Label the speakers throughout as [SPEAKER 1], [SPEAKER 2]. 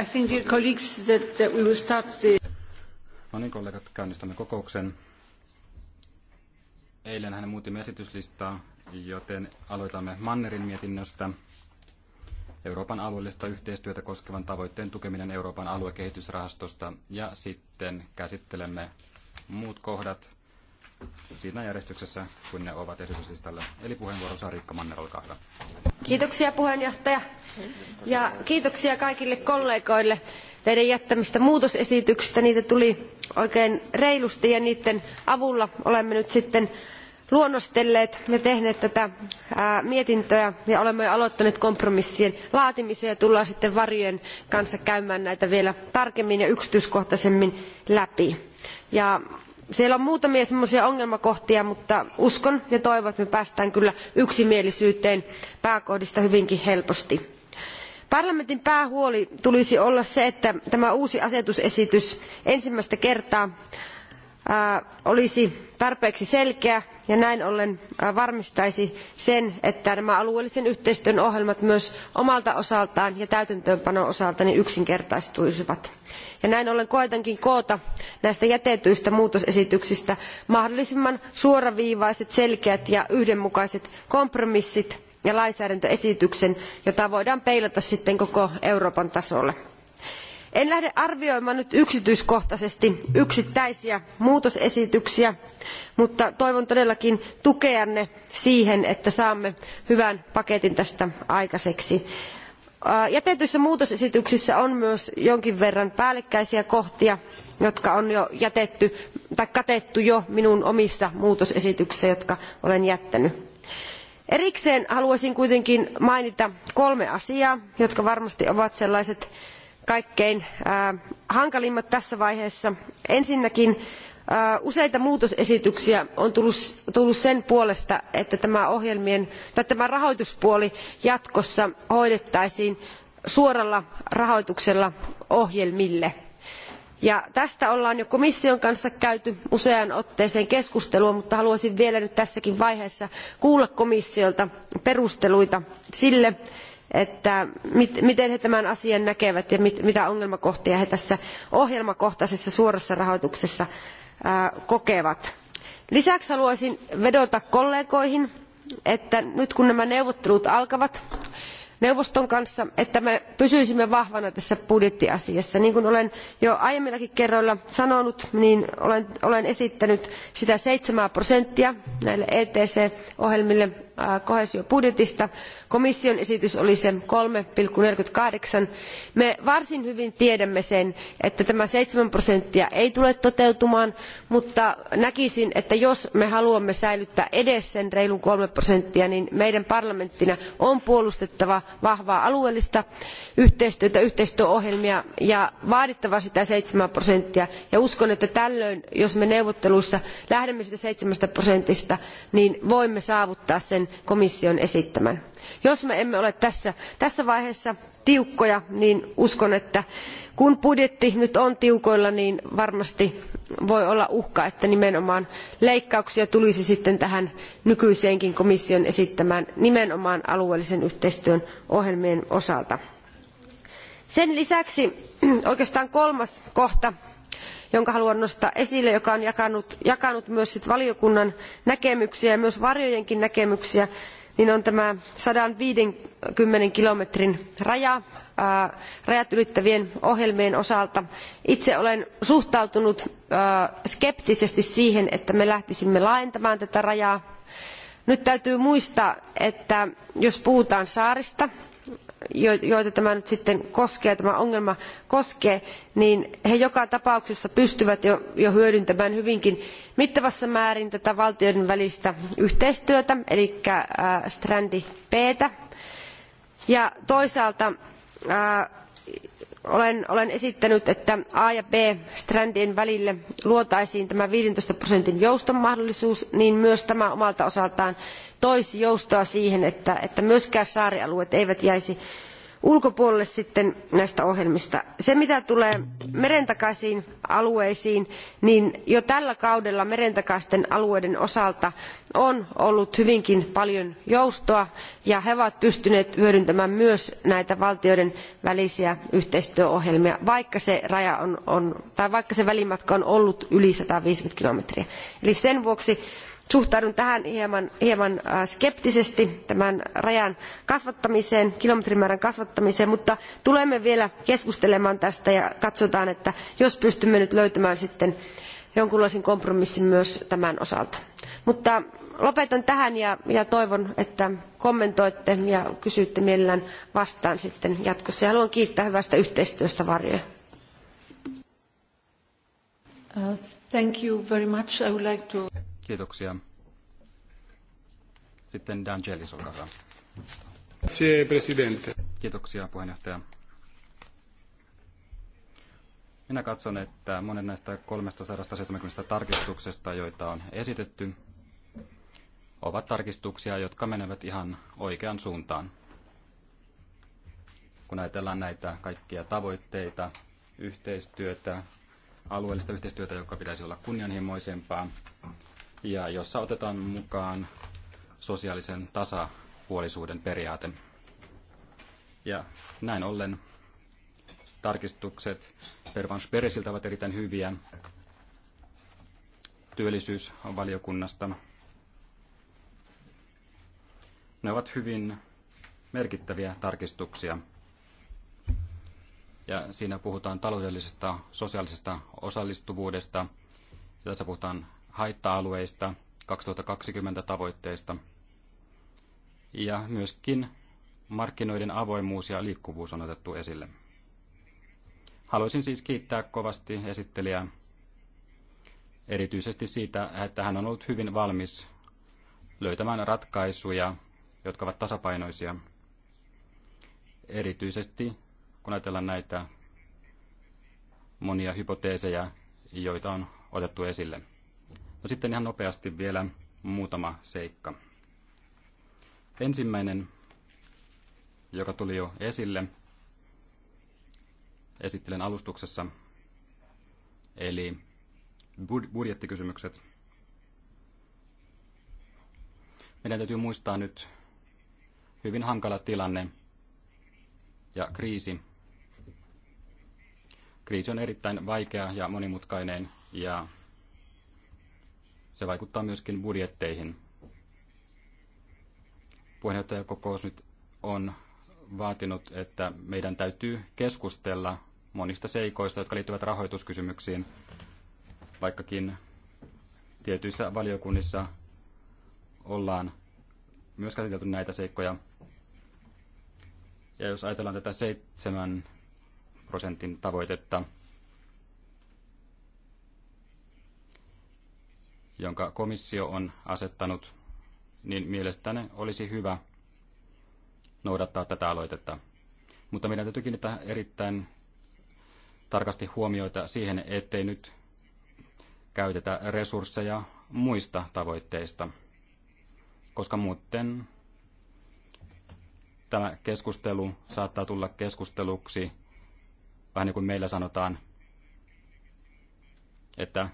[SPEAKER 1] I think, dear colleagues, that, that we will start the...
[SPEAKER 2] No niin, kollegat, käynnistämme kokouksen. Eilen hän muutimme esityslistaa, joten aloitamme Mannerin mietinnöstä. Euroopan alueellista yhteistyötä koskevan tavoitteen tukeminen Euroopan aluekehitysrahastosta ja sitten käsittelemme muut kohdat siinä järjestyksessä, kun ne ovat esityslistalla. Eli puheenvuoro saa Riikka Manner, olkaa hyvä.
[SPEAKER 1] Kiitoksia puheenjohtaja ja kiitoksia kaikille kollegoille teidän jättämistä muutosesityksistä. Niitä tuli oikein reilusti ja niiden avulla olemme nyt sitten luonnostelleet ja tehneet tätä mietintöä ja olemme jo aloittaneet kompromissien laatimisen ja tullaan sitten varjojen kanssa käymään näitä vielä tarkemmin ja yksityiskohtaisemmin läpi. Ja siellä on muutamia semmoisia ongelmakohtia mutta uskon ja toivon että me pääsemme kyllä yksimielisyyteen pääkohdista hyvinkin helposti. parlamentin päähuoli tulisi olla se että tämä uusi asetusesitys ensimmäistä kertaa olisi tarpeeksi selkeä ja näin ollen varmistaisi sen että nämä alueellisen yhteistyön ohjelmat myös omalta osaltaan ja täytäntöönpanon osalta niin yksinkertaistuisivat ja näin ollen koetankin koota näistä jätetyistä muutosesityksistä mahdollisimman suoraviivaiset selkeät ja yhdenmukaiset kompromissit ja lainsäädäntöesityksen jota voidaan peilata sitten koko euroopan tasolle en lähde arvioimaan nyt yksityiskohtaisesti yksittäisiä muutosesityksiä mutta toivon todellakin tukeanne siihen että saamme hyvän paketin tästä aikaiseksi jätetyissä muutosesityksissä on myös jonkin verran päällekkäisiä kohtia jotka on tai katettu jo minun omissa muutosesityksissäni jotka olen jättänyt. erikseen haluaisin kuitenkin mainita kolme asiaa jotka varmasti ovat sellaiset kaikkein hankalimmat tässä vaiheessa. ensinnäkin Äh, useita muutosesityksiä on tullut sen puolesta että tämä, tämä rahoituspuoli jatkossa hoidettaisiin suoralla rahoituksella ohjelmille. Ja tästä on jo komission kanssa käyty useaan otteeseen keskustelua mutta haluaisin vielä nyt tässäkin vaiheessa kuulla komissiolta perusteluita sille että miten he tämän asian näkevät ja mitä ongelmakohtia he tässä ohjelmakohtaisessa suorassa rahoituksessa kokevat. lisäksi haluaisin vedota kollegoihin että nyt kun nämä neuvottelut alkavat neuvoston kanssa että me pysyisimme vahvana tässä budjettiasiassa. niin kuin olen jo aiemmillakin kerroilla sanonut niin olen, olen esittänyt sitä seitsemää prosenttia näille ets ohjelmille Äh, koheesiobudjetista komission esitys oli se. kolme neljäkymmentäkahdeksan me varsin hyvin tiedämme sen että tämä seitsemän prosenttia ei tule toteutumaan mutta näkisin että jos me haluamme säilyttää edes sen reilun kolme prosenttia niin meidän parlamenttina on puolustettava vahvaa alueellista yhteistyötä yhteistyöohjelmia ja vaadittava sitä seitsemän prosenttia ja uskon että tällöin jos me neuvotteluissa lähdemme siitä seitsemästä prosentista niin voimme saavuttaa sen sen komission esittämän. jos me emme ole tässä, tässä vaiheessa tiukkoja niin uskon että kun budjetti nyt on tiukoilla niin varmasti voi olla uhka että nimenomaan leikkauksia tulisi sitten tähän nykyiseenkin komission esittämään nimenomaan alueellisen yhteistyön ohjelmien osalta. sen lisäksi oikeastaan kolmas kohta jonka haluan nostaa esille joka on jakanut, myös valiokunnan näkemyksiä ja myös varjojenkin näkemyksiä niin on tämä sataviisikymmentä kilometrin raja rajat ylittävien ohjelmien osalta. itse olen suhtautunut skeptisesti siihen että me lähtisimme laajentamaan tätä rajaa. nyt täytyy muistaa että jos puhutaan saarista joita tämä nyt sitten koskee tämä ongelma koskee niin he joka tapauksessa pystyvät jo, hyödyntämään hyvinkin mittavassa määrin tätä valtioiden välistä yhteistyötä eli strand b tä ja toisaalta olen, esittänyt että a ja b strandien välille luotaisiin tämä viisitoista prosentin mahdollisuus niin myös tämä omalta osaltaan toisi joustoa siihen, että, että myöskään saarialueet eivät jäisi ulkopuolelle sitten näistä ohjelmista. Se mitä tulee merentakaisiin alueisiin, niin jo tällä kaudella merentakaisten alueiden osalta on ollut hyvinkin paljon joustoa ja he ovat pystyneet hyödyntämään myös näitä valtioiden välisiä yhteistyöohjelmia, vaikka se, raja on, on, tai vaikka se välimatka on ollut yli 150 kilometriä. Eli sen vuoksi suhtaudun tähän hieman, hieman äh, skeptisesti tämän rajan kasvattamiseen kilometrimäärän kasvattamiseen mutta tulemme vielä keskustelemaan tästä ja katsotaan että jos pystymme nyt löytämään sitten jonkunlaisen kompromissin myös tämän osalta. mutta lopetan tähän ja, ja toivon että kommentoitte ja kysytte mielelläni vastaan sitten jatkossa. Ja haluan kiittää hyvästä yhteistyöstä varjoja.
[SPEAKER 3] Uh,
[SPEAKER 2] Kiitoksia. Sitten Dan Jellis, olkaa hyvä. Kiitoksia puheenjohtaja. Minä katson, että monen näistä 370 tarkistuksesta, joita on esitetty, ovat tarkistuksia, jotka menevät ihan oikean suuntaan. Kun ajatellaan näitä kaikkia tavoitteita, yhteistyötä, alueellista yhteistyötä, joka pitäisi olla kunnianhimoisempaa, ja jossa otetaan mukaan sosiaalisen tasapuolisuuden periaate. Ja näin ollen tarkistukset Pervans Peresiltä ovat erittäin hyviä työllisyysvaliokunnasta. Ne ovat hyvin merkittäviä tarkistuksia. Ja siinä puhutaan taloudellisesta, sosiaalisesta osallistuvuudesta. Ja tässä puhutaan haitta-alueista, 2020 tavoitteista ja myöskin markkinoiden avoimuus ja liikkuvuus on otettu esille. Haluaisin siis kiittää kovasti esittelijää erityisesti siitä, että hän on ollut hyvin valmis löytämään ratkaisuja, jotka ovat tasapainoisia. Erityisesti kun ajatellaan näitä monia hypoteeseja, joita on otettu esille. No sitten ihan nopeasti vielä muutama seikka. Ensimmäinen, joka tuli jo esille, esittelen alustuksessa, eli budjettikysymykset. Meidän täytyy muistaa nyt hyvin hankala tilanne ja kriisi. Kriisi on erittäin vaikea ja monimutkainen ja se vaikuttaa myöskin budjetteihin. Puheenjohtajakokous nyt on vaatinut, että meidän täytyy keskustella monista seikoista, jotka liittyvät rahoituskysymyksiin, vaikkakin tietyissä valiokunnissa ollaan myös käsitelty näitä seikkoja. Ja jos ajatellaan tätä 7 prosentin tavoitetta, jonka komissio on asettanut, niin mielestäni olisi hyvä noudattaa tätä aloitetta. Mutta meidän täytyy kiinnittää erittäin tarkasti huomioita siihen, ettei nyt käytetä resursseja muista tavoitteista, koska muuten tämä keskustelu saattaa tulla keskusteluksi, vähän niin kuin meillä sanotaan, että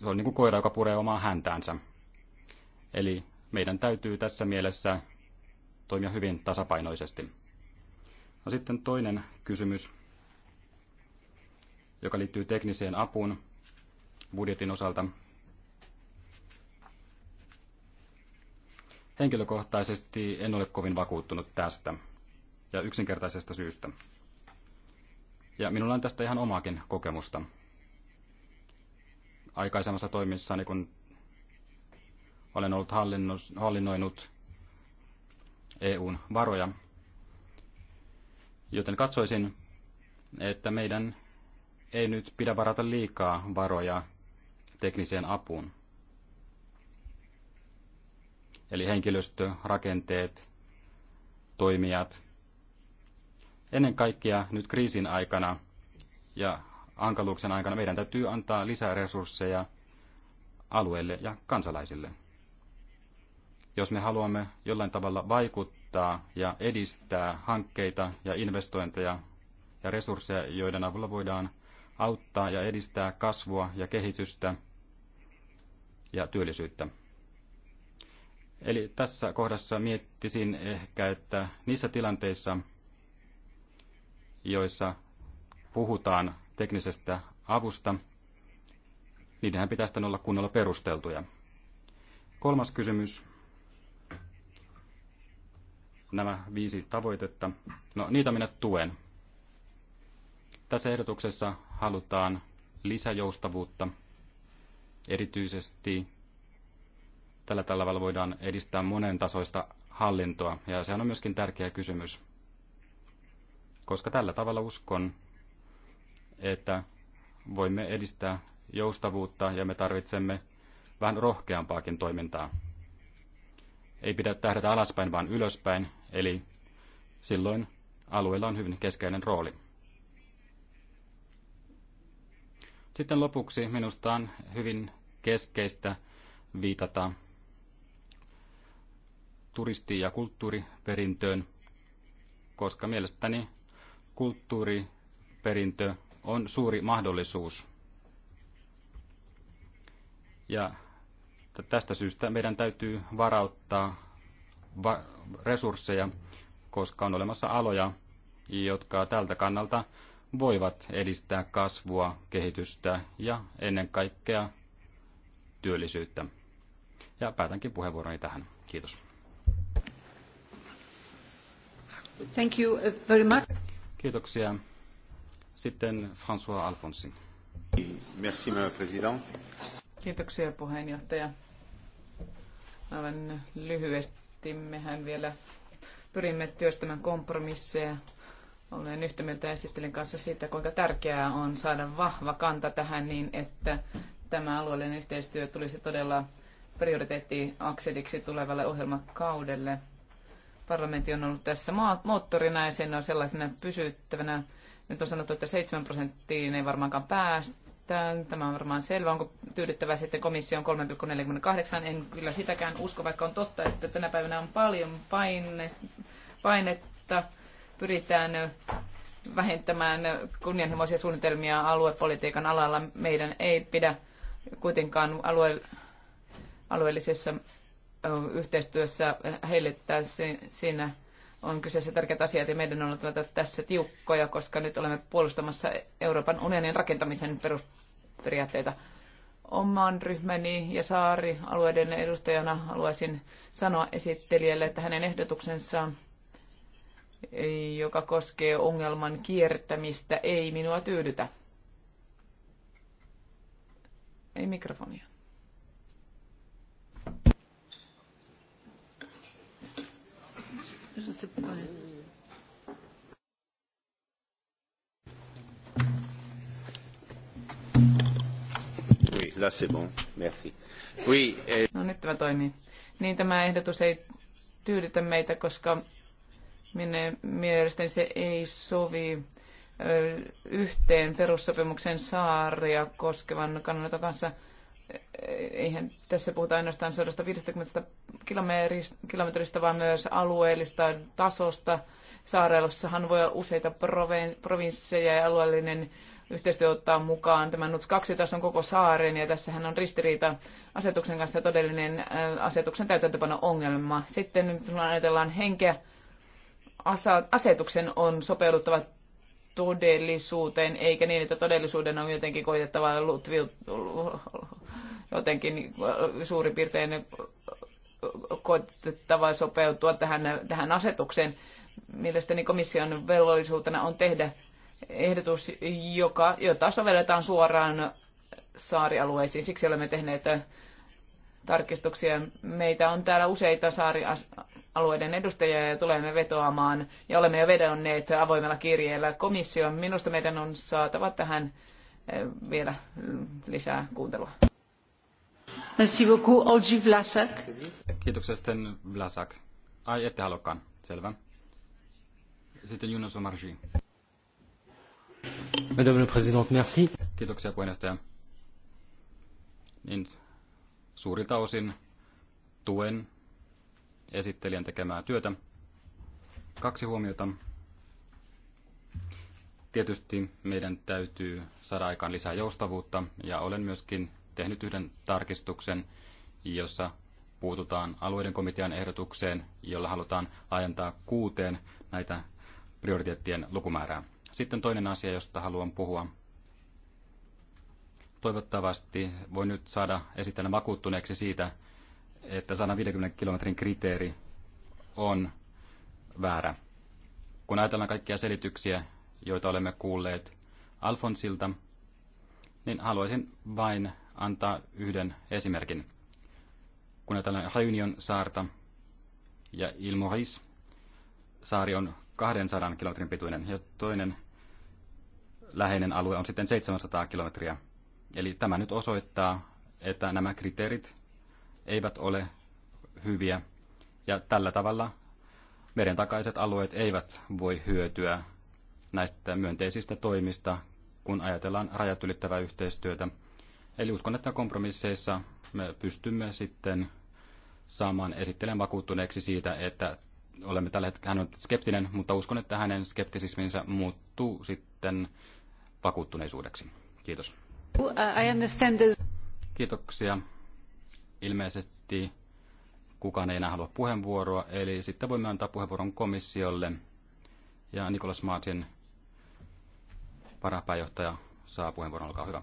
[SPEAKER 2] se on niin kuin koira, joka puree omaa häntäänsä. Eli meidän täytyy tässä mielessä toimia hyvin tasapainoisesti. No sitten toinen kysymys, joka liittyy tekniseen apuun budjetin osalta. Henkilökohtaisesti en ole kovin vakuuttunut tästä ja yksinkertaisesta syystä. Ja minulla on tästä ihan omaakin kokemusta aikaisemmassa toimissani, kun olen ollut hallinnoinut EUn varoja. Joten katsoisin, että meidän ei nyt pidä varata liikaa varoja tekniseen apuun. Eli henkilöstö, rakenteet, toimijat. Ennen kaikkea nyt kriisin aikana ja hankaluuksien aikana meidän täytyy antaa lisää resursseja alueelle ja kansalaisille. Jos me haluamme jollain tavalla vaikuttaa ja edistää hankkeita ja investointeja ja resursseja, joiden avulla voidaan auttaa ja edistää kasvua ja kehitystä ja työllisyyttä. Eli tässä kohdassa miettisin ehkä, että niissä tilanteissa, joissa puhutaan teknisestä avusta, niidenhän pitäisi tämän olla kunnolla perusteltuja. Kolmas kysymys. Nämä viisi tavoitetta. No, niitä minä tuen. Tässä ehdotuksessa halutaan lisäjoustavuutta. Erityisesti tällä tavalla voidaan edistää monen tasoista hallintoa, ja sehän on myöskin tärkeä kysymys, koska tällä tavalla uskon, että voimme edistää joustavuutta ja me tarvitsemme vähän rohkeampaakin toimintaa. Ei pidä tähdätä alaspäin, vaan ylöspäin, eli silloin alueella on hyvin keskeinen rooli. Sitten lopuksi minusta on hyvin keskeistä viitata turisti- ja kulttuuriperintöön, koska mielestäni kulttuuriperintö on suuri mahdollisuus. Ja tästä syystä meidän täytyy varauttaa va- resursseja, koska on olemassa aloja, jotka tältä kannalta voivat edistää kasvua, kehitystä ja ennen kaikkea työllisyyttä. Ja päätänkin puheenvuoroni tähän. Kiitos.
[SPEAKER 3] Thank you uh, very much.
[SPEAKER 2] Kiitoksia sitten François Merci, président.
[SPEAKER 3] Kiitoksia puheenjohtaja. Aivan lyhyesti mehän vielä pyrimme työstämään kompromisseja. Olen yhtä mieltä esittelen kanssa siitä, kuinka tärkeää on saada vahva kanta tähän niin, että tämä alueellinen yhteistyö tulisi todella prioriteettiakseliksi tulevalle ohjelmakaudelle. Parlamentti on ollut tässä moottorina ja sen on sellaisena pysyttävänä nyt on sanottu, että 7 prosenttiin ei varmaankaan päästä. Tämä on varmaan selvä. Onko tyydyttävä sitten komission 3,48? En kyllä sitäkään usko, vaikka on totta, että tänä päivänä on paljon painetta. Pyritään vähentämään kunnianhimoisia suunnitelmia aluepolitiikan alalla. Meidän ei pidä kuitenkaan alue, alueellisessa yhteistyössä hellittää siinä on kyseessä tärkeät asiat ja meidän on oltava tässä tiukkoja, koska nyt olemme puolustamassa Euroopan unionin rakentamisen perusperiaatteita. Oman ryhmäni ja saarialueiden edustajana haluaisin sanoa esittelijälle, että hänen ehdotuksensa, joka koskee ongelman kiertämistä, ei minua tyydytä. Ei mikrofonia. Je sais pas. Oui, là c'est bon. Merci. Oui, et... Eh, no nyt tämä toimii. Niin tämä ehdotus ei tyydytä meitä, koska minne mielestäni se ei sovi yhteen perussopimuksen saaria koskevan kannanoton kanssa – eihän tässä puhuta ainoastaan 150 kilometristä, vaan myös alueellista tasosta. Saarelossahan voi olla useita provinsseja ja alueellinen yhteistyö ottaa mukaan tämä NUTS 2 tason koko saaren, ja tässähän on ristiriita asetuksen kanssa todellinen äh, asetuksen täytäntöpano ongelma. Sitten nyt ajatellaan henkeä, asetuksen on sopeuduttava todellisuuteen, eikä niin, että todellisuuden on jotenkin koitettava jotenkin suurin piirtein koitettava sopeutua tähän, tähän asetukseen. Mielestäni komission velvollisuutena on tehdä ehdotus, joka, jota sovelletaan suoraan saarialueisiin. Siksi olemme tehneet tarkistuksia. Meitä on täällä useita saaria alueiden edustajia ja tulemme vetoamaan ja olemme jo vedonneet avoimella kirjeellä komissioon. Minusta meidän on saatava tähän eh, vielä mm, lisää kuuntelua. Merci beaucoup, Olji Vlasak.
[SPEAKER 2] Kiitoksia sitten Vlasak. Ai, ette halukaan. Selvä. Sitten Yunus Omarji. Madame le Présidente, merci. Kiitoksia puheenjohtaja. Niin, suurilta osin tuen esittelijän tekemää työtä. Kaksi huomiota. Tietysti meidän täytyy saada aikaan lisää joustavuutta ja olen myöskin tehnyt yhden tarkistuksen, jossa puututaan alueiden komitean ehdotukseen, jolla halutaan laajentaa kuuteen näitä prioriteettien lukumäärää. Sitten toinen asia, josta haluan puhua. Toivottavasti voi nyt saada esittelen vakuuttuneeksi siitä, että 150 kilometrin kriteeri on väärä. Kun ajatellaan kaikkia selityksiä, joita olemme kuulleet Alfonsilta, niin haluaisin vain antaa yhden esimerkin. Kun ajatellaan Reunion saarta ja Ilmoris, saari on 200 kilometrin pituinen ja toinen läheinen alue on sitten 700 kilometriä. Eli tämä nyt osoittaa, että nämä kriteerit eivät ole hyviä ja tällä tavalla meren takaiset alueet eivät voi hyötyä näistä myönteisistä toimista, kun ajatellaan rajat ylittävää yhteistyötä. Eli uskon, että kompromisseissa me pystymme sitten saamaan esittelen vakuuttuneeksi siitä, että olemme tällä hetkellä, hän on skeptinen, mutta uskon, että hänen skeptisisminsä muuttuu sitten vakuuttuneisuudeksi. Kiitos. Uh, Kiitoksia. Ilmeisesti kukaan ei enää halua puheenvuoroa, eli sitten voimme antaa puheenvuoron komissiolle. Ja Nikolas Martin, varapääjohtaja, saa puheenvuoron. Olkaa hyvä.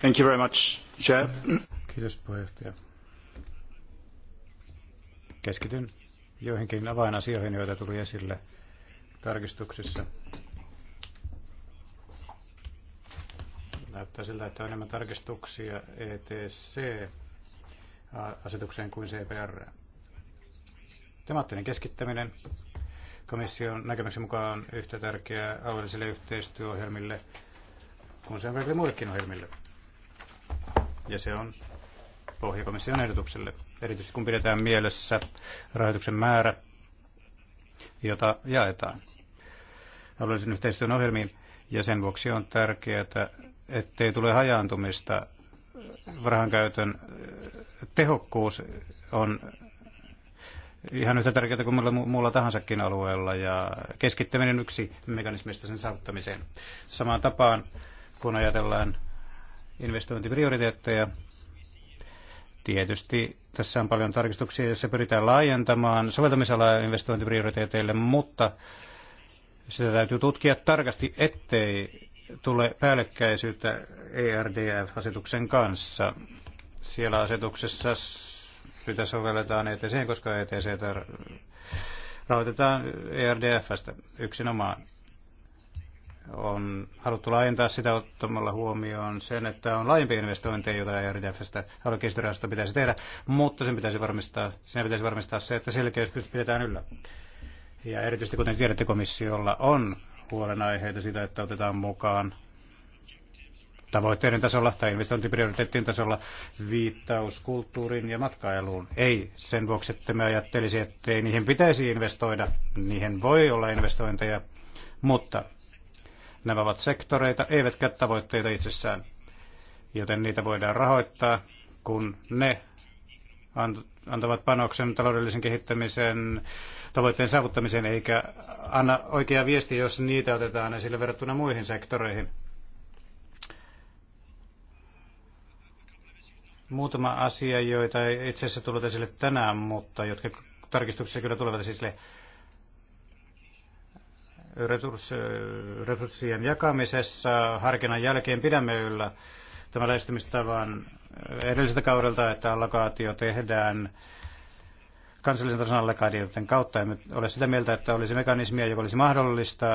[SPEAKER 4] Thank you very much, Chair. Kiitos puheenjohtaja. Keskityn joihinkin avainasioihin, joita tuli esille tarkistuksissa Näyttää siltä, että on enemmän tarkistuksia ETC-asetukseen kuin CPR. Temaattinen keskittäminen komission näkemyksen mukaan on yhtä tärkeää alueellisille yhteistyöohjelmille kuin se on kaikille muillekin ohjelmille. Ja se on pohja komission ehdotukselle, erityisesti kun pidetään mielessä rahoituksen määrä, jota jaetaan alueellisen yhteistyön ohjelmiin. Ja sen vuoksi on tärkeää ettei tule hajaantumista. Rahankäytön tehokkuus on ihan yhtä tärkeää kuin muulla, muulla tahansakin alueella ja keskittäminen yksi mekanismista sen saavuttamiseen. Samaan tapaan, kun ajatellaan investointiprioriteetteja, tietysti tässä on paljon tarkistuksia, joissa pyritään laajentamaan soveltamisalaa investointiprioriteeteille, mutta sitä täytyy tutkia tarkasti, ettei tule päällekkäisyyttä ERDF-asetuksen kanssa. Siellä asetuksessa sitä sovelletaan ETC, koska ETC rahoitetaan ERDFstä yksinomaan. On haluttu laajentaa sitä ottamalla huomioon sen, että on laajempia investointeja, joita ERDFstä aluekehitysrahastosta pitäisi tehdä, mutta sen pitäisi varmistaa, sen pitäisi varmistaa se, että selkeys pidetään yllä. Ja erityisesti kuten tiedätte, komissiolla on huolenaiheita sitä, että otetaan mukaan tavoitteiden tasolla tai investointiprioriteettien tasolla viittaus kulttuuriin ja matkailuun. Ei sen vuoksi, että me ajattelisi, että ei niihin pitäisi investoida. Niihin voi olla investointeja, mutta nämä ovat sektoreita, eivätkä tavoitteita itsessään, joten niitä voidaan rahoittaa, kun ne antavat panoksen taloudellisen kehittämisen tavoitteen saavuttamiseen, eikä anna oikea viesti, jos niitä otetaan esille verrattuna muihin sektoreihin. Muutama asia, joita ei itse asiassa tullut esille tänään, mutta jotka tarkistuksessa kyllä tulevat esille resurssien jakamisessa harkinnan jälkeen pidämme yllä tämän lähestymistavan edelliseltä kaudelta, että allokaatio tehdään kansallisen tason allokaatioiden kautta. Emme ole sitä mieltä, että olisi mekanismia, joka olisi mahdollista,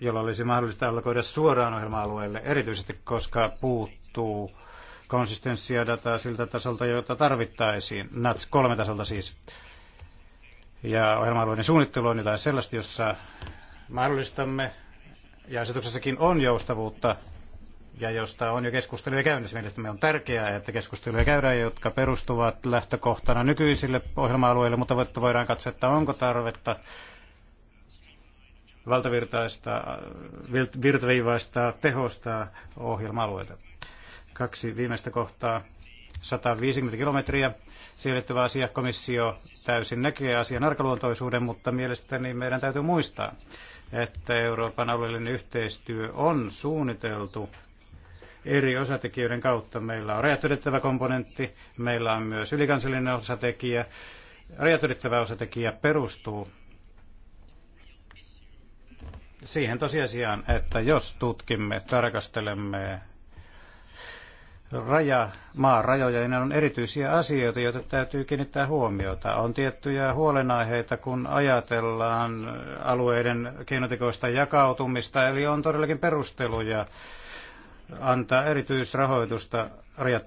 [SPEAKER 4] jolla olisi mahdollista allokoida suoraan ohjelma-alueelle, erityisesti koska puuttuu konsistenssia dataa siltä tasolta, jota tarvittaisiin, NATS kolme tasolta siis. Ja ohjelma-alueiden suunnittelu on jotain sellaista, jossa mahdollistamme, ja asetuksessakin on joustavuutta ja josta on jo keskusteluja käynnissä. Mielestäni on tärkeää, että keskusteluja käydään, jotka perustuvat lähtökohtana nykyisille ohjelma-alueille, mutta voidaan katsoa, että onko tarvetta valtavirtaista, virtaviivaista, tehosta ohjelma-alueita. Kaksi viimeistä kohtaa. 150 kilometriä siirrettävä asia. Komissio täysin näkee asian arkaluontoisuuden, mutta mielestäni meidän täytyy muistaa, että Euroopan alueellinen yhteistyö on suunniteltu eri osatekijöiden kautta. Meillä on rajat ylittävä komponentti, meillä on myös ylikansallinen osatekijä. Rajat ylittävä osatekijä perustuu siihen tosiasiaan, että jos tutkimme, tarkastelemme raja, maan rajoja, niin on erityisiä asioita, joita täytyy kiinnittää huomiota. On tiettyjä huolenaiheita, kun ajatellaan alueiden keinotekoista jakautumista, eli on todellakin perusteluja antaa erityisrahoitusta rajat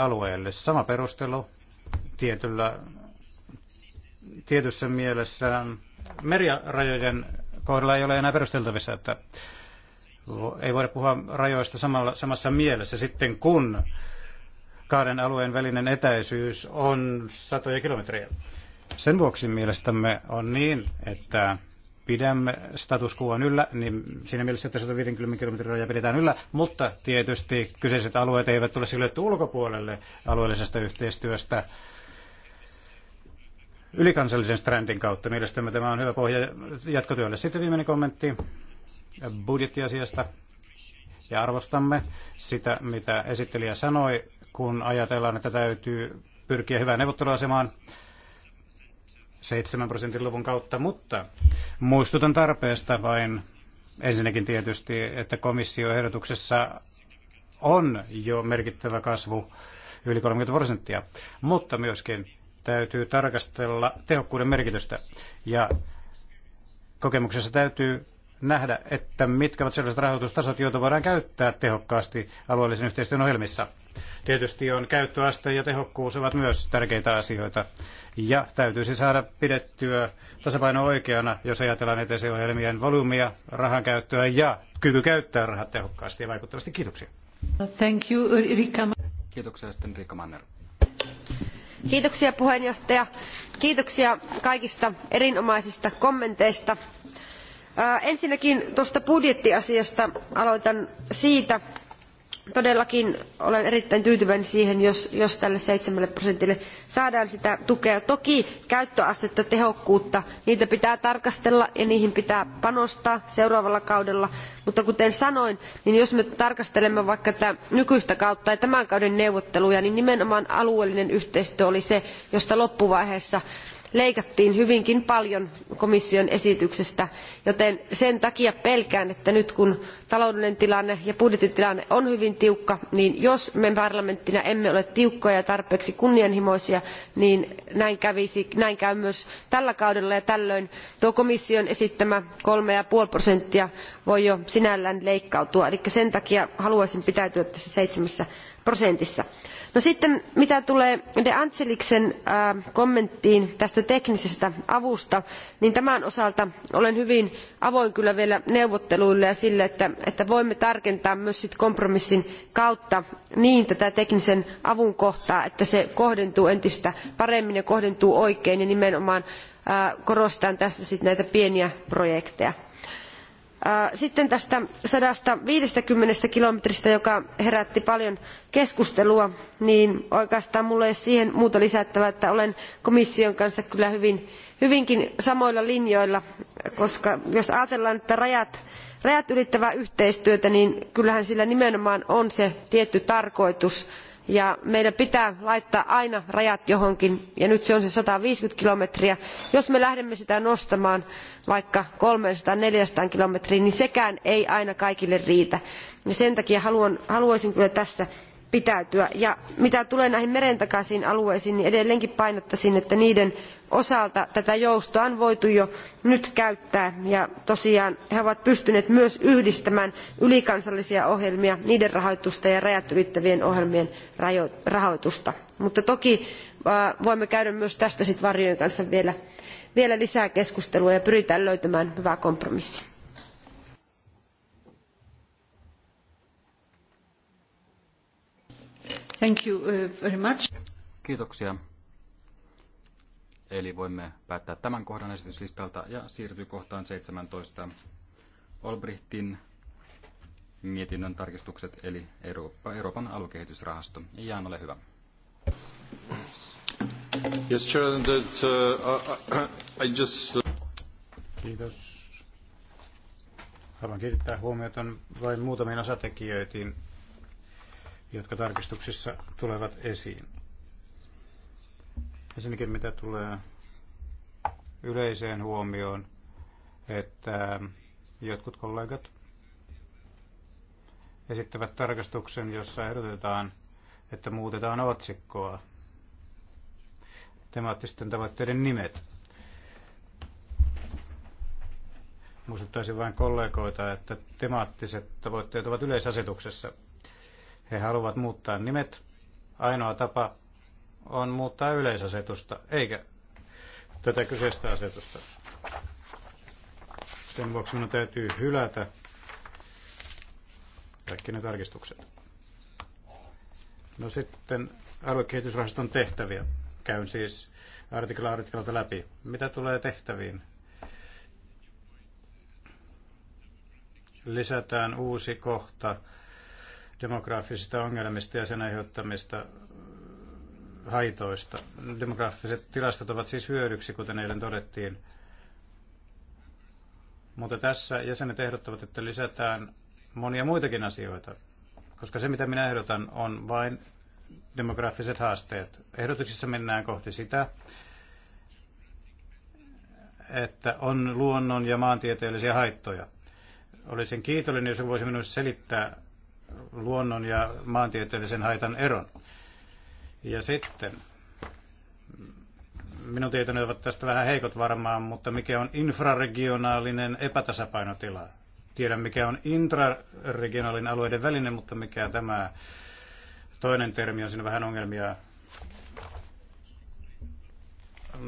[SPEAKER 4] alueille. Sama perustelu tietyllä, tietyssä mielessä merirajojen kohdalla ei ole enää perusteltavissa, että ei voida puhua rajoista samalla, samassa mielessä. Sitten kun kahden alueen välinen etäisyys on satoja kilometrejä. Sen vuoksi mielestämme on niin, että pidämme status quoon yllä, niin siinä mielessä, että 150 kilometrin raja pidetään yllä, mutta tietysti kyseiset alueet eivät tule syljetty ulkopuolelle alueellisesta yhteistyöstä ylikansallisen strandin kautta. Mielestäni tämä on hyvä pohja jatkotyölle. Sitten viimeinen kommentti budjettiasiasta. Ja arvostamme sitä, mitä esittelijä sanoi, kun ajatellaan, että täytyy pyrkiä hyvään neuvotteluasemaan 7 prosentin luvun kautta, mutta muistutan tarpeesta vain ensinnäkin tietysti, että komissioehdotuksessa on jo merkittävä kasvu yli 30 prosenttia, mutta myöskin täytyy tarkastella tehokkuuden merkitystä ja kokemuksessa täytyy nähdä, että mitkä ovat sellaiset rahoitustasot, joita voidaan käyttää tehokkaasti alueellisen yhteistyön ohjelmissa. Tietysti on käyttöaste ja tehokkuus ovat myös tärkeitä asioita ja täytyisi saada pidettyä tasapaino oikeana, jos ajatellaan ETC-ohjelmien volyymia, rahan käyttöä ja kyky käyttää rahat tehokkaasti ja vaikuttavasti. Kiitoksia.
[SPEAKER 1] Thank you, Rika.
[SPEAKER 4] Kiitoksia sitten Rika
[SPEAKER 2] Manner.
[SPEAKER 1] Kiitoksia puheenjohtaja. Kiitoksia kaikista erinomaisista kommenteista. Äh, ensinnäkin tuosta budjettiasiasta aloitan siitä, todellakin olen erittäin tyytyväinen siihen, jos, jos tälle 7 prosentille saadaan sitä tukea. Toki käyttöastetta, tehokkuutta, niitä pitää tarkastella ja niihin pitää panostaa seuraavalla kaudella. Mutta kuten sanoin, niin jos me tarkastelemme vaikka tätä nykyistä kautta ja tämän kauden neuvotteluja, niin nimenomaan alueellinen yhteistyö oli se, josta loppuvaiheessa leikattiin hyvinkin paljon komission esityksestä joten sen takia pelkään että nyt kun taloudellinen tilanne ja budjettitilanne on hyvin tiukka niin jos me parlamenttina emme ole tiukkoja ja tarpeeksi kunnianhimoisia niin näin, käy myös tällä kaudella ja tällöin tuo komission esittämä kolme viisi prosenttia voi jo sinällään leikkautua eli sen takia haluaisin pitäytyä tässä seitsemässä prosentissa. No sitten mitä tulee De Angeliksen äh, kommenttiin tästä teknisestä avusta, niin tämän osalta olen hyvin avoin kyllä vielä neuvotteluille ja sille, että, että voimme tarkentaa myös sit kompromissin kautta niin tätä teknisen avun kohtaa, että se kohdentuu entistä paremmin ja kohdentuu oikein ja nimenomaan äh, korostan tässä sit näitä pieniä projekteja sitten tästä 150 kilometristä, joka herätti paljon keskustelua, niin oikeastaan mulla ei ole siihen muuta lisättävää, että olen komission kanssa kyllä hyvin, hyvinkin samoilla linjoilla, koska jos ajatellaan, että rajat, rajat ylittävää yhteistyötä, niin kyllähän sillä nimenomaan on se tietty tarkoitus ja meidän pitää laittaa aina rajat johonkin ja nyt se on se sataviisikymmentä kilometriä. jos me lähdemme sitä nostamaan vaikka kolmesataa neljäsataa kilometriin niin sekään ei aina kaikille riitä. Ja sen takia haluaisin kyllä tässä pitäytyä. Ja mitä tulee näihin merentakaisiin alueisiin, niin edelleenkin painottaisin, että niiden osalta tätä joustoa on voitu jo nyt käyttää. Ja tosiaan he ovat pystyneet myös yhdistämään ylikansallisia ohjelmia, niiden rahoitusta ja rajat ylittävien ohjelmien rahoitusta. Mutta toki voimme käydä myös tästä sit varjojen kanssa vielä, vielä lisää keskustelua ja pyritään löytämään hyvä kompromissi. Uh,
[SPEAKER 2] Kiitoksia. Eli voimme päättää tämän kohdan esityslistalta ja siirtyy kohtaan 17. Olbrichtin mietinnön tarkistukset, eli Eurooppa, Euroopan aluekehitysrahasto. Jaan, ole hyvä.
[SPEAKER 3] Yes, Chairman. that, uh, I just... Uh, Kiitos.
[SPEAKER 4] Haluan kiinnittää huomiota vain muutamiin osatekijöihin jotka tarkistuksissa tulevat esiin. Ensinnäkin mitä tulee yleiseen huomioon, että jotkut kollegat esittävät tarkastuksen, jossa ehdotetaan, että muutetaan otsikkoa temaattisten tavoitteiden nimet. Muistuttaisin vain kollegoita, että temaattiset tavoitteet ovat yleisasetuksessa – he haluavat muuttaa nimet. Ainoa tapa on muuttaa yleisasetusta, eikä tätä kyseistä asetusta. Sen vuoksi minun täytyy hylätä kaikki ne tarkistukset. No sitten aluekehitysrahaston tehtäviä. Käyn siis artikla artiklalta läpi. Mitä tulee tehtäviin? Lisätään uusi kohta demograafisista ongelmista ja sen aiheuttamista äh, haitoista. Demograafiset tilastot ovat siis hyödyksi, kuten eilen todettiin. Mutta tässä jäsenet ehdottavat, että lisätään monia muitakin asioita, koska se mitä minä ehdotan on vain demografiset haasteet. Ehdotuksissa mennään kohti sitä, että on luonnon ja maantieteellisiä haittoja. Olisin kiitollinen, jos voisi minulle selittää, luonnon ja maantieteellisen haitan eron. Ja sitten, minun tietoni ovat tästä vähän heikot varmaan, mutta mikä on infraregionaalinen epätasapainotila? Tiedän, mikä on intraregionaalinen alueiden väline, mutta mikä tämä toinen termi on siinä vähän ongelmia.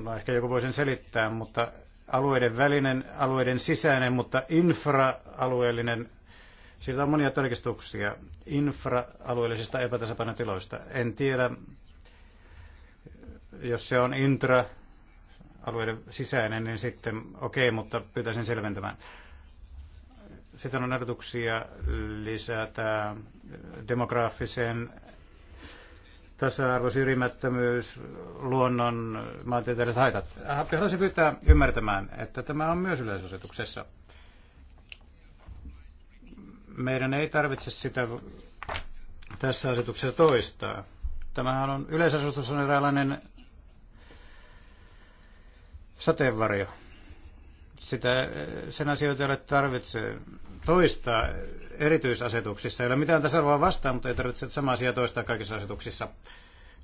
[SPEAKER 4] No ehkä joku voisin selittää, mutta alueiden välinen, alueiden sisäinen, mutta infraalueellinen sillä on monia tarkistuksia infra-alueellisista epätasapainotiloista. En tiedä, jos se on intra alueiden sisäinen, niin sitten okei, okay, mutta pyytäisin selventämään. Sitten on ehdotuksia lisätä demograafisen tasa-arvo, syrjimättömyys, luonnon, maantieteelliset haitat. Haluaisin pyytää ymmärtämään, että tämä on myös yleisasetuksessa – meidän ei tarvitse sitä tässä asetuksessa toistaa. Tämähän on yleisasetus on eräänlainen sateenvarjo. Sitä, sen asioita ei ole tarvitse toistaa erityisasetuksissa. Ei ole mitään tässä arvoa vastaan, mutta ei tarvitse sama asia toistaa kaikissa asetuksissa.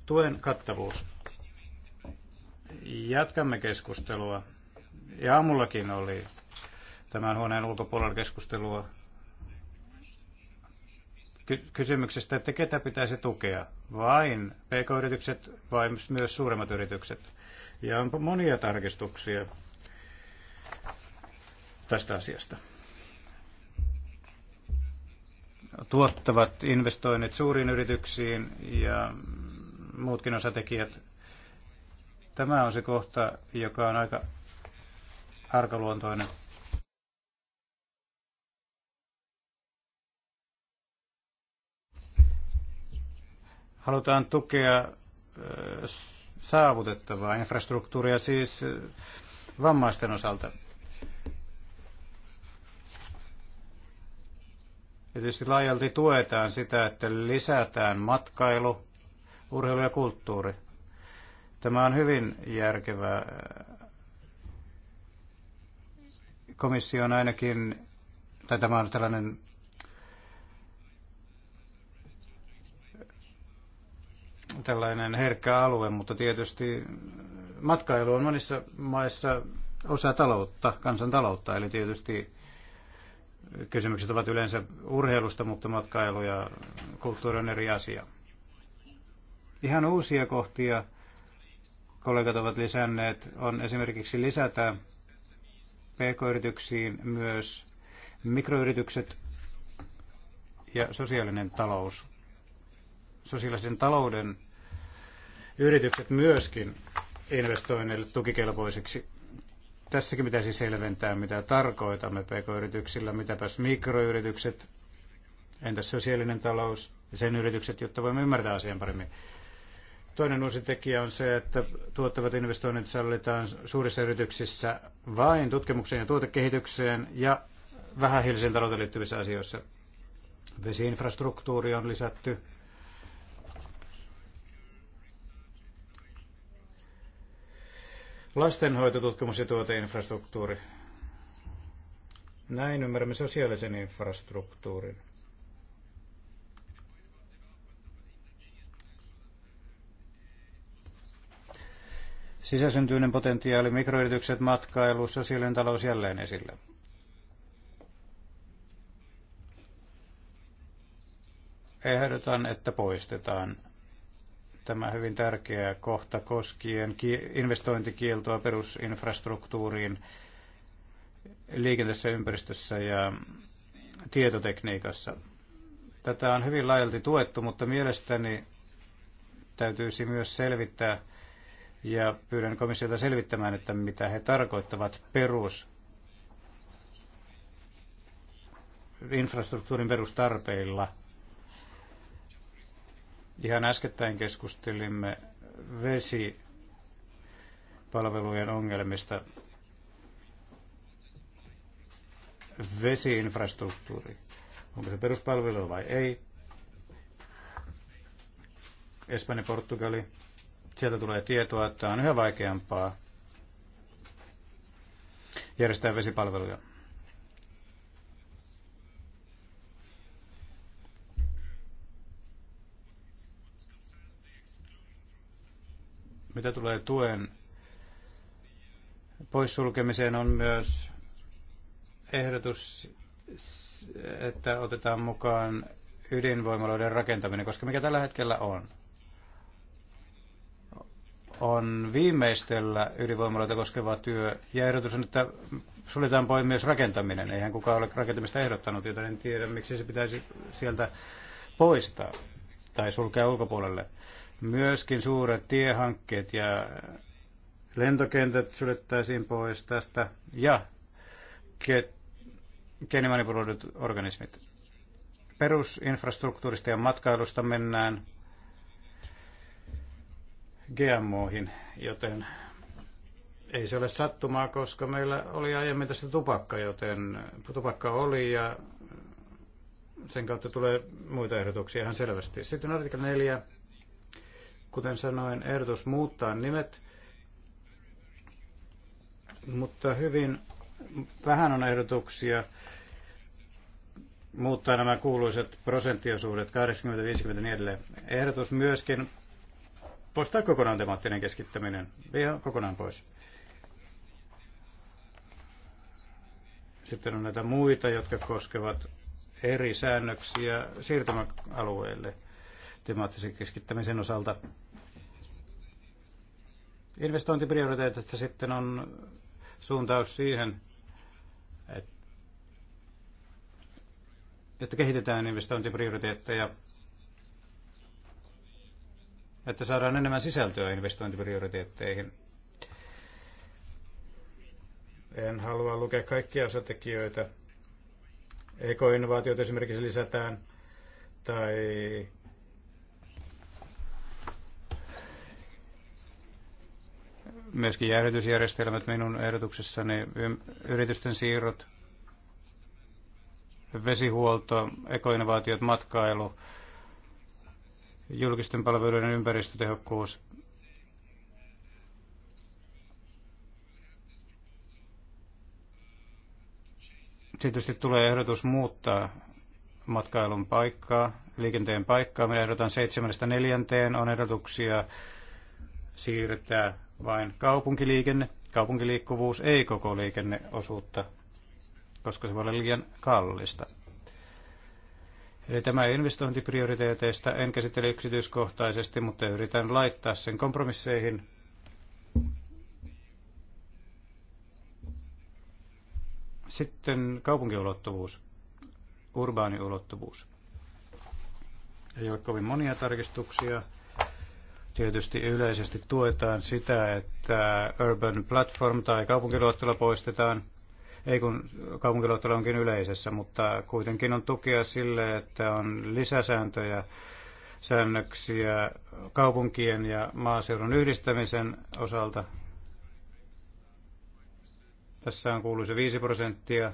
[SPEAKER 4] Tuen kattavuus. Jatkamme keskustelua. Ja aamullakin oli tämän huoneen ulkopuolella keskustelua kysymyksestä, että ketä pitäisi tukea, vain pk-yritykset vai myös suuremmat yritykset. Ja on monia tarkistuksia tästä asiasta. Tuottavat investoinnit suuriin yrityksiin ja muutkin osatekijät. Tämä on se kohta, joka on aika arkaluontoinen Halutaan tukea saavutettavaa infrastruktuuria siis vammaisten osalta. Ja tietysti laajalti tuetaan sitä, että lisätään matkailu, urheilu ja kulttuuri. Tämä on hyvin järkevä. Komissio on ainakin, tai tämä on tällainen tällainen herkkä alue, mutta tietysti matkailu on monissa maissa osa taloutta, kansantaloutta, eli tietysti kysymykset ovat yleensä urheilusta, mutta matkailu ja kulttuuri on eri asia. Ihan uusia kohtia kollegat ovat lisänneet on esimerkiksi lisätä pk-yrityksiin myös mikroyritykset ja sosiaalinen talous. Sosiaalisen talouden yritykset myöskin investoinneille tukikelpoisiksi. Tässäkin pitäisi siis selventää, mitä tarkoitamme pk-yrityksillä, mitäpäs mikroyritykset, entäs sosiaalinen talous ja sen yritykset, jotta voimme ymmärtää asian paremmin. Toinen uusi tekijä on se, että tuottavat investoinnit sallitaan suurissa yrityksissä vain tutkimukseen ja tuotekehitykseen ja vähähiiliseen talouteen liittyvissä asioissa. Vesiinfrastruktuuri on lisätty Lastenhoitotutkimus ja tuoteinfrastruktuuri. Näin ymmärrämme sosiaalisen infrastruktuurin. Sisäsyntyinen potentiaali, mikroyritykset, matkailu, sosiaalinen talous jälleen esillä. Ehdotan, että poistetaan tämä hyvin tärkeä kohta koskien investointikieltoa perusinfrastruktuuriin liikenteessä, ympäristössä ja tietotekniikassa. Tätä on hyvin laajalti tuettu, mutta mielestäni täytyisi myös selvittää ja pyydän komissiota selvittämään, että mitä he tarkoittavat perus infrastruktuurin perustarpeilla – Ihan äskettäin keskustelimme vesipalvelujen ongelmista. Vesiinfrastruktuuri. Onko se peruspalvelu vai ei? Espanja, Portugali. Sieltä tulee tietoa, että on yhä vaikeampaa järjestää vesipalveluja. Mitä tulee tuen poissulkemiseen on myös ehdotus, että otetaan mukaan ydinvoimaloiden rakentaminen, koska mikä tällä hetkellä on? on viimeistellä ydinvoimaloita koskeva työ ja ehdotus on, että suljetaan pois myös rakentaminen. Eihän kukaan ole rakentamista ehdottanut, joten en tiedä, miksi se pitäisi sieltä poistaa tai sulkea ulkopuolelle. Myöskin suuret tiehankkeet ja lentokentät suljettaisiin pois tästä ja ge- geenimanipuloidut organismit. Perusinfrastruktuurista ja matkailusta mennään GMOihin, joten ei se ole sattumaa, koska meillä oli aiemmin tässä tupakka, joten tupakka oli ja sen kautta tulee muita ehdotuksia ihan selvästi. Sitten artikla 4 Kuten sanoin, ehdotus muuttaa nimet, mutta hyvin vähän on ehdotuksia muuttaa nämä kuuluiset prosenttiosuudet 80, 50 ja niin edelleen. Ehdotus myöskin poistaa kokonaan temaattinen keskittäminen, ihan kokonaan pois. Sitten on näitä muita, jotka koskevat eri säännöksiä siirtymäalueille temaattisen keskittämisen osalta. Investointiprioriteetista sitten on suuntaus siihen, että kehitetään investointiprioriteetteja, että saadaan enemmän sisältöä investointiprioriteetteihin. En halua lukea kaikkia osatekijöitä. Ekoinnovaatiot esimerkiksi lisätään tai myöskin jäähdytysjärjestelmät minun ehdotuksessani, yritysten siirrot, vesihuolto, ekoinnovaatiot, matkailu, julkisten palveluiden ympäristötehokkuus. Tietysti tulee ehdotus muuttaa matkailun paikkaa, liikenteen paikkaa. Minä ehdotan seitsemästä neljänteen on ehdotuksia siirtää vain kaupunkiliikenne. Kaupunkiliikkuvuus ei koko liikenneosuutta, koska se voi olla liian kallista. Eli tämä investointiprioriteeteista en käsittele yksityiskohtaisesti, mutta yritän laittaa sen kompromisseihin. Sitten kaupunkiulottuvuus, urbaaniulottuvuus. Ei ole kovin monia tarkistuksia. Tietysti yleisesti tuetaan sitä, että Urban Platform tai kaupunkiluottelu poistetaan. Ei kun kaupunkiluottelu onkin yleisessä, mutta kuitenkin on tukea sille, että on lisäsääntöjä, säännöksiä kaupunkien ja maaseudun yhdistämisen osalta. Tässä on kuuluisa 5 prosenttia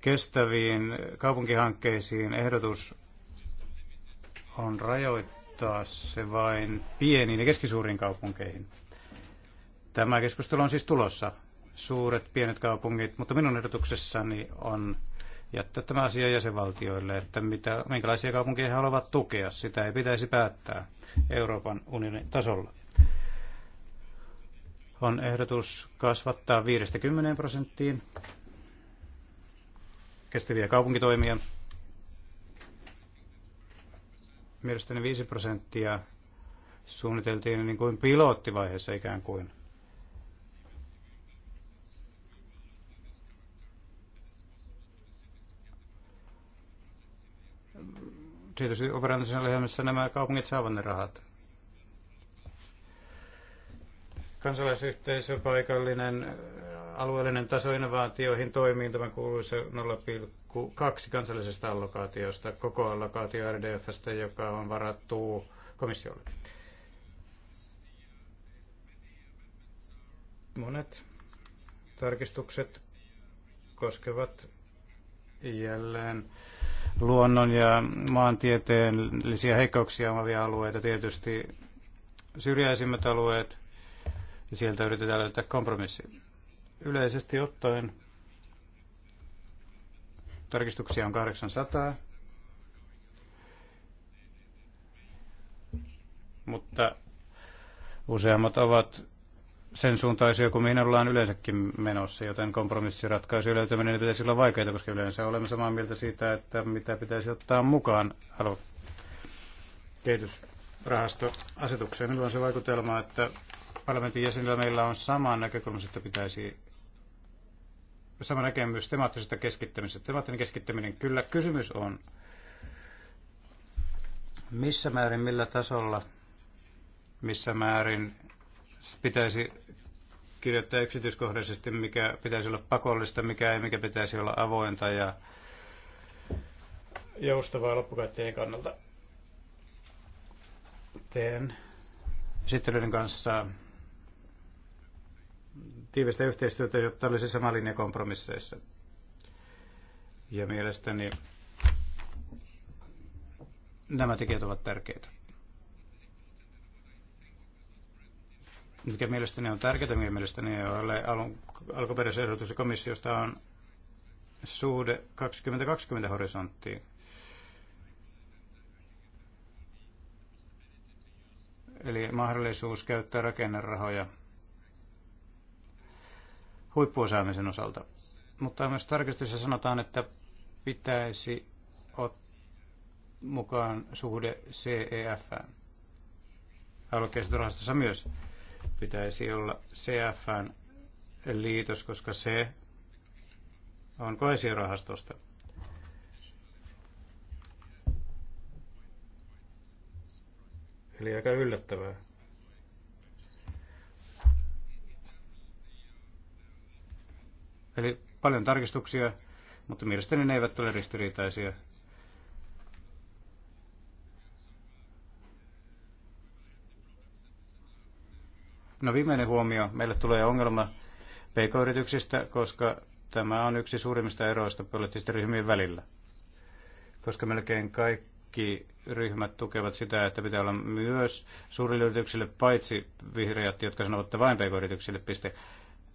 [SPEAKER 4] kestäviin kaupunkihankkeisiin ehdotus on rajoittaa se vain pieniin ja keskisuuriin kaupunkeihin. Tämä keskustelu on siis tulossa. Suuret, pienet kaupungit, mutta minun ehdotuksessani on jättää tämä asia jäsenvaltioille, että mitä, minkälaisia kaupunkeja he haluavat tukea. Sitä ei pitäisi päättää Euroopan unionin tasolla. On ehdotus kasvattaa 50 prosenttiin kestäviä kaupunkitoimia mielestäni 5 prosenttia suunniteltiin niin kuin pilottivaiheessa ikään kuin. Tietysti operatiivisessa ohjelmassa nämä kaupungit saavat ne rahat. Kansalaisyhteisö, paikallinen, alueellinen taso innovaatioihin toimii tämän kuuluisa Kaksi kansallisesta allokaatiosta, koko allokaatio RDFstä, joka on varattu komissiolle. Monet tarkistukset koskevat jälleen luonnon ja maantieteellisiä heikkouksia omavia alueita, tietysti syrjäisimmät alueet, ja sieltä yritetään löytää kompromissi. Yleisesti ottaen Tarkistuksia on 800. Mutta useammat ovat sen suuntaisia kuin mihin ollaan yleensäkin menossa, joten kompromissiratkaisuja löytäminen pitäisi olla vaikeita, koska yleensä olemme samaa mieltä siitä, että mitä pitäisi ottaa mukaan alo- kehitysrahastoasetukseen. Minulla on se vaikutelma, että parlamentin jäsenillä meillä on sama näkökulma, että pitäisi sama näkemys temaattisesta keskittämisestä. Temaattinen keskittäminen, kyllä kysymys on, missä määrin, millä tasolla, missä määrin pitäisi kirjoittaa yksityiskohtaisesti, mikä pitäisi olla pakollista, mikä ei, mikä pitäisi olla avointa ja joustavaa loppukäyttäjien kannalta. Teen esittelyiden kanssa tiivistä yhteistyötä, jotta olisi sama linja kompromisseissa. Ja mielestäni nämä tekijät ovat tärkeitä. Mikä mielestäni on tärkeää, mikä mielestäni ei ole alun, alkuperäisen ehdotus komissiosta on suhde 2020 horisonttiin. Eli mahdollisuus käyttää rakennerahoja huippuosaamisen osalta. Mutta myös tarkistuksessa sanotaan, että pitäisi ottaa mukaan suhde CEF. Alokeistorahastossa myös pitäisi olla CFn liitos, koska se on koesiorahastosta. Eli aika yllättävää. Eli paljon tarkistuksia, mutta mielestäni ne eivät ole ristiriitaisia. No viimeinen huomio. Meille tulee ongelma pk-yrityksistä, koska tämä on yksi suurimmista eroista poliittisten ryhmien välillä. Koska melkein kaikki ryhmät tukevat sitä, että pitää olla myös suurille yrityksille, paitsi vihreät, jotka sanovat, että vain pk-yrityksille, piste.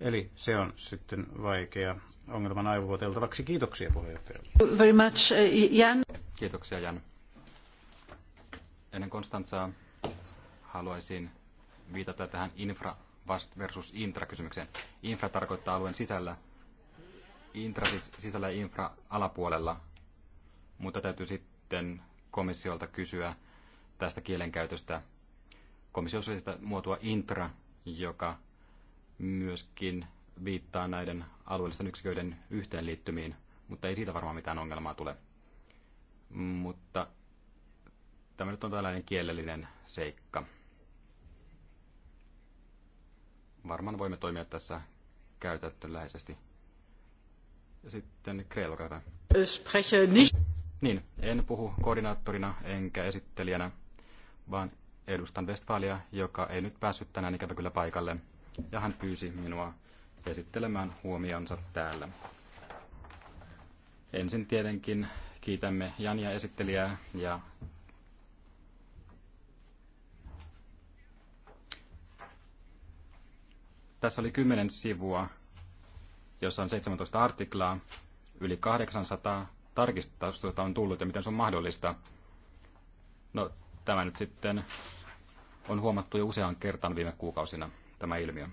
[SPEAKER 4] Eli se on sitten vaikea ongelman aivovuoteltavaksi.
[SPEAKER 2] Kiitoksia puheenjohtajalle.
[SPEAKER 3] Very much, uh, Jan.
[SPEAKER 2] Kiitoksia Jan. Ennen Konstantsaa haluaisin viitata tähän infra vast versus intra kysymykseen. Infra tarkoittaa alueen sisällä, intra siis sisällä ja infra alapuolella, mutta täytyy sitten komissiolta kysyä tästä kielenkäytöstä. Komissio sitä muotoa intra, joka myöskin viittaa näiden alueellisten yksiköiden yhteenliittymiin, mutta ei siitä varmaan mitään ongelmaa tule. Mutta tämä nyt on tällainen kielellinen seikka. Varmaan voimme toimia tässä käytännönläheisesti. Sitten Kreel, olkaa Niin, en puhu koordinaattorina enkä esittelijänä, vaan edustan Westfalia, joka ei nyt päässyt tänään ikävä kyllä paikalle – ja hän pyysi minua esittelemään huomionsa täällä. Ensin tietenkin kiitämme Jania esittelijää ja Tässä oli 10 sivua, jossa on 17 artiklaa, yli 800 tarkistusta on tullut ja miten se on mahdollista. No, tämä nyt sitten on huomattu jo useaan kertaan viime kuukausina tämä ilmiö.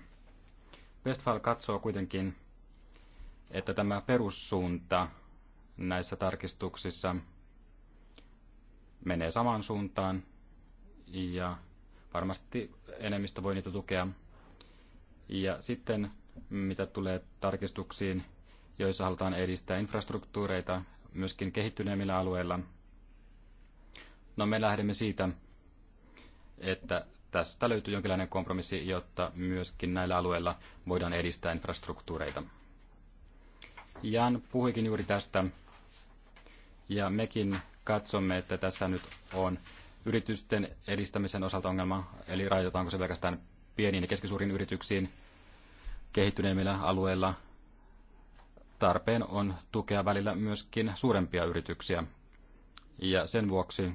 [SPEAKER 2] Westphal katsoo kuitenkin, että tämä perussuunta näissä tarkistuksissa menee samaan suuntaan ja varmasti enemmistö voi niitä tukea. Ja sitten mitä tulee tarkistuksiin, joissa halutaan edistää infrastruktuureita myöskin kehittyneemmillä alueilla. No me lähdemme siitä, että tästä löytyy jonkinlainen kompromissi, jotta myöskin näillä alueilla voidaan edistää infrastruktuureita. Jan puhuikin juuri tästä, ja mekin katsomme, että tässä nyt on yritysten edistämisen osalta ongelma, eli rajoitetaanko se pelkästään pieniin ja keskisuuriin yrityksiin kehittyneemmillä alueilla. Tarpeen on tukea välillä myöskin suurempia yrityksiä, ja sen vuoksi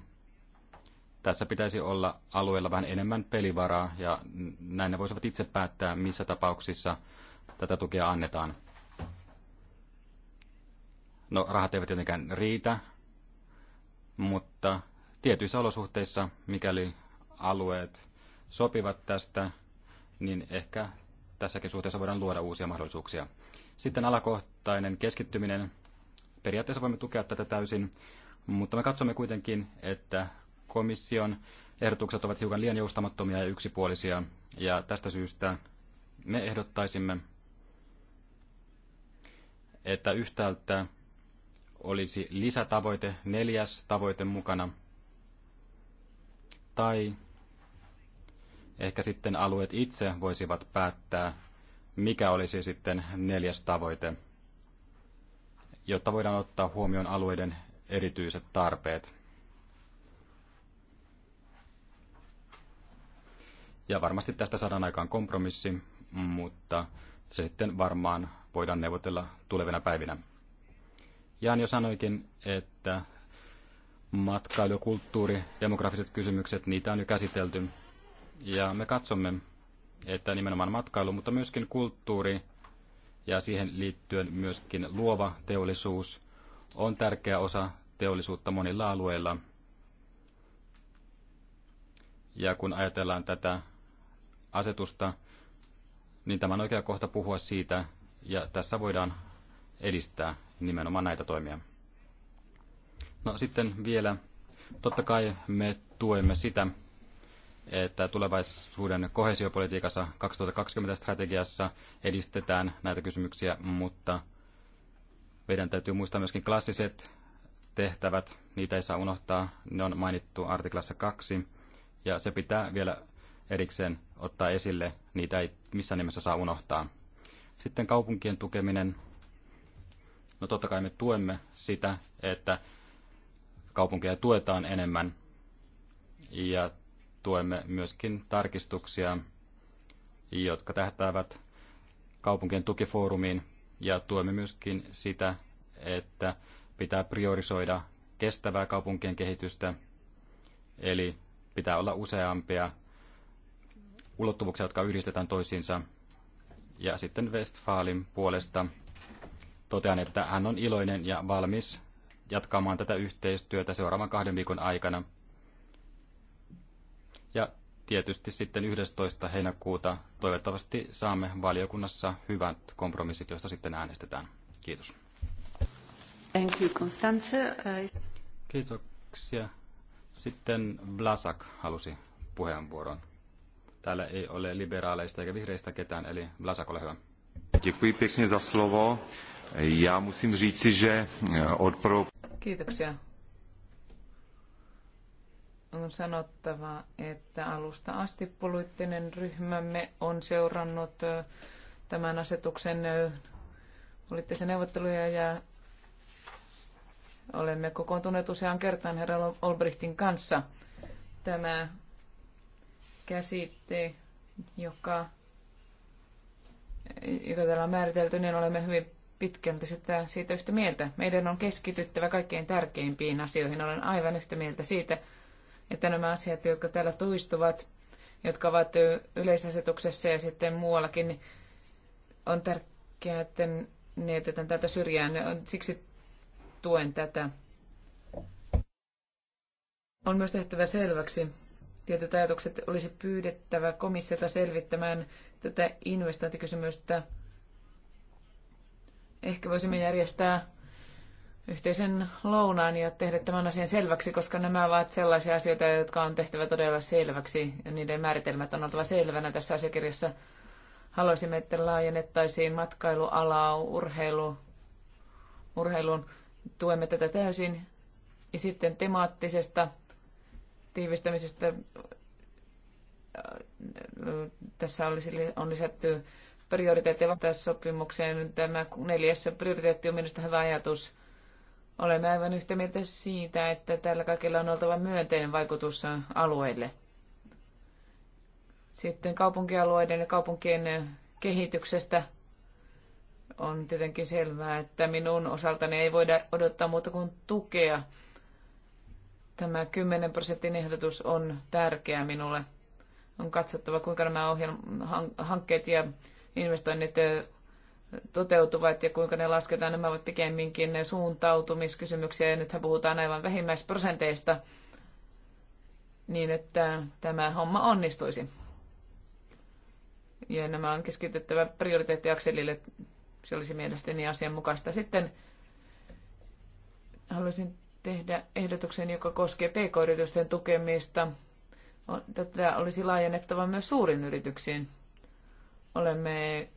[SPEAKER 2] tässä pitäisi olla alueella vähän enemmän pelivaraa ja näin ne voisivat itse päättää, missä tapauksissa tätä tukea annetaan. No, rahat eivät tietenkään riitä, mutta tietyissä olosuhteissa, mikäli alueet sopivat tästä, niin ehkä tässäkin suhteessa voidaan luoda uusia mahdollisuuksia. Sitten alakohtainen keskittyminen. Periaatteessa voimme tukea tätä täysin, mutta me katsomme kuitenkin, että komission ehdotukset ovat hiukan liian joustamattomia ja yksipuolisia, ja tästä syystä me ehdottaisimme, että yhtäältä olisi lisätavoite, neljäs tavoite mukana, tai ehkä sitten alueet itse voisivat päättää, mikä olisi sitten neljäs tavoite, jotta voidaan ottaa huomioon alueiden erityiset tarpeet. Ja varmasti tästä saadaan aikaan kompromissi, mutta se sitten varmaan voidaan neuvotella tulevina päivinä. Jaan jo sanoikin, että matkailu, kulttuuri, demografiset kysymykset, niitä on jo käsitelty. Ja me katsomme, että nimenomaan matkailu, mutta myöskin kulttuuri ja siihen liittyen myöskin luova teollisuus on tärkeä osa teollisuutta monilla alueilla. Ja kun ajatellaan tätä asetusta, niin tämä on oikea kohta puhua siitä, ja tässä voidaan edistää nimenomaan näitä toimia. No sitten vielä, totta kai me tuemme sitä, että tulevaisuuden kohesiopolitiikassa 2020 strategiassa edistetään näitä kysymyksiä, mutta meidän täytyy muistaa myöskin klassiset tehtävät, niitä ei saa unohtaa, ne on mainittu artiklassa 2, ja se pitää vielä erikseen ottaa esille. Niitä ei missään nimessä saa unohtaa. Sitten kaupunkien tukeminen. No totta kai me tuemme sitä, että kaupunkeja tuetaan enemmän ja tuemme myöskin tarkistuksia, jotka tähtäävät kaupunkien tukifoorumiin ja tuemme myöskin sitä, että pitää priorisoida kestävää kaupunkien kehitystä, eli pitää olla useampia ulottuvuuksia, jotka yhdistetään toisiinsa. Ja sitten Westfalin puolesta totean, että hän on iloinen ja valmis jatkamaan tätä yhteistyötä seuraavan kahden viikon aikana. Ja tietysti sitten 11. heinäkuuta toivottavasti saamme valiokunnassa hyvät kompromissit, joista sitten äänestetään. Kiitos.
[SPEAKER 3] Thank you, Constance.
[SPEAKER 2] Kiitoksia. Sitten Blasak halusi puheenvuoron. Täällä ei ole liberaaleista eikä vihreistä ketään, eli Blasak, ole hyvä. Děkuji pěkně za slovo. Já musím říci, že eh, od
[SPEAKER 3] Kiitoksia. On sanottava, että alusta asti poliittinen ryhmämme on seurannut eh, tämän asetuksen eh, poliittisia neuvotteluja ja olemme kokoontuneet useaan kertaan herra Olbrichtin kanssa. Tämä käsite, joka, joka täällä on määritelty, niin olemme hyvin pitkälti sitä, siitä yhtä mieltä. Meidän on keskityttävä kaikkein tärkeimpiin asioihin. Olen aivan yhtä mieltä siitä, että nämä asiat, jotka täällä toistuvat, jotka ovat yleisasetuksessa ja sitten muuallakin, niin on tärkeää, että ne jätetään tätä syrjään. Siksi tuen tätä. On myös tehtävä selväksi, tietyt ajatukset olisi pyydettävä komissiota selvittämään tätä investointikysymystä. Ehkä voisimme järjestää yhteisen lounaan ja tehdä tämän asian selväksi, koska nämä ovat sellaisia asioita, jotka on tehtävä todella selväksi ja niiden määritelmät on oltava selvänä tässä asiakirjassa. Haluaisimme, että laajennettaisiin matkailualaa urheilu, urheiluun. Tuemme tätä täysin. Ja sitten temaattisesta tiivistämisestä äh, tässä olisi, on lisätty prioriteetteja tässä sopimukseen. Tämä neljäs prioriteetti on minusta hyvä ajatus. Olemme aivan yhtä mieltä siitä, että tällä kaikella on oltava myönteinen vaikutus alueille. Sitten kaupunkialueiden ja kaupunkien kehityksestä on tietenkin selvää, että minun osaltani ei voida odottaa muuta kuin tukea Tämä 10 prosentin ehdotus on tärkeä minulle. On katsottava, kuinka nämä hankkeet ja investoinnit toteutuvat ja kuinka ne lasketaan. Nämä ovat pikemminkin ne suuntautumiskysymyksiä ja nythän puhutaan aivan vähimmäisprosenteista niin, että tämä homma onnistuisi. Ja nämä on keskitettävä prioriteettiakselille. Se olisi mielestäni asianmukaista. Sitten haluaisin tehdä ehdotuksen, joka koskee pk-yritysten tukemista. Tätä olisi laajennettava myös suurin yrityksiin. Olemme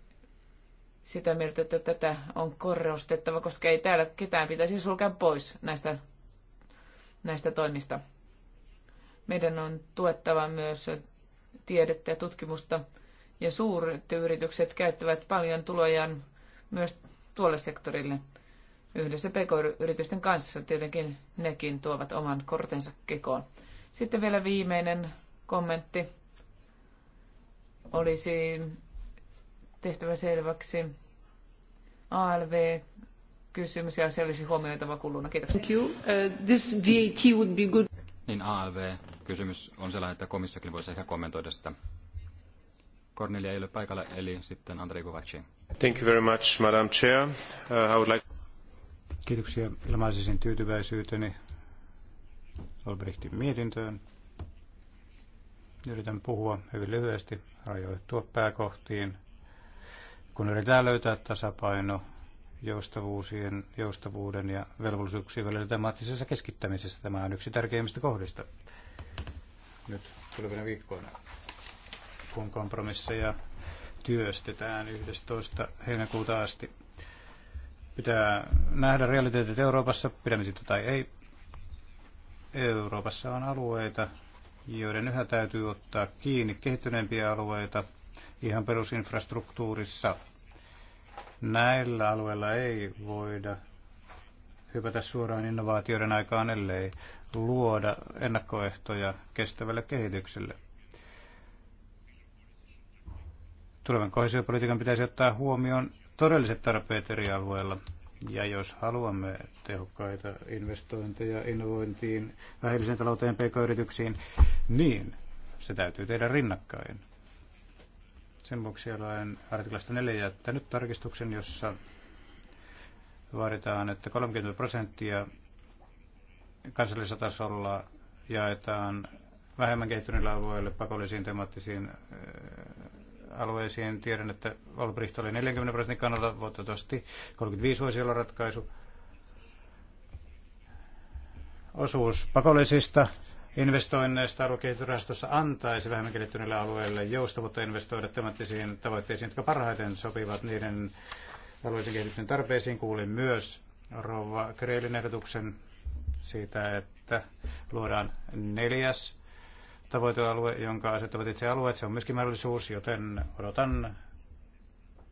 [SPEAKER 3] sitä mieltä, että tätä on korostettava, koska ei täällä ketään pitäisi sulkea pois näistä, näistä toimista. Meidän on tuettava myös tiedettä ja tutkimusta, ja suuret yritykset käyttävät paljon tulojaan myös tuolle sektorille yhdessä pk-yritysten kanssa. Tietenkin nekin tuovat oman kortensa kekoon. Sitten vielä viimeinen kommentti olisi tehtävä selväksi ALV kysymys ja se olisi huomioitava kuluna. Kiitos. Thank you. Uh, this VAT would be good.
[SPEAKER 2] Niin ALV-kysymys on sellainen, että komissakin voisi ehkä kommentoida sitä. Cornelia ei ole paikalla, eli sitten Andrei Kovaci. Thank you very much, Madam Chair. Uh, I would like...
[SPEAKER 4] Kiitoksia ilmaisisin tyytyväisyyteni Albrechtin mietintöön. Yritän puhua hyvin lyhyesti, rajoittua pääkohtiin, kun yritetään löytää tasapaino joustavuusien, joustavuuden ja velvollisuuksien välillä temaattisessa keskittämisessä. Tämä on yksi tärkeimmistä kohdista nyt tulevina viikkoina, kun kompromisseja työstetään 11. heinäkuuta asti. Pitää nähdä realiteetit Euroopassa, pidämme sitä tai ei. Euroopassa on alueita, joiden yhä täytyy ottaa kiinni kehittyneempiä alueita ihan perusinfrastruktuurissa. Näillä alueilla ei voida hypätä suoraan innovaatioiden aikaan, ellei luoda ennakkoehtoja kestävälle kehitykselle. Tulevan kohesiopolitiikan pitäisi ottaa huomioon todelliset tarpeet eri alueilla. Ja jos haluamme tehokkaita investointeja innovointiin, vähäiseen talouteen, pk-yrityksiin, niin se täytyy tehdä rinnakkain. Sen vuoksi olen artiklasta 4 jättänyt tarkistuksen, jossa vaaditaan, että 30 prosenttia kansallisella tasolla jaetaan vähemmän kehittyneillä alueille pakollisiin temaattisiin alueisiin. Tiedän, että Olbricht oli 40 prosentin kannalta, mutta 35 voisi olla ratkaisu. Osuus pakollisista investoinneista aluekehitysrahastossa antaisi vähemmän kehittyneille alueille joustavuutta investoida temaattisiin tavoitteisiin, jotka parhaiten sopivat niiden alueiden kehityksen tarpeisiin. Kuulin myös Rova Kreelin ehdotuksen siitä, että luodaan neljäs tavoitealue, jonka asettavat itse alueet. Se on myöskin mahdollisuus, joten odotan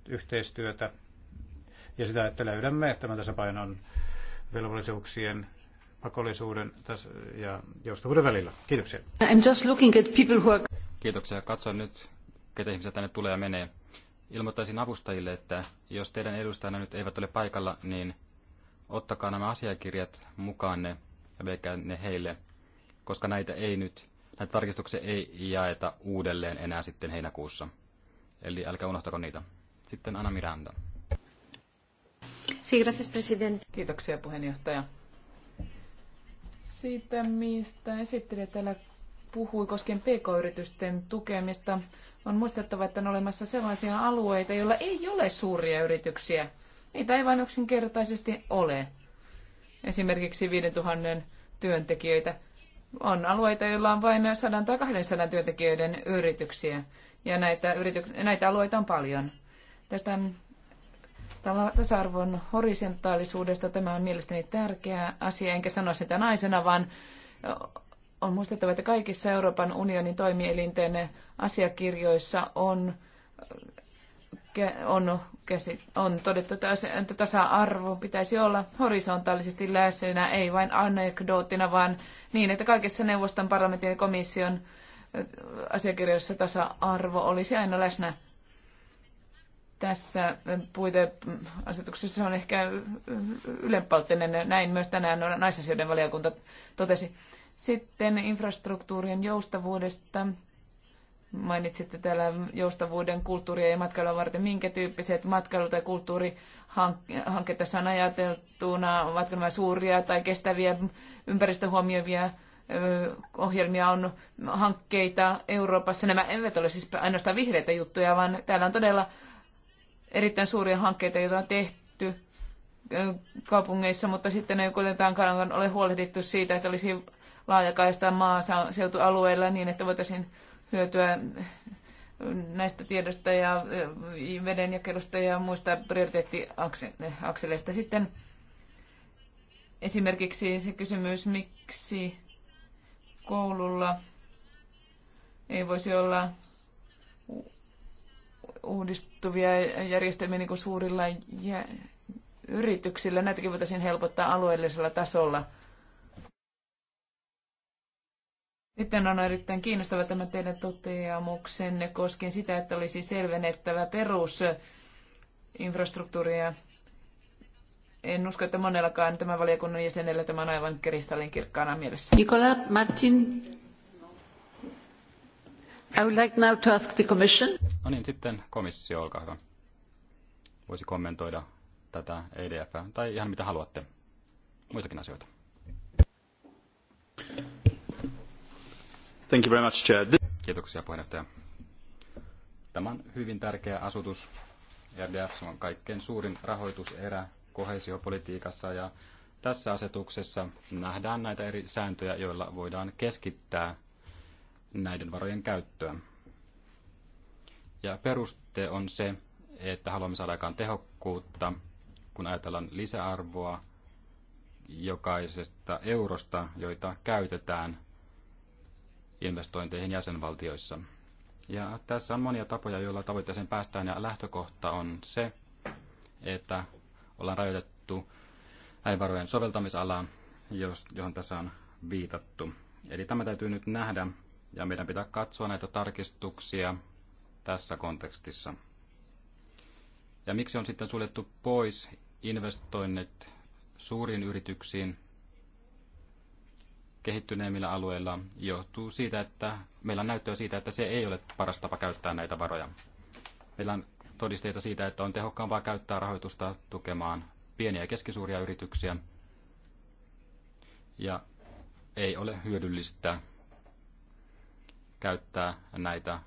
[SPEAKER 4] yhteistyötä ja sitä, että löydämme tämän tasapainon velvollisuuksien pakollisuuden ja joustavuuden välillä. Kiitoksia. I'm just looking at people who are...
[SPEAKER 2] Kiitoksia. Katson nyt, ketä ihmisiä tänne tulee ja menee. Ilmoittaisin avustajille, että jos teidän edustajana nyt eivät ole paikalla, niin ottakaa nämä asiakirjat mukaanne ja veikää ne heille, koska näitä ei nyt näitä tarkistuksia ei jaeta uudelleen enää sitten heinäkuussa. Eli älkää unohtako niitä. Sitten anna Miranda. Kiitoksia
[SPEAKER 3] puheenjohtaja. Siitä, mistä esittelijä täällä puhui koskien pk-yritysten tukemista, on muistettava, että on olemassa sellaisia alueita, joilla ei ole suuria yrityksiä. Niitä ei vain yksinkertaisesti ole. Esimerkiksi 5000 työntekijöitä on alueita, joilla on vain 100 tai 200 työntekijöiden yrityksiä, ja näitä, yrityks- näitä alueita on paljon. Tästä tasa-arvon horisontaalisuudesta tämä on mielestäni tärkeä asia, enkä sano sitä naisena, vaan on muistettava, että kaikissa Euroopan unionin toimielinten asiakirjoissa on on, on todettu, että tasa-arvo pitäisi olla horisontaalisesti läsnä, ei vain anekdoottina, vaan niin, että kaikessa neuvoston, parlamentin ja komission asiakirjoissa tasa-arvo olisi aina läsnä. Tässä puiteasetuksessa on ehkä ylenpalttinen, näin myös tänään naisasioiden valiokunta totesi. Sitten infrastruktuurien joustavuudesta Mainitsitte täällä joustavuuden kulttuuria ja matkailua varten. Minkä tyyppiset matkailu- tai kulttuurihankkeet tässä on ajateltuna? Ovatko nämä suuria tai kestäviä ympäristöhuomioivia ohjelmia on hankkeita Euroopassa. Nämä eivät ole siis ainoastaan vihreitä juttuja, vaan täällä on todella erittäin suuria hankkeita, joita on tehty kaupungeissa, mutta sitten ei kuitenkaan ole huolehdittu siitä, että olisi laajakaista maaseutualueilla niin, että voitaisiin hyötyä näistä tiedosta ja vedenjakelusta ja muista prioriteettiakseleista. Sitten esimerkiksi se kysymys, miksi koululla ei voisi olla uudistuvia järjestelmiä niin kuin suurilla yrityksillä. Näitäkin voitaisiin helpottaa alueellisella tasolla – Sitten on erittäin kiinnostava tämä teidän toteamuksenne koskien sitä, että olisi selvennettävä perusinfrastruktuuria. En usko, että monellakaan tämän valiokunnan jäsenellä tämä on aivan kristallin kirkkaana mielessä. Nicola, Martin. I would like now to ask the
[SPEAKER 2] commission. No niin, sitten komissio, olkaa hyvä. Voisi kommentoida tätä EDF tai ihan mitä haluatte. Muitakin asioita. Thank you very much, Chair. Kiitoksia puheenjohtaja. Tämä on hyvin tärkeä asutus. RDF on kaikkein suurin rahoituserä kohesiopolitiikassa ja tässä asetuksessa nähdään näitä eri sääntöjä, joilla voidaan keskittää näiden varojen käyttöä. Ja peruste on se, että haluamme saada aikaan tehokkuutta, kun ajatellaan lisäarvoa jokaisesta eurosta, joita käytetään investointeihin jäsenvaltioissa. Ja tässä on monia tapoja, joilla tavoitteeseen päästään, ja lähtökohta on se, että ollaan rajoitettu näin varojen soveltamisalaa, johon tässä on viitattu. Eli tämä täytyy nyt nähdä, ja meidän pitää katsoa näitä tarkistuksia tässä kontekstissa. Ja miksi on sitten suljettu pois investoinnit suuriin yrityksiin kehittyneemmillä alueilla johtuu siitä, että meillä on näyttöä siitä, että se ei ole paras tapa käyttää näitä varoja. Meillä on todisteita siitä, että on tehokkaampaa käyttää rahoitusta tukemaan pieniä ja keskisuuria yrityksiä. Ja ei ole hyödyllistä käyttää näitä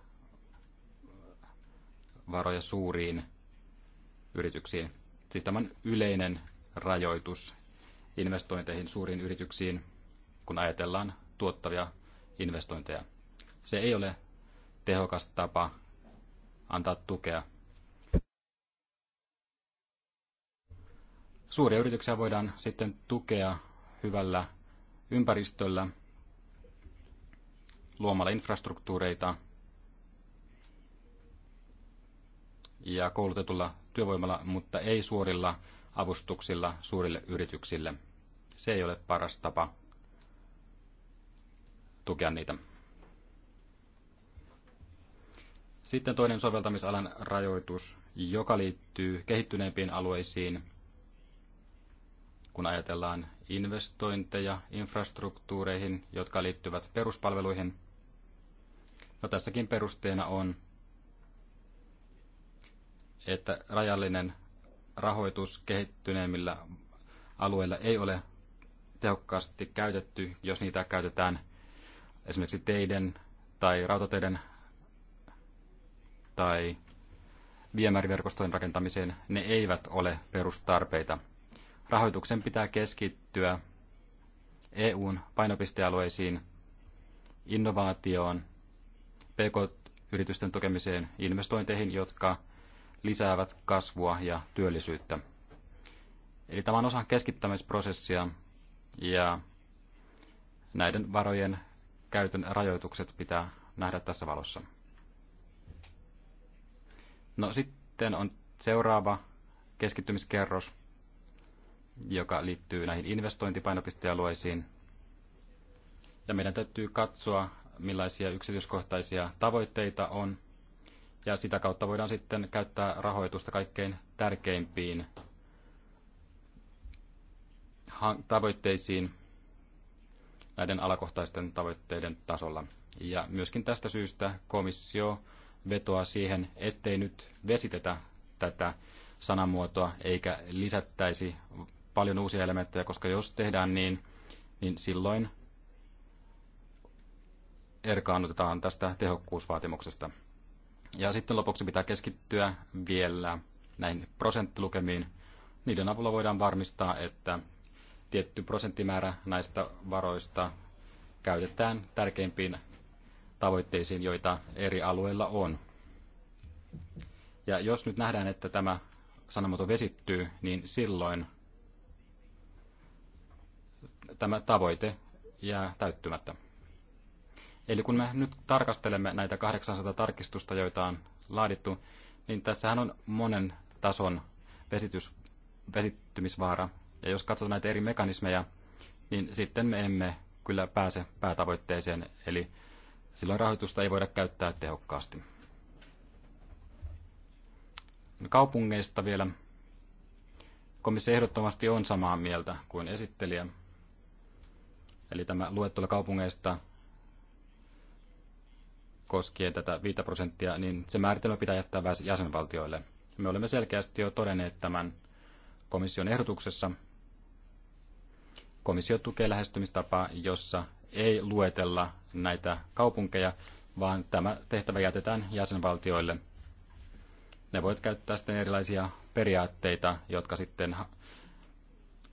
[SPEAKER 2] varoja suuriin yrityksiin. Siis on yleinen rajoitus investointeihin suuriin yrityksiin kun ajatellaan tuottavia investointeja. Se ei ole tehokas tapa antaa tukea. Suuria yrityksiä voidaan sitten tukea hyvällä ympäristöllä, luomalla infrastruktuureita ja koulutetulla työvoimalla, mutta ei suorilla avustuksilla suurille yrityksille. Se ei ole paras tapa tukea niitä. Sitten toinen soveltamisalan rajoitus, joka liittyy kehittyneempiin alueisiin, kun ajatellaan investointeja infrastruktuureihin, jotka liittyvät peruspalveluihin. No, tässäkin perusteena on, että rajallinen rahoitus kehittyneemmillä alueilla ei ole tehokkaasti käytetty, jos niitä käytetään esimerkiksi teiden tai rautateiden tai viemäriverkostojen rakentamiseen, ne eivät ole perustarpeita. Rahoituksen pitää keskittyä EUn painopistealueisiin, innovaatioon, pk-yritysten tukemiseen, investointeihin, jotka lisäävät kasvua ja työllisyyttä. Eli tämä on osa keskittämisprosessia ja näiden varojen käytön rajoitukset pitää nähdä tässä valossa. No sitten on seuraava keskittymiskerros, joka liittyy näihin investointipainopistealueisiin. Ja meidän täytyy katsoa, millaisia yksityiskohtaisia tavoitteita on, ja sitä kautta voidaan sitten käyttää rahoitusta kaikkein tärkeimpiin tavoitteisiin, näiden alakohtaisten tavoitteiden tasolla. Ja myöskin tästä syystä komissio vetoaa siihen, ettei nyt vesitetä tätä sanamuotoa eikä lisättäisi paljon uusia elementtejä, koska jos tehdään niin, niin silloin erkaannutetaan tästä tehokkuusvaatimuksesta. Ja sitten lopuksi pitää keskittyä vielä näihin prosenttilukemiin. Niiden avulla voidaan varmistaa, että tietty prosenttimäärä näistä varoista käytetään tärkeimpiin tavoitteisiin, joita eri alueilla on. Ja jos nyt nähdään, että tämä sanamuoto vesittyy, niin silloin tämä tavoite jää täyttymättä. Eli kun me nyt tarkastelemme näitä 800 tarkistusta, joita on laadittu, niin tässähän on monen tason vesitys, vesittymisvaara. Ja jos katsotaan näitä eri mekanismeja, niin sitten me emme kyllä pääse päätavoitteeseen, eli silloin rahoitusta ei voida käyttää tehokkaasti. Kaupungeista vielä. Komissio ehdottomasti on samaa mieltä kuin esittelijä. Eli tämä luettelo kaupungeista koskien tätä 5 prosenttia, niin se määritelmä pitää jättää jäsenvaltioille. Me olemme selkeästi jo todenneet tämän komission ehdotuksessa – Komissio tukee lähestymistapaa, jossa ei luetella näitä kaupunkeja, vaan tämä tehtävä jätetään jäsenvaltioille. Ne voivat käyttää sitten erilaisia periaatteita, jotka sitten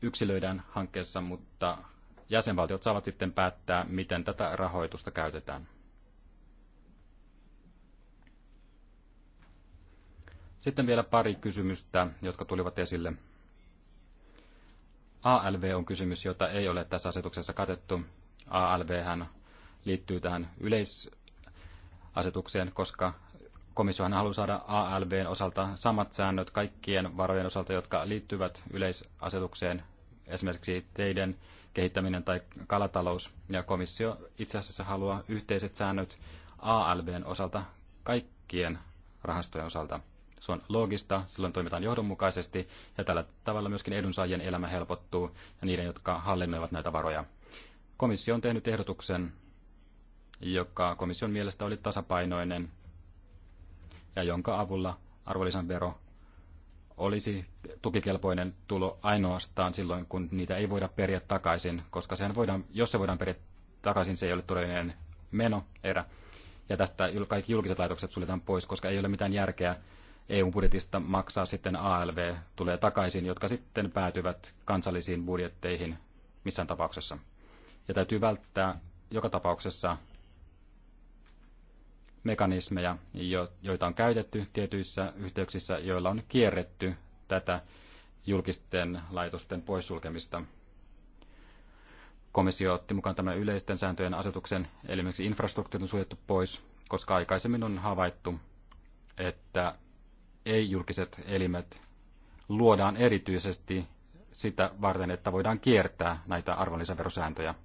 [SPEAKER 2] yksilöidään hankkeessa, mutta jäsenvaltiot saavat sitten päättää, miten tätä rahoitusta käytetään. Sitten vielä pari kysymystä, jotka tulivat esille. ALV on kysymys, jota ei ole tässä asetuksessa katettu. ALV liittyy tähän yleisasetukseen, koska komissiohan haluaa saada ALVn osalta samat säännöt kaikkien varojen osalta, jotka liittyvät yleisasetukseen, esimerkiksi teiden kehittäminen tai kalatalous. Ja komissio itse asiassa haluaa yhteiset säännöt ALVn osalta kaikkien rahastojen osalta. Se on loogista, silloin toimitaan johdonmukaisesti ja tällä tavalla myöskin edunsaajien elämä helpottuu ja niiden, jotka hallinnoivat näitä varoja. Komissio on tehnyt ehdotuksen, joka komission mielestä oli tasapainoinen ja jonka avulla arvonlisävero olisi tukikelpoinen tulo ainoastaan silloin, kun niitä ei voida periä takaisin, koska sehän voidaan, jos se voidaan periä takaisin, se ei ole todellinen menoerä. Ja tästä kaikki julkiset laitokset suljetaan pois, koska ei ole mitään järkeä EU-budjetista maksaa sitten ALV tulee takaisin, jotka sitten päätyvät kansallisiin budjetteihin missään tapauksessa. Ja täytyy välttää joka tapauksessa mekanismeja, joita on käytetty tietyissä yhteyksissä, joilla on kierretty tätä julkisten laitosten poissulkemista. Komissio otti mukaan tämän yleisten sääntöjen asetuksen, eli esimerkiksi infrastruktuurin on suljettu pois, koska aikaisemmin on havaittu, että ei-julkiset elimet luodaan erityisesti sitä varten, että voidaan kiertää näitä arvonlisäverosääntöjä.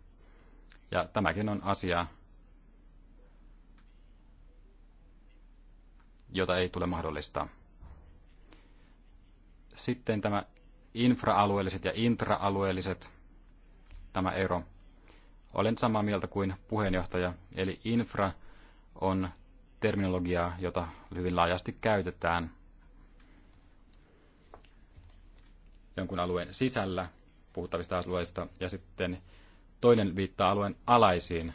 [SPEAKER 2] Ja tämäkin on asia, jota ei tule mahdollistaa. Sitten tämä infraalueelliset ja intraalueelliset, tämä ero. Olen samaa mieltä kuin puheenjohtaja, eli infra on terminologiaa, jota hyvin laajasti käytetään – jonkun alueen sisällä puhuttavista alueista, ja sitten toinen viittaa alueen alaisiin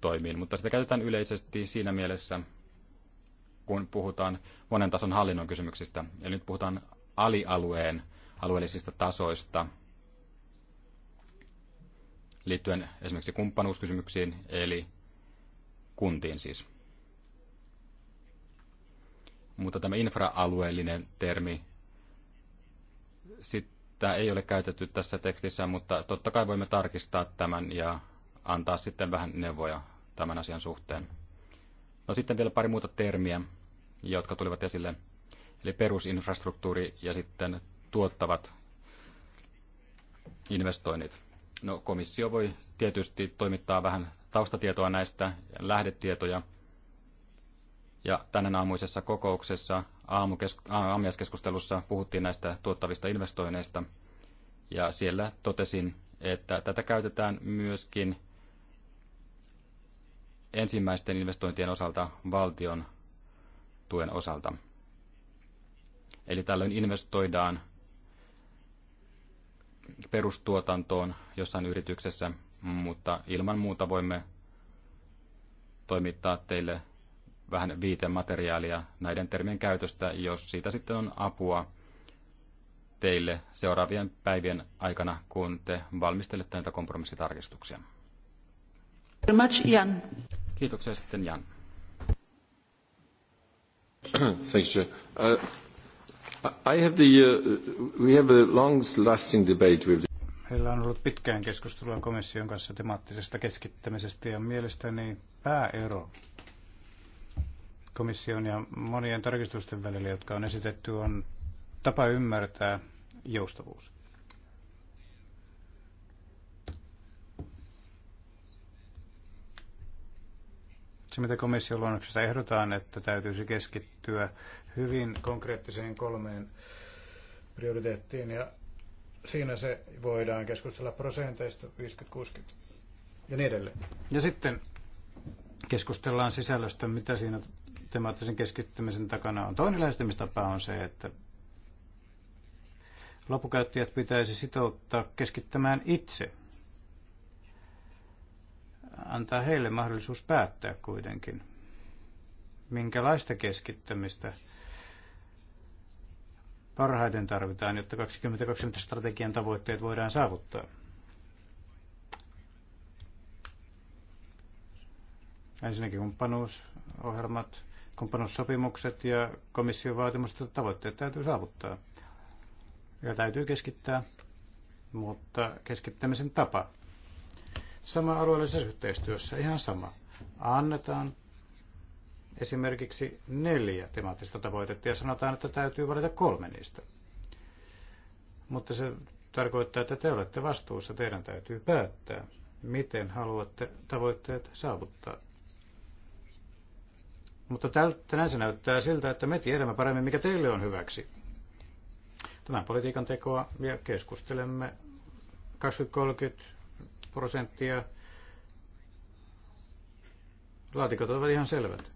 [SPEAKER 2] toimiin, mutta sitä käytetään yleisesti siinä mielessä, kun puhutaan monen tason hallinnon kysymyksistä. Eli nyt puhutaan alialueen alueellisista tasoista liittyen esimerkiksi kumppanuuskysymyksiin, eli kuntiin siis. Mutta tämä infra-alueellinen termi sitä ei ole käytetty tässä tekstissä, mutta totta kai voimme tarkistaa tämän ja antaa sitten vähän neuvoja tämän asian suhteen. No sitten vielä pari muuta termiä, jotka tulivat esille. Eli perusinfrastruktuuri ja sitten tuottavat investoinnit. No komissio voi tietysti toimittaa vähän taustatietoa näistä lähdetietoja. Ja tänään aamuisessa kokouksessa aamiaiskeskustelussa puhuttiin näistä tuottavista investoinneista, ja siellä totesin, että tätä käytetään myöskin ensimmäisten investointien osalta valtion tuen osalta. Eli tällöin investoidaan perustuotantoon jossain yrityksessä, mutta ilman muuta voimme toimittaa teille vähän viitemateriaalia näiden termien käytöstä, jos siitä sitten on apua teille seuraavien päivien aikana, kun te valmistelette näitä kompromissitarkistuksia.
[SPEAKER 3] Much, Jan.
[SPEAKER 2] Kiitoksia sitten Jan. Thanks,
[SPEAKER 3] Uh, I have the, uh, we have a long-lasting debate with
[SPEAKER 4] Meillä on ollut pitkään keskustelua komission kanssa temaattisesta keskittämisestä ja mielestäni pääero komission ja monien tarkistusten välillä, jotka on esitetty, on tapa ymmärtää joustavuus. Se, mitä komission luonnoksessa ehdotaan, että täytyisi keskittyä hyvin konkreettiseen kolmeen prioriteettiin ja siinä se voidaan keskustella prosenteista 50-60 ja niin edelleen. Ja sitten keskustellaan sisällöstä, mitä siinä systemaattisen keskittymisen takana on. Toinen lähestymistapa on se, että loppukäyttäjät pitäisi sitouttaa keskittämään itse. Antaa heille mahdollisuus päättää kuitenkin, minkälaista keskittämistä parhaiten tarvitaan, jotta 2020 strategian tavoitteet voidaan saavuttaa. Ensinnäkin kumppanuusohjelmat, kumppanuussopimukset ja komission vaatimukset tavoitteet täytyy saavuttaa. Ja täytyy keskittää, mutta keskittämisen tapa. Sama alueellisessa yhteistyössä, ihan sama. Annetaan esimerkiksi neljä temaattista tavoitetta ja sanotaan, että täytyy valita kolme niistä. Mutta se tarkoittaa, että te olette vastuussa, teidän täytyy päättää, miten haluatte tavoitteet saavuttaa. Mutta tänään se näyttää siltä, että me tiedämme paremmin, mikä teille on hyväksi. Tämän politiikan tekoa ja keskustelemme 20-30 prosenttia. Laatikot ovat ihan selvät.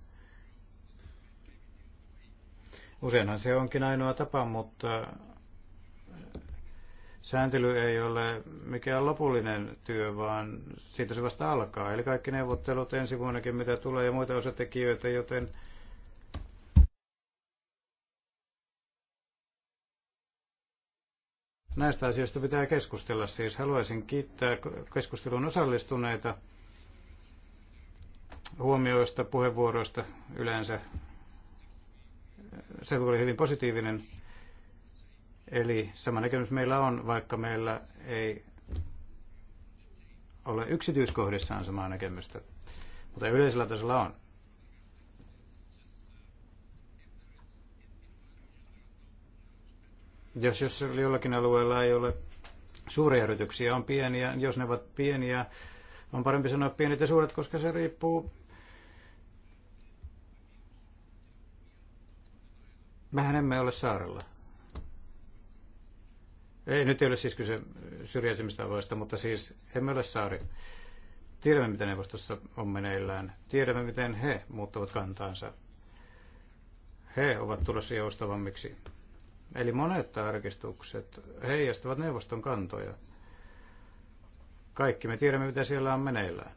[SPEAKER 4] Useinhan se onkin ainoa tapa, mutta Sääntely ei ole mikään lopullinen työ, vaan siitä se vasta alkaa. Eli kaikki neuvottelut ensi vuonnakin, mitä tulee, ja muita osatekijöitä, joten näistä asioista pitää keskustella. Siis haluaisin kiittää keskustelun osallistuneita huomioista, puheenvuoroista yleensä. Se oli hyvin positiivinen. Eli sama näkemys meillä on, vaikka meillä ei ole yksityiskohdissaan samaa näkemystä, mutta yleisellä tasolla on. Jos, jos jollakin alueella ei ole suuria yrityksiä, on pieniä, jos ne ovat pieniä, on parempi sanoa pienet ja suuret, koska se riippuu mehän emme ole saarella. Ei, nyt ei ole siis kyse syrjäisimmistä avoista, mutta siis emme ole saari. Tiedämme, miten neuvostossa on meneillään. Tiedämme, miten he muuttavat kantaansa. He ovat tulossa joustavammiksi. Eli monet tarkistukset heijastavat neuvoston kantoja. Kaikki me tiedämme, mitä siellä on meneillään.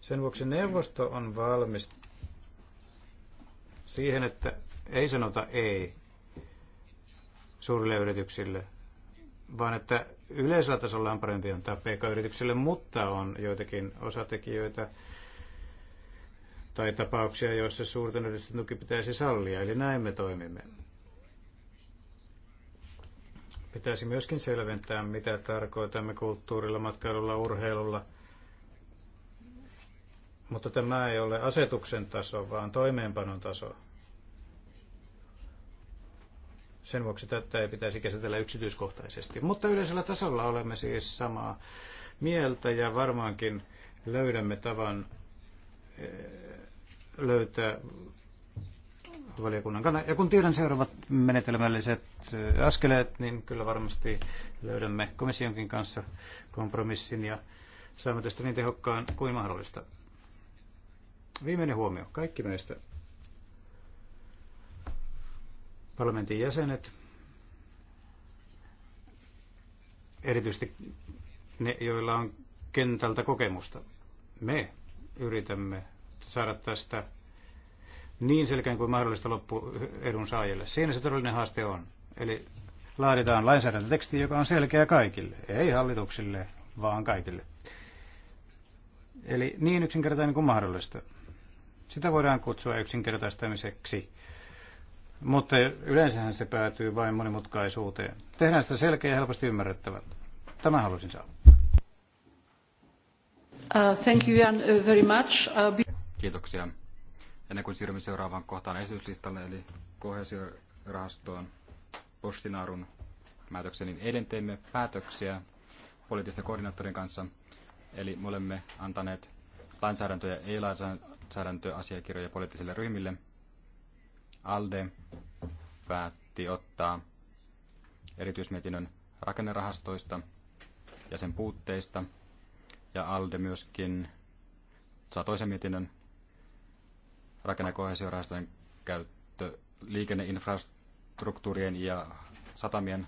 [SPEAKER 4] Sen vuoksi neuvosto on valmis siihen, että ei sanota ei suurille yrityksille, vaan että yleisellä tasolla on parempi antaa pk-yrityksille, mutta on joitakin osatekijöitä tai tapauksia, joissa suurten yritysten tuki pitäisi sallia, eli näin me toimimme. Pitäisi myöskin selventää, mitä tarkoitamme kulttuurilla, matkailulla, urheilulla. Mutta tämä ei ole asetuksen taso, vaan toimeenpanon taso. Sen vuoksi tätä ei pitäisi käsitellä yksityiskohtaisesti. Mutta yleisellä tasolla olemme siis samaa mieltä ja varmaankin löydämme tavan eh, löytää valiokunnan kannan. Ja kun tiedän seuraavat menetelmälliset eh, askeleet, niin kyllä varmasti löydämme komissionkin kanssa kompromissin ja saamme tästä niin tehokkaan kuin mahdollista. Viimeinen huomio. Kaikki meistä parlamentin jäsenet, erityisesti ne, joilla on kentältä kokemusta. Me yritämme saada tästä niin selkeän kuin mahdollista loppu edun saajille. Siinä se todellinen haaste on. Eli laaditaan lainsäädäntöteksti, joka on selkeä kaikille, ei hallituksille, vaan kaikille. Eli niin yksinkertainen kuin mahdollista. Sitä voidaan kutsua yksinkertaistamiseksi mutta yleensähän se päätyy vain monimutkaisuuteen. Tehdään sitä selkeä ja helposti
[SPEAKER 2] ymmärrettävä. Tämä halusin saada.
[SPEAKER 1] Uh, thank
[SPEAKER 4] you uh, very much. Uh,
[SPEAKER 2] Kiitoksia. Ennen kuin siirrymme seuraavaan kohtaan esityslistalle, eli kohesiorahastoon postinaarun päätöksen, niin eilen teimme päätöksiä poliittisten koordinaattorin kanssa. Eli me olemme antaneet lainsäädäntö- ja ei-lainsäädäntöasiakirjoja poliittisille ryhmille – ALDE päätti ottaa erityismietinnön rakennerahastoista ja sen puutteista. Ja ALDE myöskin saa toisen mietinnön rakennekohesiorahastojen käyttö liikenneinfrastruktuurien ja satamien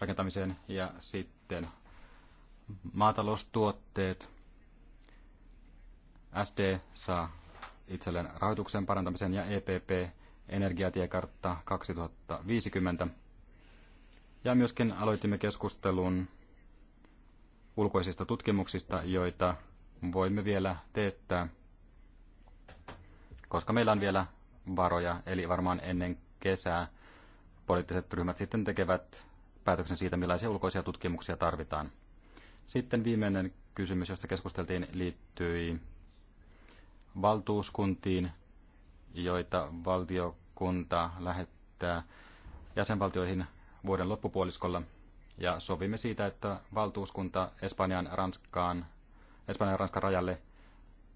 [SPEAKER 2] rakentamiseen ja sitten maataloustuotteet. SD saa itselleen rahoituksen parantamisen ja EPP Energiatiekartta 2050. Ja myöskin aloitimme keskustelun ulkoisista tutkimuksista, joita voimme vielä teettää, koska meillä on vielä varoja, eli varmaan ennen kesää poliittiset ryhmät sitten tekevät päätöksen siitä, millaisia ulkoisia tutkimuksia tarvitaan. Sitten viimeinen kysymys, josta keskusteltiin, liittyi valtuuskuntiin, joita valtiokunta lähettää jäsenvaltioihin vuoden loppupuoliskolla. Ja sovimme siitä, että valtuuskunta Espanjan, Ranskaan, Espanjan ja Ranskan rajalle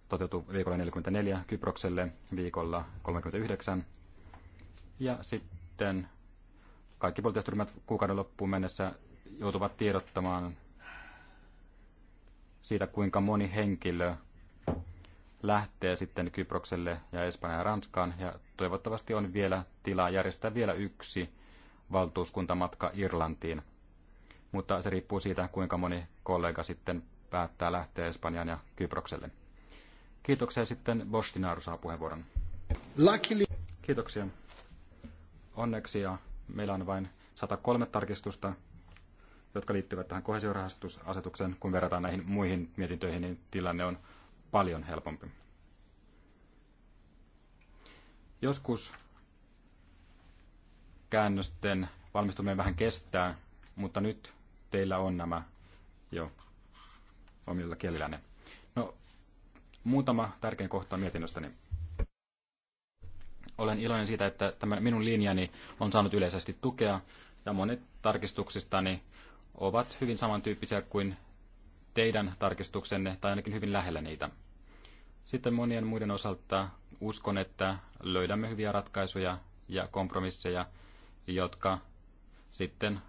[SPEAKER 2] toteutuu viikolla 44, Kyprokselle viikolla 39. Ja sitten kaikki poliittiset ryhmät kuukauden loppuun mennessä joutuvat tiedottamaan siitä, kuinka moni henkilö lähtee sitten Kyprokselle ja Espanjaan ja Ranskaan. Ja toivottavasti on vielä tilaa järjestää vielä yksi valtuuskuntamatka Irlantiin. Mutta se riippuu siitä, kuinka moni kollega sitten päättää lähteä Espanjaan ja Kyprokselle. Kiitoksia sitten Bostinaru saa puheenvuoron. Luckily. Kiitoksia. Onneksi ja meillä on vain 103 tarkistusta, jotka liittyvät tähän kohesiorahastusasetukseen. Kun verrataan näihin muihin mietintöihin, niin tilanne on paljon helpompi. Joskus käännösten valmistuminen vähän kestää, mutta nyt teillä on nämä jo omilla kielillänne. No, muutama tärkein kohta mietinnöstäni. Olen iloinen siitä, että tämä minun linjani on saanut yleisesti tukea, ja monet tarkistuksistani ovat hyvin samantyyppisiä kuin teidän tarkistuksenne, tai ainakin hyvin lähellä niitä. Sitten monien muiden osalta uskon, että löydämme hyviä ratkaisuja ja kompromisseja, jotka sitten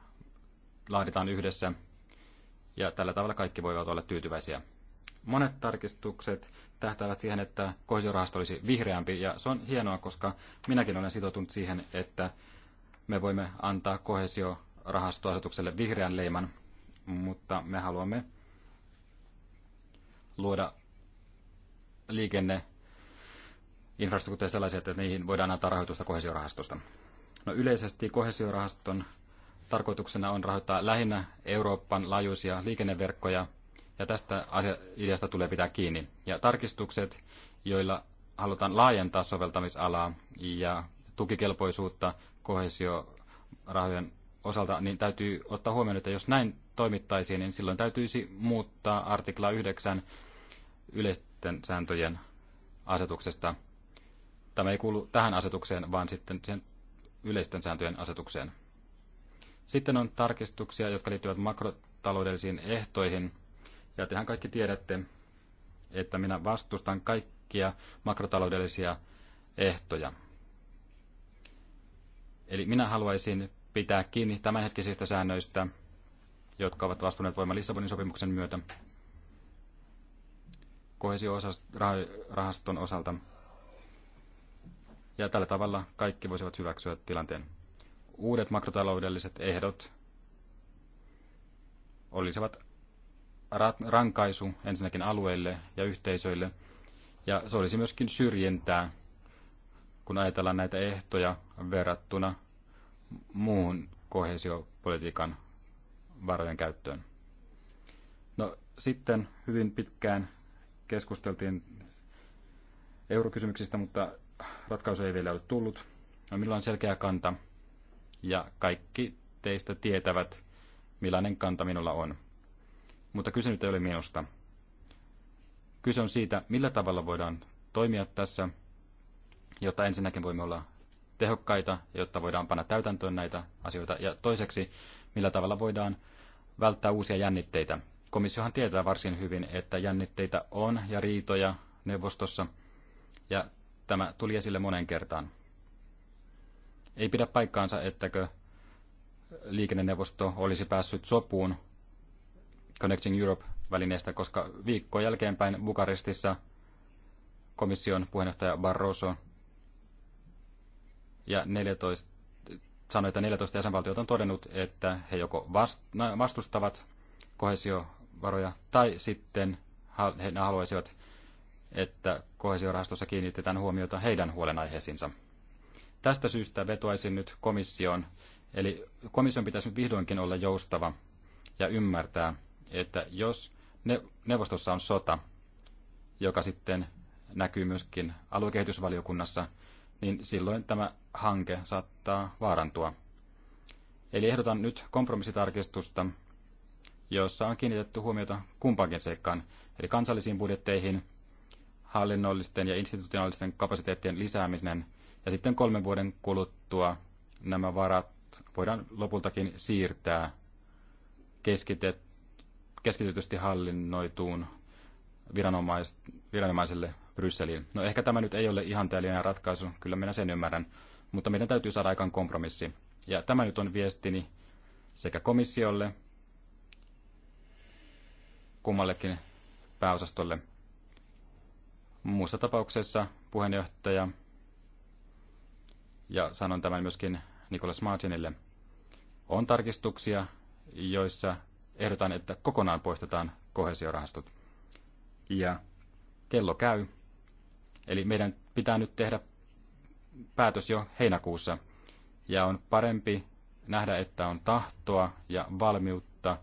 [SPEAKER 2] laaditaan yhdessä. Ja tällä tavalla kaikki voivat olla tyytyväisiä. Monet tarkistukset tähtäävät siihen, että kohesiorahasto olisi vihreämpi, ja se on hienoa, koska minäkin olen sitoutunut siihen, että me voimme antaa kohesiorahastoasetukselle vihreän leiman, mutta me haluamme luoda liikenne infrastruktuuri sellaisia, että niihin voidaan antaa rahoitusta kohesiorahastosta. No yleisesti kohesiorahaston tarkoituksena on rahoittaa lähinnä Euroopan laajuisia liikenneverkkoja, ja tästä asia- ideasta tulee pitää kiinni. Ja tarkistukset, joilla halutaan laajentaa soveltamisalaa ja tukikelpoisuutta kohesiorahojen osalta, niin täytyy ottaa huomioon, että jos näin toimittaisiin, niin silloin täytyisi muuttaa artikla 9 yleistä sitten sääntöjen asetuksesta. Tämä ei kuulu tähän asetukseen, vaan sitten sen yleisten sääntöjen asetukseen. Sitten on tarkistuksia, jotka liittyvät makrotaloudellisiin ehtoihin. Ja tehän kaikki tiedätte, että minä vastustan kaikkia makrotaloudellisia ehtoja. Eli minä haluaisin pitää kiinni tämänhetkisistä säännöistä, jotka ovat vastuneet voimaan Lissabonin sopimuksen myötä kohesiorahaston osalta. Ja tällä tavalla kaikki voisivat hyväksyä tilanteen. Uudet makrotaloudelliset ehdot olisivat rankaisu ensinnäkin alueille ja yhteisöille, ja se olisi myöskin syrjintää, kun ajatellaan näitä ehtoja verrattuna muuhun kohesiopolitiikan varojen käyttöön. No sitten hyvin pitkään keskusteltiin eurokysymyksistä, mutta ratkaisu ei vielä ole tullut. No, millä on selkeä kanta ja kaikki teistä tietävät, millainen kanta minulla on. Mutta kyse nyt ei ole minusta. Kyse on siitä, millä tavalla voidaan toimia tässä, jotta ensinnäkin voimme olla tehokkaita, jotta voidaan panna täytäntöön näitä asioita, ja toiseksi, millä tavalla voidaan välttää uusia jännitteitä komissiohan tietää varsin hyvin, että jännitteitä on ja riitoja neuvostossa, ja tämä tuli esille monen kertaan. Ei pidä paikkaansa, ettäkö liikenneneuvosto olisi päässyt sopuun Connecting Europe-välineestä, koska viikko jälkeenpäin Bukarestissa komission puheenjohtaja Barroso ja 14, sanoi, että 14 jäsenvaltiota on todennut, että he joko vastustavat kohesio varoja, tai sitten he haluaisivat, että kohesiorahastossa kiinnitetään huomiota heidän huolenaiheisiinsa. Tästä syystä vetoaisin nyt komissioon, eli komission pitäisi nyt vihdoinkin olla joustava ja ymmärtää, että jos neuvostossa on sota, joka sitten näkyy myöskin aluekehitysvaliokunnassa, niin silloin tämä hanke saattaa vaarantua. Eli ehdotan nyt kompromissitarkistusta, joissa on kiinnitetty huomiota kumpaankin seikkaan, eli kansallisiin budjetteihin, hallinnollisten ja institutionaalisten kapasiteettien lisääminen, ja sitten kolmen vuoden kuluttua nämä varat voidaan lopultakin siirtää keskitet, keskitytysti hallinnoituun viranomais, viranomaiselle Brysseliin. No ehkä tämä nyt ei ole ihan ihanteellinen ratkaisu, kyllä minä sen ymmärrän, mutta meidän täytyy saada aikaan kompromissi. Ja tämä nyt on viestini sekä komissiolle kummallekin pääosastolle. Muussa tapauksessa puheenjohtaja, ja sanon tämän myöskin Nikolas Martinille, on tarkistuksia, joissa ehdotan, että kokonaan poistetaan kohesiorahastot. Ja kello käy. Eli meidän pitää nyt tehdä päätös jo heinäkuussa. Ja on parempi nähdä, että on tahtoa ja valmiutta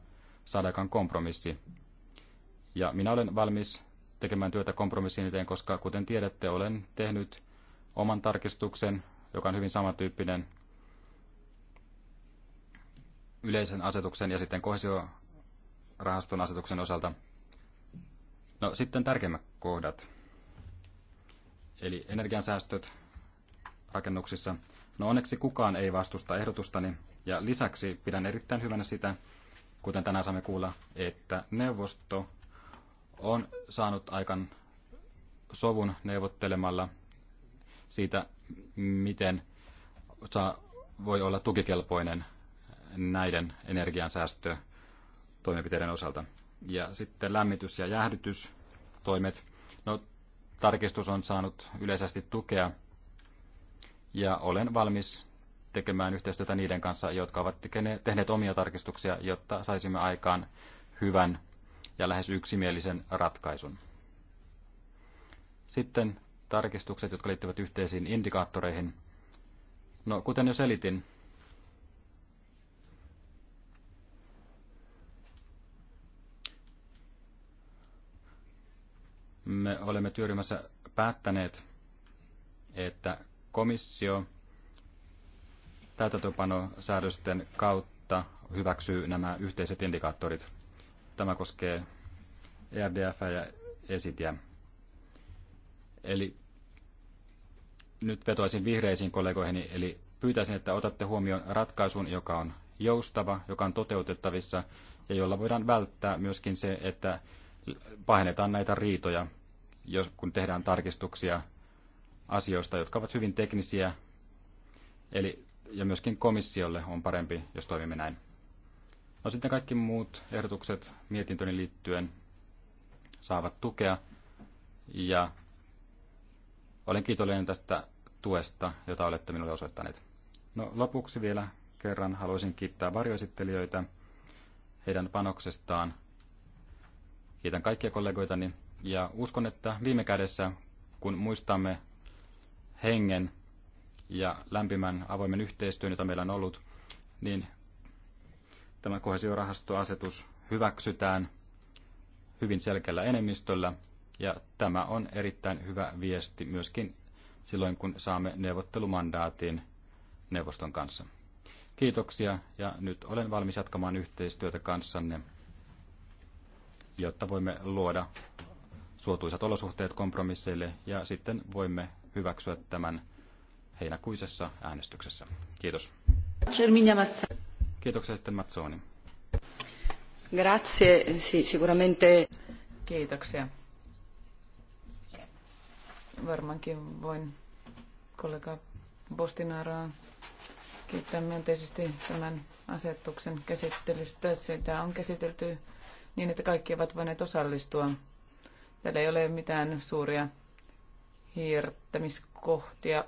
[SPEAKER 2] saadaan kompromissi ja minä olen valmis tekemään työtä kompromissin eteen, koska kuten tiedätte, olen tehnyt oman tarkistuksen, joka on hyvin samantyyppinen yleisen asetuksen ja sitten kohesiorahaston asetuksen osalta. No sitten tärkeimmät kohdat. Eli energiansäästöt rakennuksissa. No onneksi kukaan ei vastusta ehdotustani ja lisäksi pidän erittäin hyvänä sitä, kuten tänään saamme kuulla, että neuvosto on saanut aikan sovun neuvottelemalla siitä, miten saa, voi olla tukikelpoinen näiden energiansäästötoimenpiteiden osalta. Ja sitten lämmitys- ja jäähdytystoimet. No, tarkistus on saanut yleisesti tukea ja olen valmis tekemään yhteistyötä niiden kanssa, jotka ovat tehneet omia tarkistuksia, jotta saisimme aikaan hyvän ja lähes yksimielisen ratkaisun. Sitten tarkistukset, jotka liittyvät yhteisiin indikaattoreihin. No, kuten jo selitin, me olemme työryhmässä päättäneet, että komissio täytäntöpanosäädösten kautta hyväksyy nämä yhteiset indikaattorit. Tämä koskee ERDF ja esitiä. Eli nyt vetoisin vihreisiin kollegoihini, eli pyytäisin, että otatte huomioon ratkaisun, joka on joustava, joka on toteutettavissa ja jolla voidaan välttää myöskin se, että pahennetaan näitä riitoja, jos, kun tehdään tarkistuksia asioista, jotka ovat hyvin teknisiä. Eli, ja myöskin komissiolle on parempi, jos toimimme näin. No sitten kaikki muut ehdotukset mietintöni liittyen saavat tukea ja olen kiitollinen tästä tuesta, jota olette minulle osoittaneet. No lopuksi vielä kerran haluaisin kiittää varjoesittelijöitä heidän panoksestaan. Kiitän kaikkia kollegoitani ja uskon, että viime kädessä, kun muistamme hengen ja lämpimän avoimen yhteistyön, jota meillä on ollut, niin tämä kohesiorahastoasetus hyväksytään hyvin selkeällä enemmistöllä, ja tämä on erittäin hyvä viesti myöskin silloin, kun saamme neuvottelumandaatin neuvoston kanssa. Kiitoksia, ja nyt olen valmis jatkamaan yhteistyötä kanssanne, jotta voimme luoda suotuisat olosuhteet kompromisseille, ja sitten voimme hyväksyä tämän heinäkuisessa äänestyksessä. Kiitos. Kiitoksia sitten Mazzoni.
[SPEAKER 3] Grazie, sì, sicuramente. Kiitoksia. Varmaankin voin kollega Bostinaraa kiittää myönteisesti tämän asetuksen käsittelystä. Sitä on käsitelty niin, että kaikki ovat voineet osallistua. Täällä ei ole mitään suuria hiirtämiskohtia.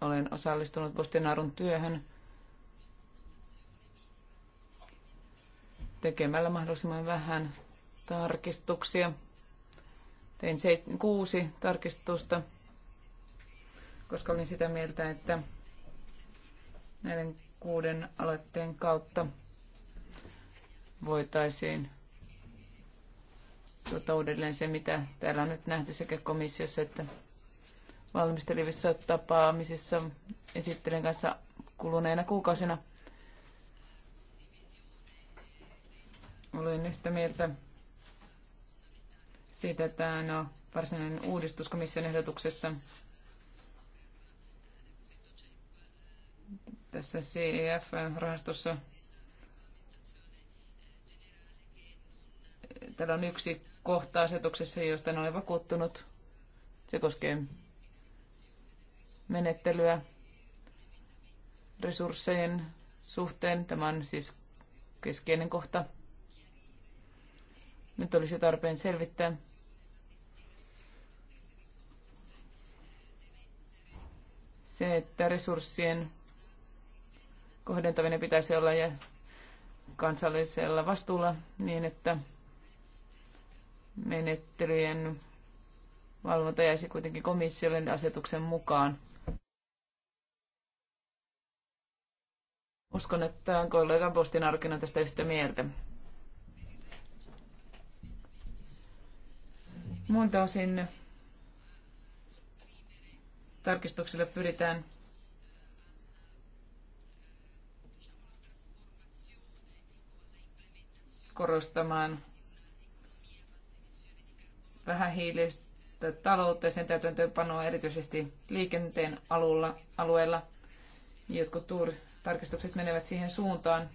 [SPEAKER 3] Olen osallistunut Bostinarun työhön tekemällä mahdollisimman vähän tarkistuksia. Tein kuusi tarkistusta, koska olin sitä mieltä, että näiden kuuden aloitteen kautta voitaisiin tuota uudelleen se, mitä täällä on nyt nähty sekä komissiossa että valmistelivissa tapaamisissa esittelen kanssa kuluneena kuukausina – Olen yhtä mieltä siitä, että no, varsinainen uudistus komission ehdotuksessa tässä CEF-rahastossa täällä on yksi kohta asetuksessa, josta en ole vakuuttunut. Se koskee menettelyä resurssien suhteen. Tämä on siis keskeinen kohta. Nyt olisi tarpeen selvittää, se, että resurssien kohdentaminen pitäisi olla ja kansallisella vastuulla niin, että menettelyjen valvonta jäisi kuitenkin komissiolle asetuksen mukaan. Uskon, että kollega Bostin Arkin on tästä yhtä mieltä. Muilta osin tarkistuksella pyritään korostamaan vähähiilistä taloutta ja sen täytäntöönpanoa erityisesti liikenteen alulla, alueella. Jotkut tarkistukset menevät siihen suuntaan,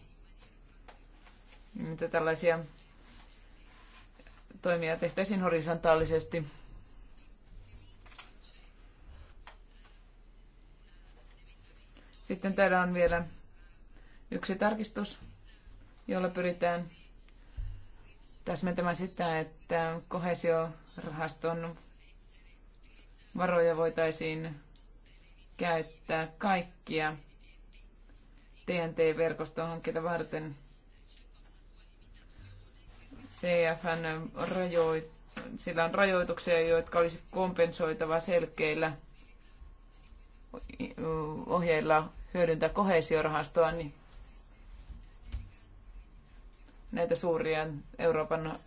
[SPEAKER 3] mitä tällaisia toimia tehtäisiin horisontaalisesti. Sitten täällä on vielä yksi tarkistus, jolla pyritään täsmentämään sitä, että kohesiorahaston varoja voitaisiin käyttää kaikkia TNT-verkostohankkeita varten – CFN rajoit, sillä on rajoituksia, jotka olisi kompensoitava selkeillä ohjeilla hyödyntää kohesiorahastoa, niin näitä suuria Euroopan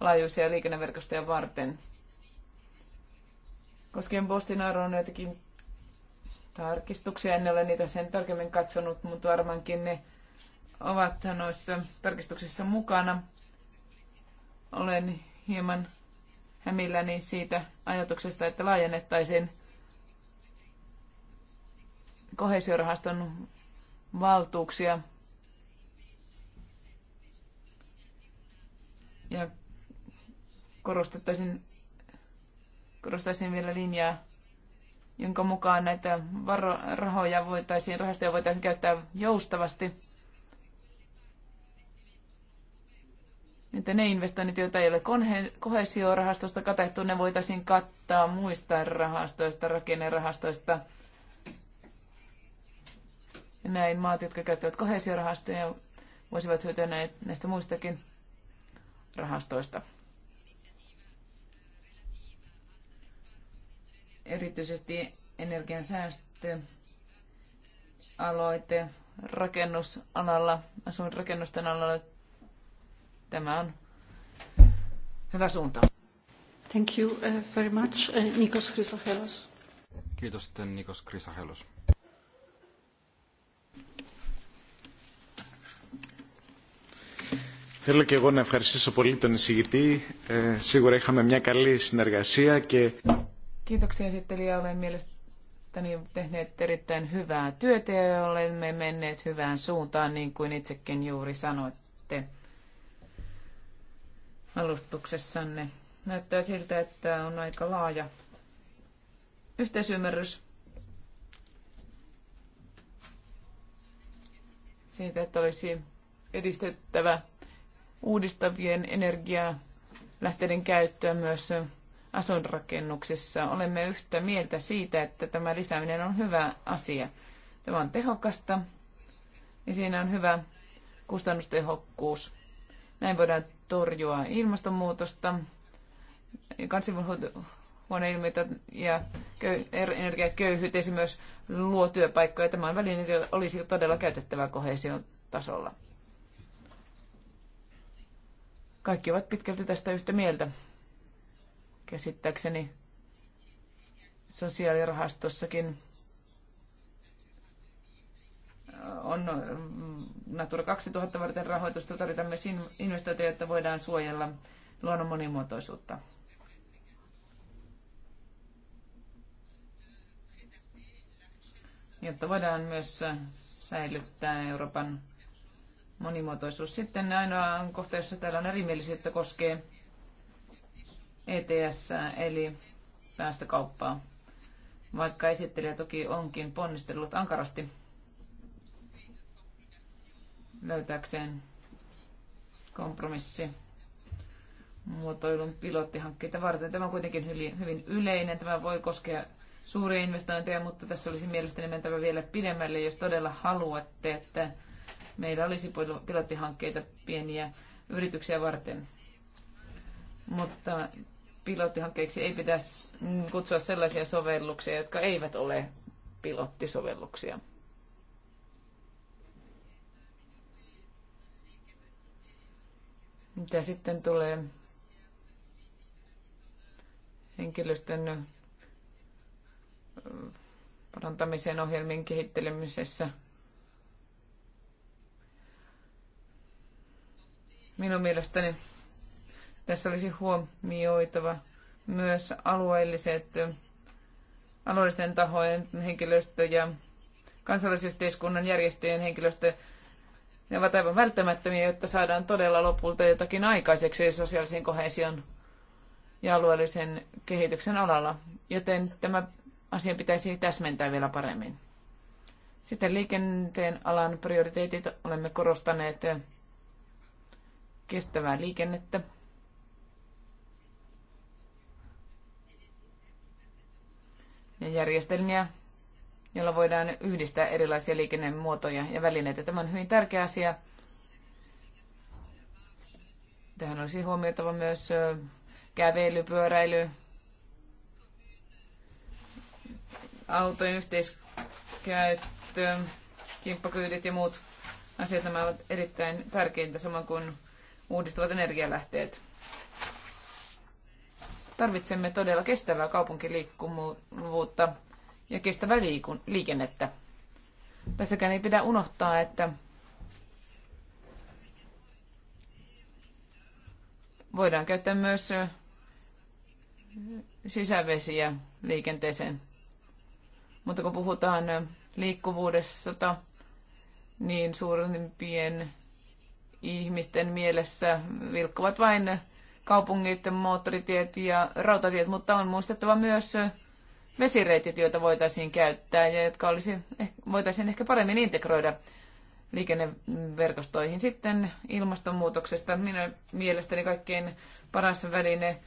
[SPEAKER 3] laajuisia liikenneverkostoja varten. Koskien Bostinaroa on joitakin tarkistuksia, en ole niitä sen tarkemmin katsonut, mutta varmaankin ne ovat noissa tarkistuksissa mukana. Olen hieman hämilläni siitä ajatuksesta, että laajennettaisiin kohesiorahaston valtuuksia ja korostettaisin, korostaisin vielä linjaa, jonka mukaan näitä varo- rahoja voitaisiin, rahastoja voitaisiin käyttää joustavasti että ne investoinnit, joita ei ole kohesiorahastosta katettu, ne voitaisiin kattaa muista rahastoista, rakennerahastoista. Ja näin maat, jotka käyttävät kohesiorahastoja, voisivat hyötyä näistä muistakin rahastoista. Erityisesti energiansäästö, aloite rakennusalalla, asuinrakennusten alalla Tämä on hyvä suunta. Thank you uh, very much, uh, Nikos Chrysohelos.
[SPEAKER 2] Kiitos sitten Nikos Chrysohelos.
[SPEAKER 4] Θέλω και εγώ να ευχαριστήσω πολύ τον εισηγητή. Ε, σίγουρα είχαμε μια καλή συνεργασία και...
[SPEAKER 3] Kiitoksia esittelijä. Olen mielestäni tehneet erittäin hyvää työtä ja olemme menneet hyvään suuntaan, niin kuin itsekin juuri sanoitte alustuksessanne. Näyttää siltä, että on aika laaja yhteisymmärrys siitä, että olisi edistettävä uudistavien lähteiden käyttöä myös asuinrakennuksissa. Olemme yhtä mieltä siitä, että tämä lisääminen on hyvä asia. Tämä on tehokasta ja siinä on hyvä kustannustehokkuus. Näin voidaan torjua ilmastonmuutosta, kansainhuoneilmiötä ja er-, energiaköyhyyttä ja myös luo työpaikkoja. Tämä on väline, jota olisi todella käytettävä kohesion tasolla. Kaikki ovat pitkälti tästä yhtä mieltä. Käsittääkseni sosiaalirahastossakin on Natura 2000 varten rahoitusta, tarvitaan myös investointeja, jotta voidaan suojella luonnon monimuotoisuutta. Jotta voidaan myös äh, säilyttää Euroopan monimuotoisuus. Sitten ainoa kohta, jossa täällä on erimielisyyttä, koskee ETS, eli päästökauppaa. Vaikka esittelijä toki onkin ponnistellut ankarasti löytääkseen kompromissi muotoilun pilottihankkeita varten. Tämä on kuitenkin hyvin yleinen. Tämä voi koskea suuria investointeja, mutta tässä olisi mielestäni mentävä vielä pidemmälle, jos todella haluatte, että meillä olisi pilottihankkeita pieniä yrityksiä varten. Mutta pilottihankkeiksi ei pidä kutsua sellaisia sovelluksia, jotka eivät ole pilottisovelluksia. Mitä sitten tulee henkilöstön parantamisen ohjelmien kehittelemisessä. Minun mielestäni tässä olisi huomioitava myös alueelliset, alueellisten tahojen henkilöstö ja kansalaisyhteiskunnan järjestöjen henkilöstö ne ovat aivan välttämättömiä, jotta saadaan todella lopulta jotakin aikaiseksi sosiaalisen kohesion ja alueellisen kehityksen alalla. Joten tämä asia pitäisi täsmentää vielä paremmin. Sitten liikenteen alan prioriteetit olemme korostaneet kestävää liikennettä. Ja järjestelmiä, jolla voidaan yhdistää erilaisia liikennemuotoja ja välineitä. Tämä on hyvin tärkeä asia. Tähän olisi huomioitava myös kävely, pyöräily, autojen yhteiskäyttö, kimppakyydit ja muut asiat. Nämä ovat erittäin tärkeintä, samoin kuin uudistuvat energialähteet. Tarvitsemme todella kestävää kaupunkiliikkuvuutta ja kestävää liikennettä. Tässäkään ei pidä unohtaa, että voidaan käyttää myös sisävesiä liikenteeseen. Mutta kun puhutaan liikkuvuudesta, niin suurimpien ihmisten mielessä vilkkuvat vain kaupungit, moottoritiet ja rautatiet, mutta on muistettava myös vesireitit, joita voitaisiin käyttää ja jotka olisi, eh, voitaisiin ehkä paremmin integroida liikenneverkostoihin. Sitten ilmastonmuutoksesta minä mielestäni kaikkein paras väline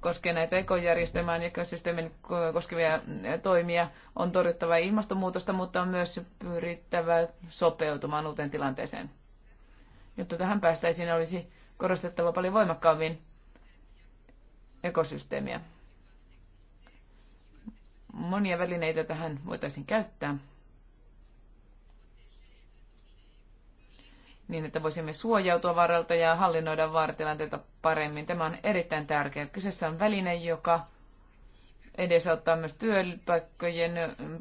[SPEAKER 3] koskee näitä ekojärjestelmään ja ekosysteemin koskevia eh, toimia. On torjuttava ilmastonmuutosta, mutta on myös pyrittävä sopeutumaan uuteen tilanteeseen. Jotta tähän päästäisiin, olisi korostettava paljon voimakkaammin ekosysteemiä monia välineitä tähän voitaisiin käyttää. niin, että voisimme suojautua varalta ja hallinnoida vaaratilanteita paremmin. Tämä on erittäin tärkeää. Kyseessä on väline, joka edesauttaa myös työpaikkojen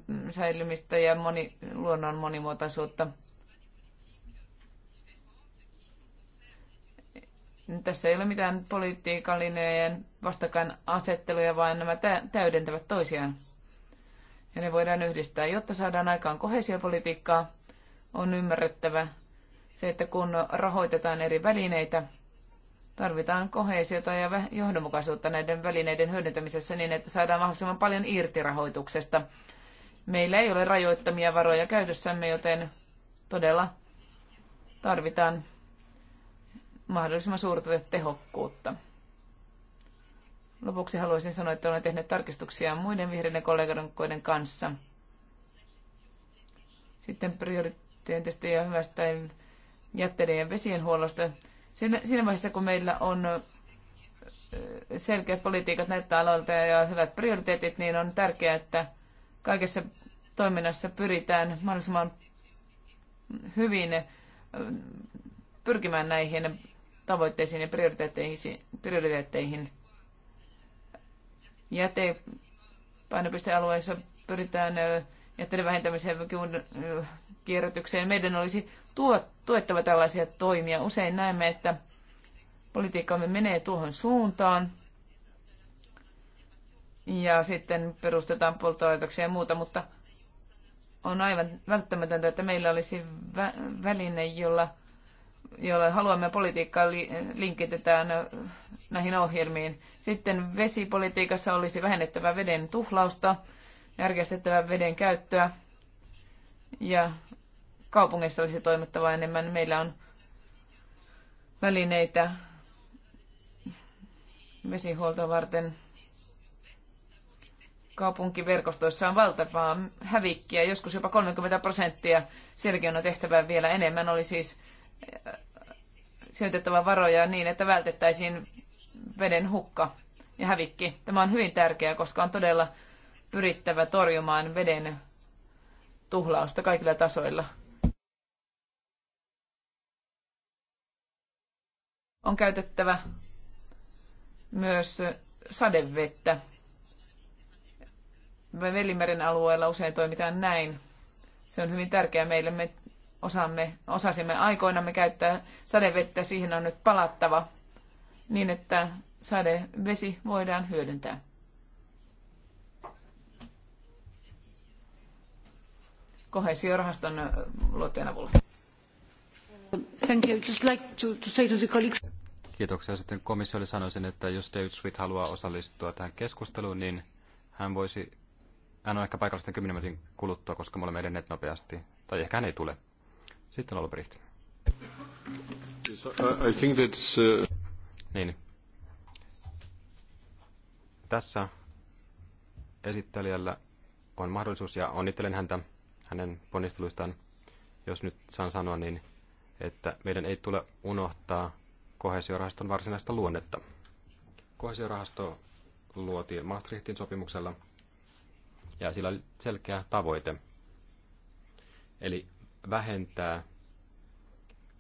[SPEAKER 3] mm, säilymistä ja moni, luonnon monimuotoisuutta. Tässä ei ole mitään politiikallinen vastakkainasetteluja, vaan nämä täydentävät toisiaan ja ne voidaan yhdistää. Jotta saadaan aikaan kohesiopolitiikkaa, on ymmärrettävä se, että kun rahoitetaan eri välineitä, tarvitaan kohesiota ja johdonmukaisuutta näiden välineiden hyödyntämisessä niin, että saadaan mahdollisimman paljon irti rahoituksesta. Meillä ei ole rajoittamia varoja käytössämme, joten todella tarvitaan mahdollisimman suurta tehokkuutta. Lopuksi haluaisin sanoa, että olen tehnyt tarkistuksia muiden vihreiden kollegoiden kanssa. Sitten prioriteetista ja hyvästä jätteiden ja vesien huollosta. Siinä, siinä vaiheessa, kun meillä on selkeät politiikat näiltä aloilta ja hyvät prioriteetit, niin on tärkeää, että kaikessa toiminnassa pyritään mahdollisimman hyvin pyrkimään näihin tavoitteisiin ja prioriteetteihin. prioriteetteihin jätepainopistealueissa pyritään jätteiden vähentämiseen kierrätykseen. Meidän olisi tuettava tällaisia toimia. Usein näemme, että politiikkamme menee tuohon suuntaan ja sitten perustetaan polttolaitoksia ja muuta, mutta on aivan välttämätöntä, että meillä olisi väline, jolla – jolle haluamme politiikkaa li- linkitetään näihin ohjelmiin. Sitten vesipolitiikassa olisi vähennettävä veden tuhlausta, järjestettävä veden käyttöä ja kaupungeissa olisi toimittava enemmän. Meillä on välineitä vesihuoltoa varten. Kaupunkiverkostoissa on valtavaa hävikkiä, joskus jopa 30 prosenttia. Sielläkin on tehtävää vielä enemmän. Oli siis sijoitettava varoja niin, että vältettäisiin veden hukka ja hävikki. Tämä on hyvin tärkeää, koska on todella pyrittävä torjumaan veden tuhlausta kaikilla tasoilla. On käytettävä myös sadevettä. Velimeren alueella usein toimitaan näin. Se on hyvin tärkeää meille. Me osamme, osasimme aikoinamme käyttää sadevettä, siihen on nyt palattava niin, että sadevesi voidaan hyödyntää. kohesiorahaston luottojen avulla. Thank you. Just like to, to say to the colleagues.
[SPEAKER 2] Kiitoksia. Sitten komissiolle sanoisin, että jos David Sweet haluaa osallistua tähän keskusteluun, niin hän voisi, hän on ehkä paikallisten 10 minuutin kuluttua, koska me olemme edenneet nopeasti. Tai ehkä hän ei tule. Sitten Albrecht. Uh, I think that's, uh... Niin. Tässä esittelijällä on mahdollisuus ja onnittelen häntä hänen ponnisteluistaan, jos nyt saan sanoa niin, että meidän ei tule unohtaa kohesiorahaston varsinaista luonnetta. Kohesiorahasto luotiin Maastrichtin sopimuksella ja sillä oli selkeä tavoite. Eli vähentää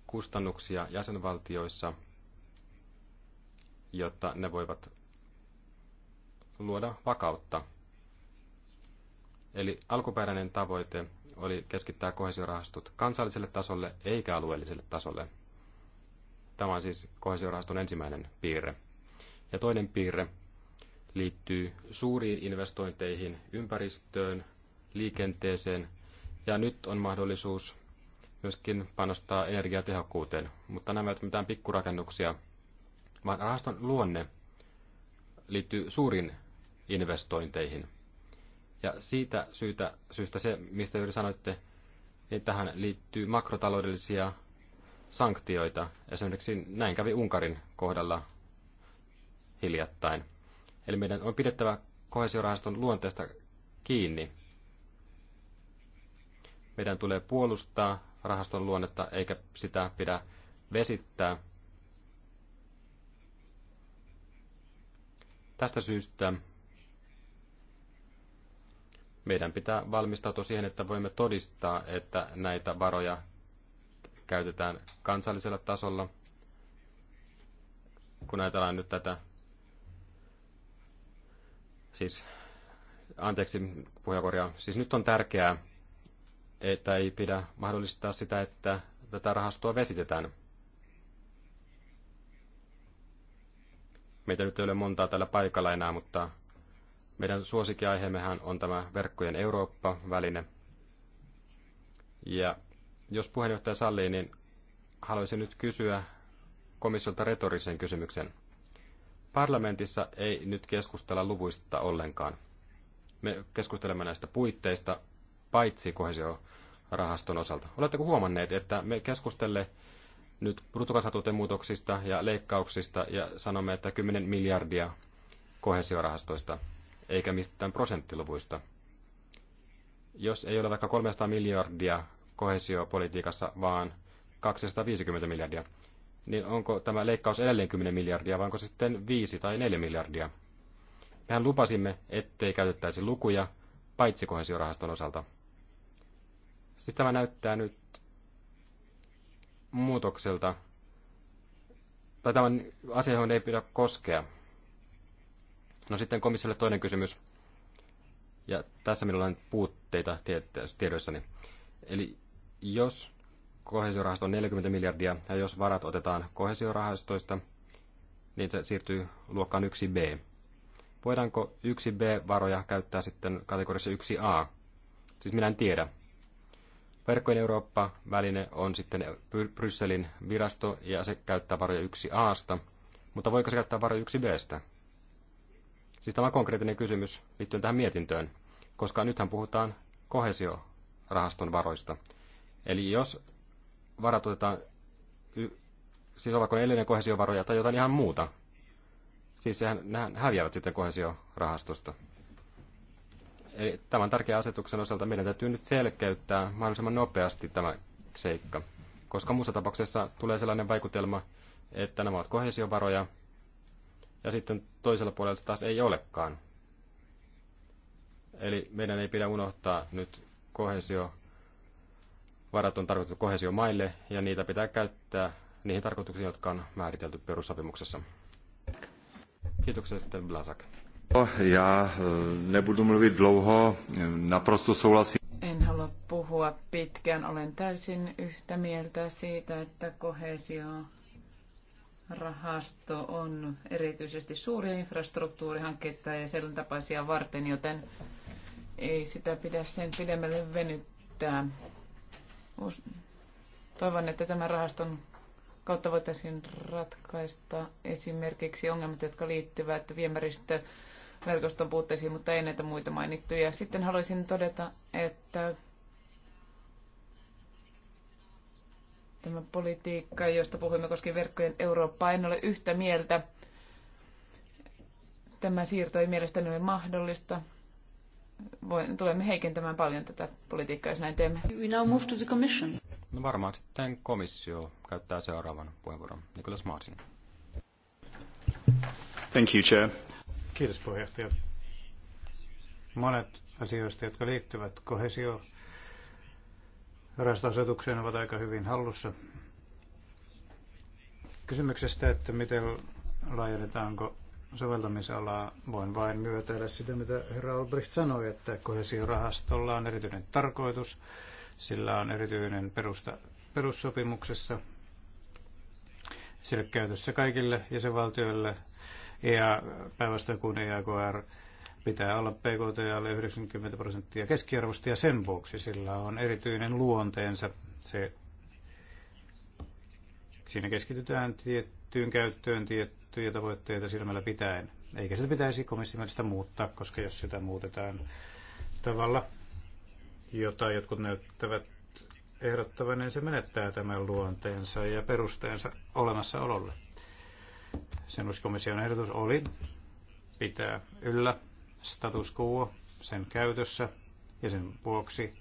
[SPEAKER 2] kustannuksia jäsenvaltioissa, jotta ne voivat luoda vakautta. Eli alkuperäinen tavoite oli keskittää kohesiorahastot kansalliselle tasolle eikä alueelliselle tasolle. Tämä on siis kohesiorahaston ensimmäinen piirre. Ja toinen piirre liittyy suuriin investointeihin ympäristöön, liikenteeseen ja nyt on mahdollisuus myöskin panostaa energiatehokkuuteen, mutta nämä eivät mitään pikkurakennuksia, vaan rahaston luonne liittyy suurin investointeihin. Ja siitä syytä, syystä se, mistä juuri sanoitte, niin tähän liittyy makrotaloudellisia sanktioita. Esimerkiksi näin kävi Unkarin kohdalla hiljattain. Eli meidän on pidettävä kohesiorahaston luonteesta kiinni. Meidän tulee puolustaa rahaston luonnetta eikä sitä pidä vesittää. Tästä syystä meidän pitää valmistautua siihen, että voimme todistaa, että näitä varoja käytetään kansallisella tasolla. Kun ajatellaan nyt tätä, siis anteeksi puheenvuoroja, siis nyt on tärkeää, että ei pidä mahdollistaa sitä, että tätä rahastoa vesitetään. Meitä nyt ei ole montaa täällä paikalla enää, mutta meidän suosikkiaiheemmehan on tämä verkkojen Eurooppa-väline. Ja jos puheenjohtaja sallii, niin haluaisin nyt kysyä komissiolta retorisen kysymyksen. Parlamentissa ei nyt keskustella luvuista ollenkaan. Me keskustelemme näistä puitteista, paitsi kohesiorahaston osalta. Oletteko huomanneet, että me keskustelle nyt bruttokasatuuteen muutoksista ja leikkauksista ja sanomme, että 10 miljardia kohesiorahastoista, eikä mistään prosenttiluvuista. Jos ei ole vaikka 300 miljardia kohesiopolitiikassa, vaan 250 miljardia, niin onko tämä leikkaus edelleen 10 miljardia, vai onko se sitten 5 tai 4 miljardia? Mehän lupasimme, ettei käytettäisi lukuja, paitsi kohesiorahaston osalta. Siis tämä näyttää nyt muutokselta, tai tämän asia, johon ei pidä koskea. No sitten komissiolle toinen kysymys. Ja tässä minulla on puutteita tiedoissani. Eli jos kohesiorahasto on 40 miljardia ja jos varat otetaan kohesiorahastoista, niin se siirtyy luokkaan 1B. Voidaanko 1B-varoja käyttää sitten kategoriassa 1A? Siis minä en tiedä. Verkkojen Eurooppa-väline on sitten Brysselin virasto ja se käyttää varoja 1 a mutta voiko se käyttää varoja 1 b Siis tämä on konkreettinen kysymys liittyen tähän mietintöön, koska nythän puhutaan kohesiorahaston varoista. Eli jos varat otetaan, siis ovatko ne edellinen kohesiovaroja tai jotain ihan muuta, siis sehän, nehän häviävät sitten kohesiorahastosta tämän tärkeän asetuksen osalta meidän täytyy nyt selkeyttää mahdollisimman nopeasti tämä seikka, koska muussa tapauksessa tulee sellainen vaikutelma, että nämä ovat kohesiovaroja, ja sitten toisella puolella taas ei olekaan. Eli meidän ei pidä unohtaa nyt kohesio, varat on tarkoitettu kohesiomaille, ja niitä pitää käyttää niihin tarkoituksiin, jotka on määritelty perussopimuksessa. Kiitoksia sitten Blasak. Eh, nebudu mluvit dlouho, eh, naprosto souhlasím.
[SPEAKER 3] En halua puhua pitkään, olen täysin yhtä mieltä siitä, että kohesio rahasto on erityisesti suuria infrastruktuurihankkeita ja sen tapaisia varten, joten ei sitä pidä sen pidemmälle venyttää. Toivon, että tämän rahaston kautta voitaisiin ratkaista esimerkiksi ongelmat, jotka liittyvät viemäristö verkoston puutteisiin, mutta ei näitä muita mainittuja. Sitten haluaisin todeta, että tämä politiikka, josta puhuimme koskien verkkojen Eurooppaa, en ole yhtä mieltä. Tämä siirto ei mielestäni ole mahdollista. Voin, tulemme heikentämään paljon tätä politiikkaa, jos näin teemme. We now move to the commission.
[SPEAKER 2] No varmaan sitten komissio käyttää seuraavan puheenvuoron. Nicholas Martin.
[SPEAKER 4] Thank you, Chair. Kiitos puheenjohtaja. Monet asioista, jotka liittyvät kohesio rahastoasetukseen ovat aika hyvin hallussa. Kysymyksestä, että miten laajennetaanko soveltamisalaa, voin vain myötäillä sitä, mitä herra Albrecht sanoi, että kohesiorahastolla on erityinen tarkoitus. Sillä on erityinen perusta perussopimuksessa. Sille käytössä kaikille jäsenvaltioille ja päinvastoin kun EAKR pitää olla PKT alle 90 prosenttia keskiarvosta ja sen vuoksi sillä on erityinen luonteensa. Se, siinä keskitytään tiettyyn käyttöön tiettyjä tavoitteita silmällä pitäen. Eikä sitä pitäisi komission muuttaa, koska jos sitä muutetaan tavalla, jota jotkut näyttävät ehdottavan, niin se menettää tämän luonteensa ja perusteensa olemassaololle. Sen uskomission ehdotus oli pitää yllä status quo sen käytössä ja sen vuoksi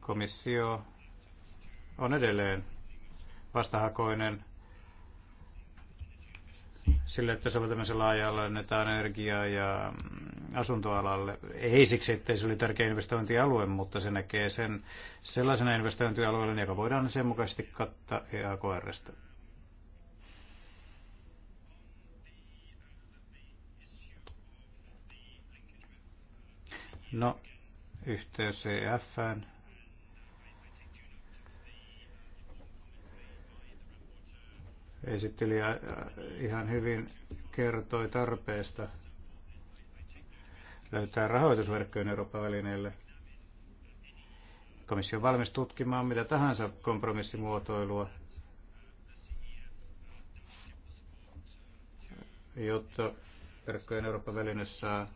[SPEAKER 4] komissio on edelleen vastahakoinen sille, että soveltamisen laajalla annetaan energiaa ja asuntoalalle. Ei siksi, että se oli tärkeä investointialue, mutta se näkee sen sellaisena investointialueella, joka voidaan sen mukaisesti kattaa EAKRstä. No, yhteys EFään. Esittelijä äh, ihan hyvin kertoi tarpeesta löytää rahoitusverkkojen Euroopan välineelle. Komissio on valmis tutkimaan mitä tahansa kompromissimuotoilua, jotta verkkojen Euroopan väline saa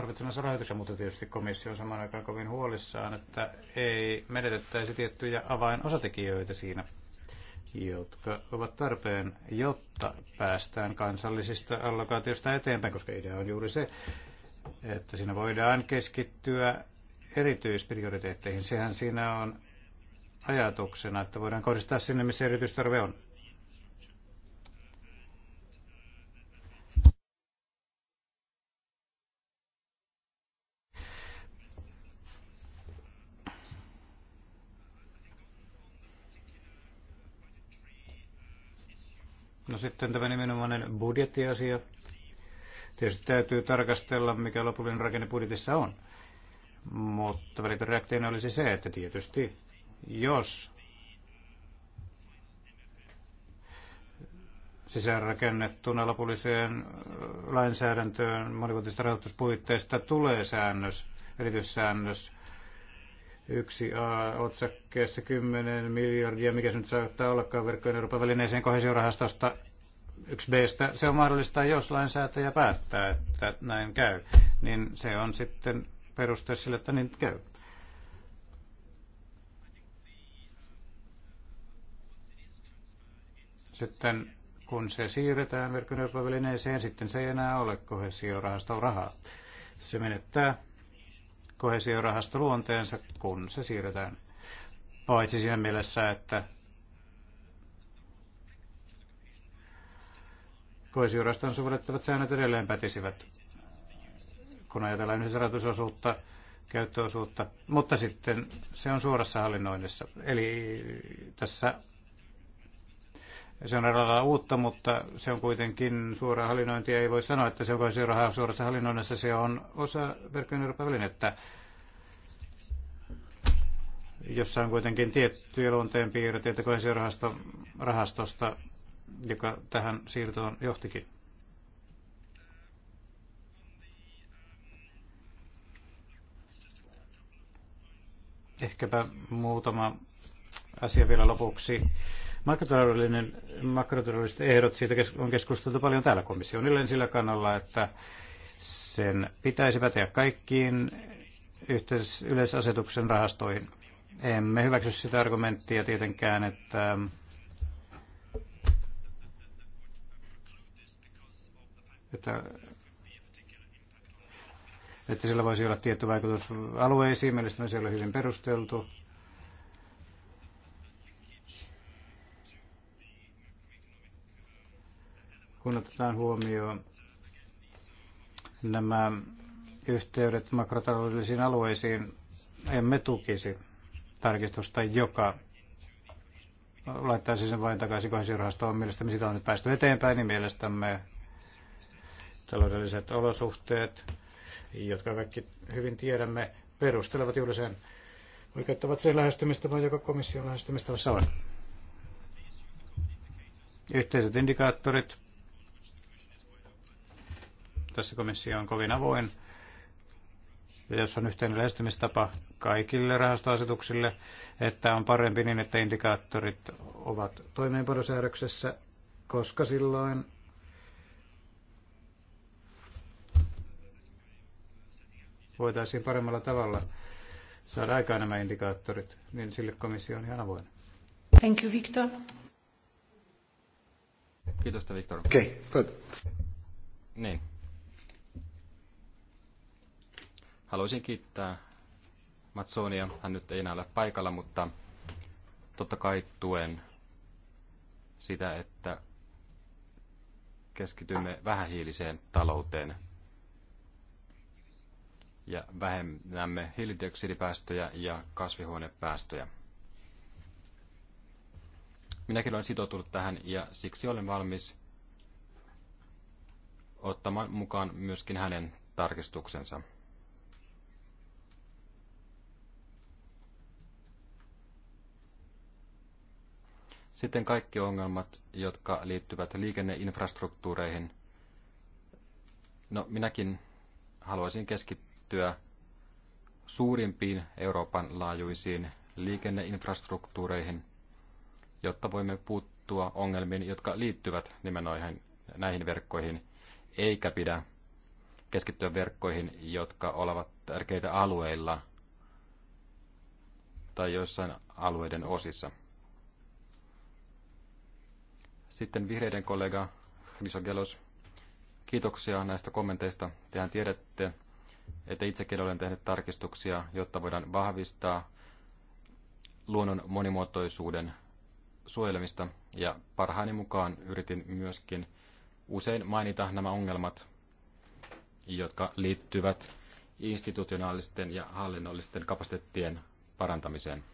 [SPEAKER 4] tarvitsemansa rahoituksen, mutta tietysti komissio on samaan aikaan kovin huolissaan, että ei menetettäisi tiettyjä avainosatekijöitä siinä, jotka ovat tarpeen, jotta päästään kansallisista allokaatiosta eteenpäin, koska idea on juuri se, että siinä voidaan keskittyä erityisprioriteetteihin. Sehän siinä on ajatuksena, että voidaan kohdistaa sinne, missä erityistarve on. No sitten tämä nimenomainen budjettiasia. Tietysti täytyy tarkastella, mikä lopullinen rakenne budjetissa on. Mutta välitön olisi se, että tietysti jos sisäänrakennettuna lopulliseen äh, lainsäädäntöön monivuotisesta rahoituspuitteista tulee säännös, erityissäännös, yksi a otsakkeessa 10 miljardia, mikä se nyt saattaa ollakaan verkkojen Euroopan välineeseen kohesiorahastosta 1b. Se on mahdollista, jos lainsäätäjä päättää, että näin käy, niin se on sitten peruste sille, että niin käy. Sitten kun se siirretään verkkojen Euroopan välineeseen, sitten se ei enää ole kohesiorahaston rahaa. Se menettää kohesiorahasto luonteensa, kun se siirretään. Paitsi siinä mielessä, että kohesiorahastoon sovellettavat säännöt edelleen pätisivät, kun ajatellaan yhdysrahoitusosuutta, käyttöosuutta, mutta sitten se on suorassa hallinnoinnissa. Eli tässä se on eräällä uutta, mutta se on kuitenkin suora hallinnointi. Ei voi sanoa, että se on rahaa suorassa hallinnoinnissa. Se on osa verkkojen Euroopan välinettä, jossa on kuitenkin tiettyjä luonteen piirteitä kohesiorahastosta, rahastosta, joka tähän siirtoon johtikin. Ehkäpä muutama asia vielä lopuksi Makrotaloudellinen, makrotaloudelliset ehdot, siitä on keskusteltu paljon täällä komissionille sillä kannalla, että sen pitäisi päteä kaikkiin yhteis- yleisasetuksen rahastoihin. Emme hyväksy sitä argumenttia tietenkään, että että, että sillä voisi olla tietty vaikutus alueisiin. Mielestäni se oli hyvin perusteltu. kun otetaan huomioon nämä yhteydet makrotaloudellisiin alueisiin, emme tukisi tarkistusta, joka laittaisi sen vain takaisin kohdisirahastoon. Mielestämme sitä on nyt päästy eteenpäin, niin mielestämme taloudelliset olosuhteet, jotka kaikki hyvin tiedämme, perustelevat juuri sen oikeuttavat sen lähestymistavan, joka komission lähestymistavassa on. Yhteiset indikaattorit tässä komissio on kovin avoin. Ja jos on yhteinen lähestymistapa kaikille rahastoasetuksille, että on parempi niin, että indikaattorit ovat toimeenpanosäädöksessä, koska silloin voitaisiin paremmalla tavalla saada aikaan nämä indikaattorit, niin sille komissio on ihan avoin.
[SPEAKER 1] Thank you, Victor.
[SPEAKER 2] Kiitos, Victor. Okei, okay, good. Niin, Haluaisin kiittää Matsonia. Hän nyt ei enää ole paikalla, mutta totta kai tuen sitä, että keskitymme vähähiiliseen talouteen ja vähennämme hiilidioksidipäästöjä ja kasvihuonepäästöjä. Minäkin olen sitoutunut tähän ja siksi olen valmis ottamaan mukaan myöskin hänen tarkistuksensa. Sitten kaikki ongelmat, jotka liittyvät liikenneinfrastruktuureihin. No, minäkin haluaisin keskittyä suurimpiin Euroopan laajuisiin liikenneinfrastruktuureihin, jotta voimme puuttua ongelmiin, jotka liittyvät nimenomaan näihin verkkoihin, eikä pidä keskittyä verkkoihin, jotka ovat tärkeitä alueilla tai joissain alueiden osissa. Sitten vihreiden kollega Chrysogelos, kiitoksia näistä kommenteista. Tehän tiedätte, että itsekin olen tehnyt tarkistuksia, jotta voidaan vahvistaa luonnon monimuotoisuuden suojelemista. Ja parhaani mukaan yritin myöskin usein mainita nämä ongelmat, jotka liittyvät institutionaalisten ja hallinnollisten kapasiteettien parantamiseen.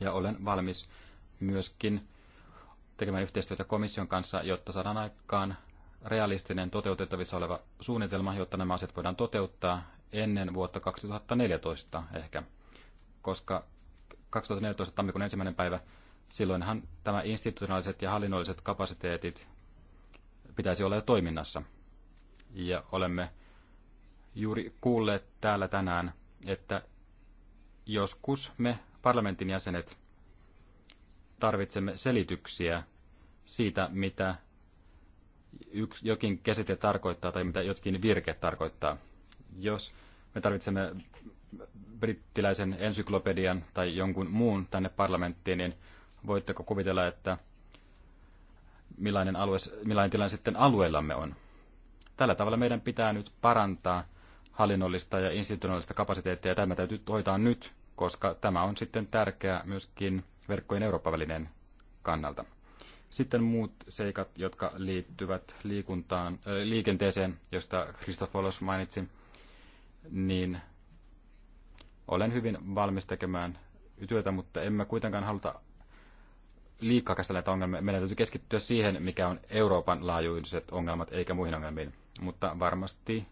[SPEAKER 2] Ja olen valmis myöskin tekemään yhteistyötä komission kanssa, jotta saadaan aikaan realistinen toteutettavissa oleva suunnitelma, jotta nämä asiat voidaan toteuttaa ennen vuotta 2014 ehkä. Koska 2014 tammikuun ensimmäinen päivä, silloinhan tämä institutionaaliset ja hallinnolliset kapasiteetit pitäisi olla jo toiminnassa. Ja olemme juuri kuulleet täällä tänään, että joskus me parlamentin jäsenet tarvitsemme selityksiä siitä, mitä yks, jokin käsite tarkoittaa tai mitä jotkin virke tarkoittaa. Jos me tarvitsemme brittiläisen ensyklopedian tai jonkun muun tänne parlamenttiin, niin voitteko kuvitella, että millainen, alue, millainen tilanne sitten alueellamme on? Tällä tavalla meidän pitää nyt parantaa hallinnollista ja institutionaalista kapasiteettia, ja tämä täytyy hoitaa nyt, koska tämä on sitten tärkeää myöskin verkkojen Eurooppa-välineen kannalta. Sitten muut seikat, jotka liittyvät liikuntaan, liikenteeseen, josta Kristofolos mainitsi, niin olen hyvin valmis tekemään työtä, mutta emme kuitenkaan haluta liikaa käsitellä näitä ongelmia. Meidän täytyy keskittyä siihen, mikä on Euroopan laajuiset ongelmat, eikä muihin ongelmiin. Mutta varmasti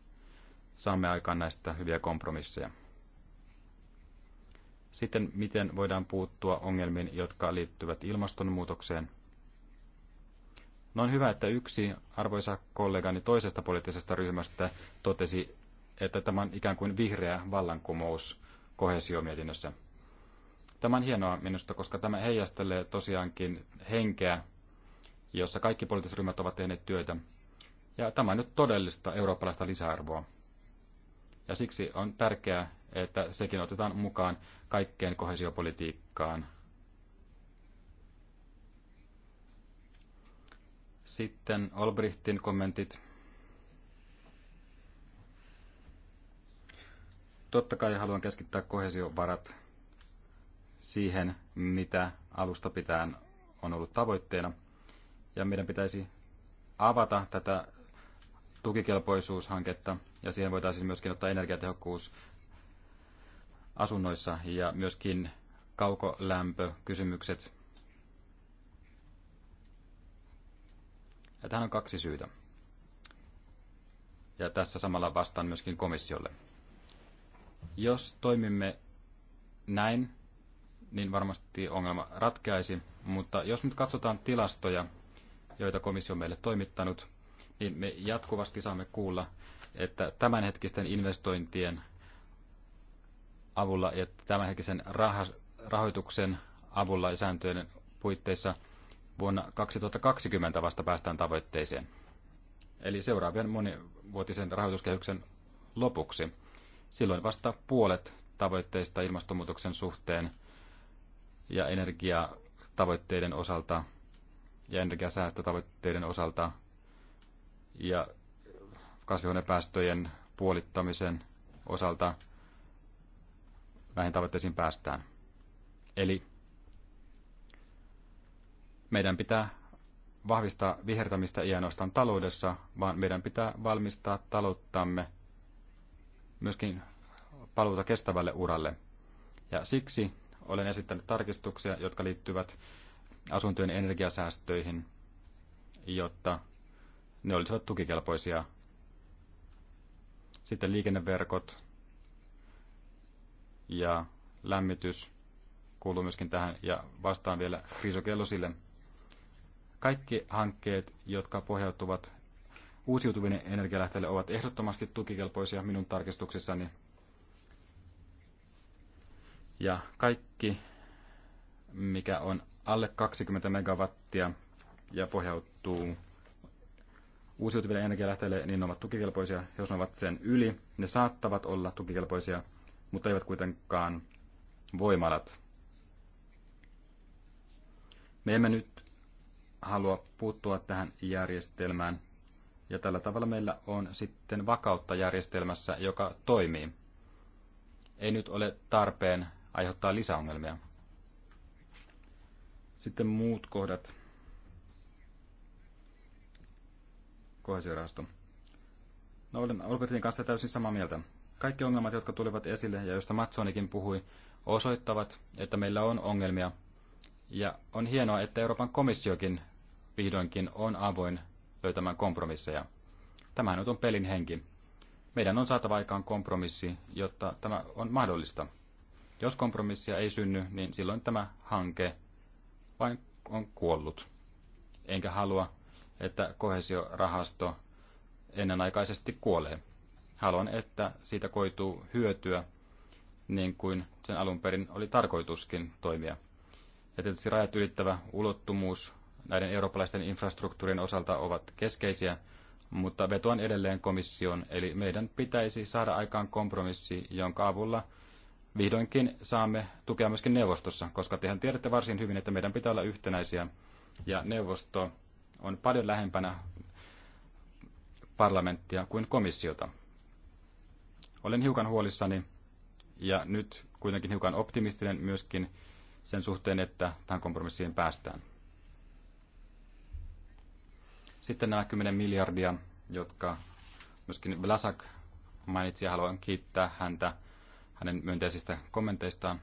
[SPEAKER 2] saamme aikaan näistä hyviä kompromisseja. Sitten miten voidaan puuttua ongelmiin, jotka liittyvät ilmastonmuutokseen? No on hyvä, että yksi arvoisa kollegani toisesta poliittisesta ryhmästä totesi, että tämä on ikään kuin vihreä vallankumous kohesiomietinnössä. Tämä on hienoa minusta, koska tämä heijastelee tosiaankin henkeä, jossa kaikki poliittiset ryhmät ovat tehneet työtä. Ja tämä on nyt todellista eurooppalaista lisäarvoa. Ja siksi on tärkeää, että sekin otetaan mukaan kaikkeen kohesiopolitiikkaan. Sitten Olbrichtin kommentit. Totta kai haluan keskittää kohesiovarat siihen, mitä alusta pitään on ollut tavoitteena. Ja meidän pitäisi avata tätä tukikelpoisuushanketta, ja siihen voitaisiin myöskin ottaa energiatehokkuus, asunnoissa ja myöskin kaukolämpökysymykset. Ja tähän on kaksi syytä. Ja tässä samalla vastaan myöskin komissiolle. Jos toimimme näin, niin varmasti ongelma ratkeaisi, mutta jos nyt katsotaan tilastoja, joita komissio on meille toimittanut, niin me jatkuvasti saamme kuulla, että tämänhetkisten investointien avulla ja tämänhetkisen rah- rahoituksen avulla ja sääntöjen puitteissa vuonna 2020 vasta päästään tavoitteeseen. Eli seuraavien monivuotisen rahoituskehyksen lopuksi. Silloin vasta puolet tavoitteista ilmastonmuutoksen suhteen ja energiatavoitteiden osalta ja energiasäästötavoitteiden osalta ja kasvihuonepäästöjen puolittamisen osalta – näihin tavoitteisiin päästään. Eli meidän pitää vahvistaa vihertämistä ei ainoastaan taloudessa, vaan meidän pitää valmistaa talouttamme myöskin paluuta kestävälle uralle. Ja siksi olen esittänyt tarkistuksia, jotka liittyvät asuntojen energiasäästöihin, jotta ne olisivat tukikelpoisia. Sitten liikenneverkot, ja lämmitys kuuluu myöskin tähän ja vastaan vielä Chrysokelosille. Kaikki hankkeet, jotka pohjautuvat uusiutuvien energialähteille, ovat ehdottomasti tukikelpoisia minun tarkistuksessani. Ja kaikki, mikä on alle 20 megawattia ja pohjautuu uusiutuville energialähteille, niin ne ovat tukikelpoisia. Jos ne ovat sen yli, ne saattavat olla tukikelpoisia – mutta eivät kuitenkaan voimalat. Me emme nyt halua puuttua tähän järjestelmään, ja tällä tavalla meillä on sitten vakautta järjestelmässä, joka toimii. Ei nyt ole tarpeen aiheuttaa lisäongelmia. Sitten muut kohdat. Kohesiorahasto. No olen Albertin kanssa täysin samaa mieltä. Kaikki ongelmat, jotka tulivat esille ja joista Matsonikin puhui, osoittavat, että meillä on ongelmia. Ja on hienoa, että Euroopan komissiokin vihdoinkin on avoin löytämään kompromisseja. Tämähän on pelin henki. Meidän on saatava aikaan kompromissi, jotta tämä on mahdollista. Jos kompromissia ei synny, niin silloin tämä hanke vain on kuollut. Enkä halua, että kohesiorahasto ennenaikaisesti kuolee. Haluan, että siitä koituu hyötyä niin kuin sen alun perin oli tarkoituskin toimia. Ja tietysti rajat ylittävä ulottumus näiden eurooppalaisten infrastruktuurien osalta ovat keskeisiä, mutta vetoan edelleen komission, eli meidän pitäisi saada aikaan kompromissi, jonka avulla vihdoinkin saamme tukea myöskin neuvostossa, koska tehän tiedätte varsin hyvin, että meidän pitää olla yhtenäisiä, ja neuvosto on paljon lähempänä parlamenttia kuin komissiota. Olen hiukan huolissani ja nyt kuitenkin hiukan optimistinen myöskin sen suhteen, että tähän kompromissiin päästään. Sitten nämä 10 miljardia, jotka myöskin Vlasak mainitsi ja haluan kiittää häntä hänen myönteisistä kommenteistaan.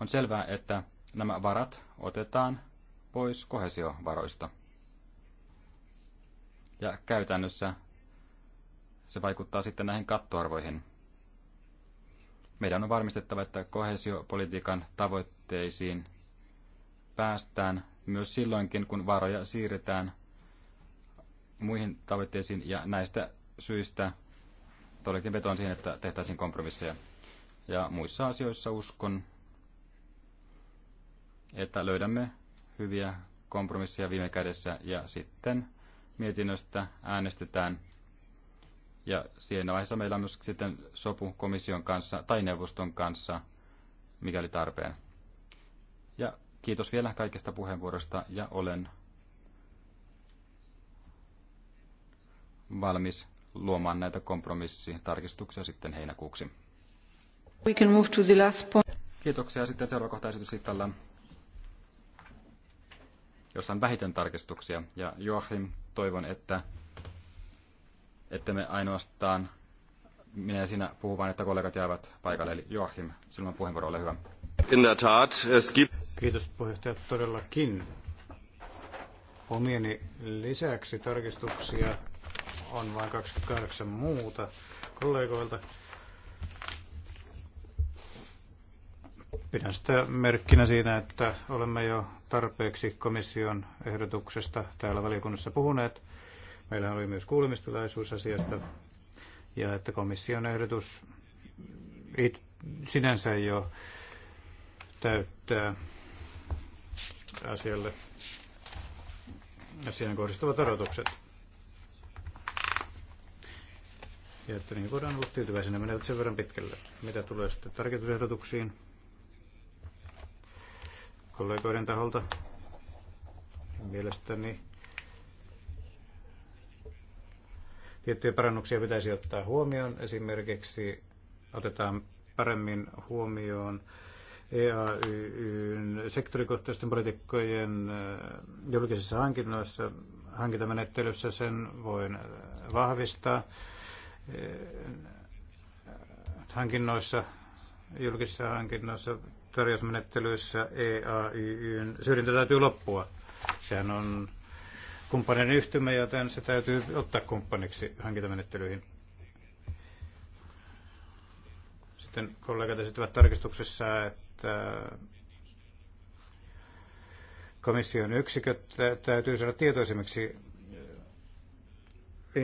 [SPEAKER 2] On selvää, että nämä varat otetaan pois kohesiovaroista. Ja käytännössä se vaikuttaa sitten näihin kattoarvoihin. Meidän on varmistettava, että kohesiopolitiikan tavoitteisiin päästään myös silloinkin, kun varoja siirretään muihin tavoitteisiin ja näistä syistä todellakin vetoan siihen, että tehtäisiin kompromisseja. Ja muissa asioissa uskon, että löydämme hyviä kompromisseja viime kädessä ja sitten mietinnöstä äänestetään ja siinä vaiheessa meillä on myös sitten sopu komission kanssa tai neuvoston kanssa, mikäli tarpeen. Ja kiitos vielä kaikesta puheenvuorosta ja olen valmis luomaan näitä kompromissitarkistuksia sitten heinäkuuksi.
[SPEAKER 3] We can move to the last point.
[SPEAKER 2] Kiitoksia. Sitten seuraava kohta esityslistalla, jossa on vähiten tarkistuksia. Ja Joachim, toivon, että että me ainoastaan minä ja sinä puhu vain, että kollegat jäävät paikalle. Eli Joachim, silloin puheenvuoro, ole hyvä. In der Tat, es gibt...
[SPEAKER 4] Kiitos puheenjohtaja todellakin. Omieni lisäksi tarkistuksia on vain 28 muuta kollegoilta. Pidän sitä merkkinä siinä, että olemme jo tarpeeksi komission ehdotuksesta täällä valiokunnassa puhuneet. Meillähän oli myös kuulemistilaisuus asiasta ja että komission ehdotus it, sinänsä jo täyttää asialle asiaan kohdistuvat odotukset. Ja että niihin voidaan olla tyytyväisenä, menevät sen verran pitkälle. Mitä tulee sitten tarkoitusehdotuksiin kollegoiden taholta, mielestäni Tiettyjä parannuksia pitäisi ottaa huomioon. Esimerkiksi otetaan paremmin huomioon EAYYn sektorikohtaisten politiikkojen äh, julkisissa hankinnoissa, hankintamenettelyssä sen voin äh, vahvistaa. Äh, hankinnoissa, julkisissa hankinnoissa, tarjousmenettelyissä EAYyn syrjintä täytyy loppua. Sehän on kumppanin yhtymä, joten se täytyy ottaa kumppaniksi hankintamenettelyihin. Sitten kollegat esittävät tarkistuksessa, että komission yksiköt täytyy saada tietoisemmiksi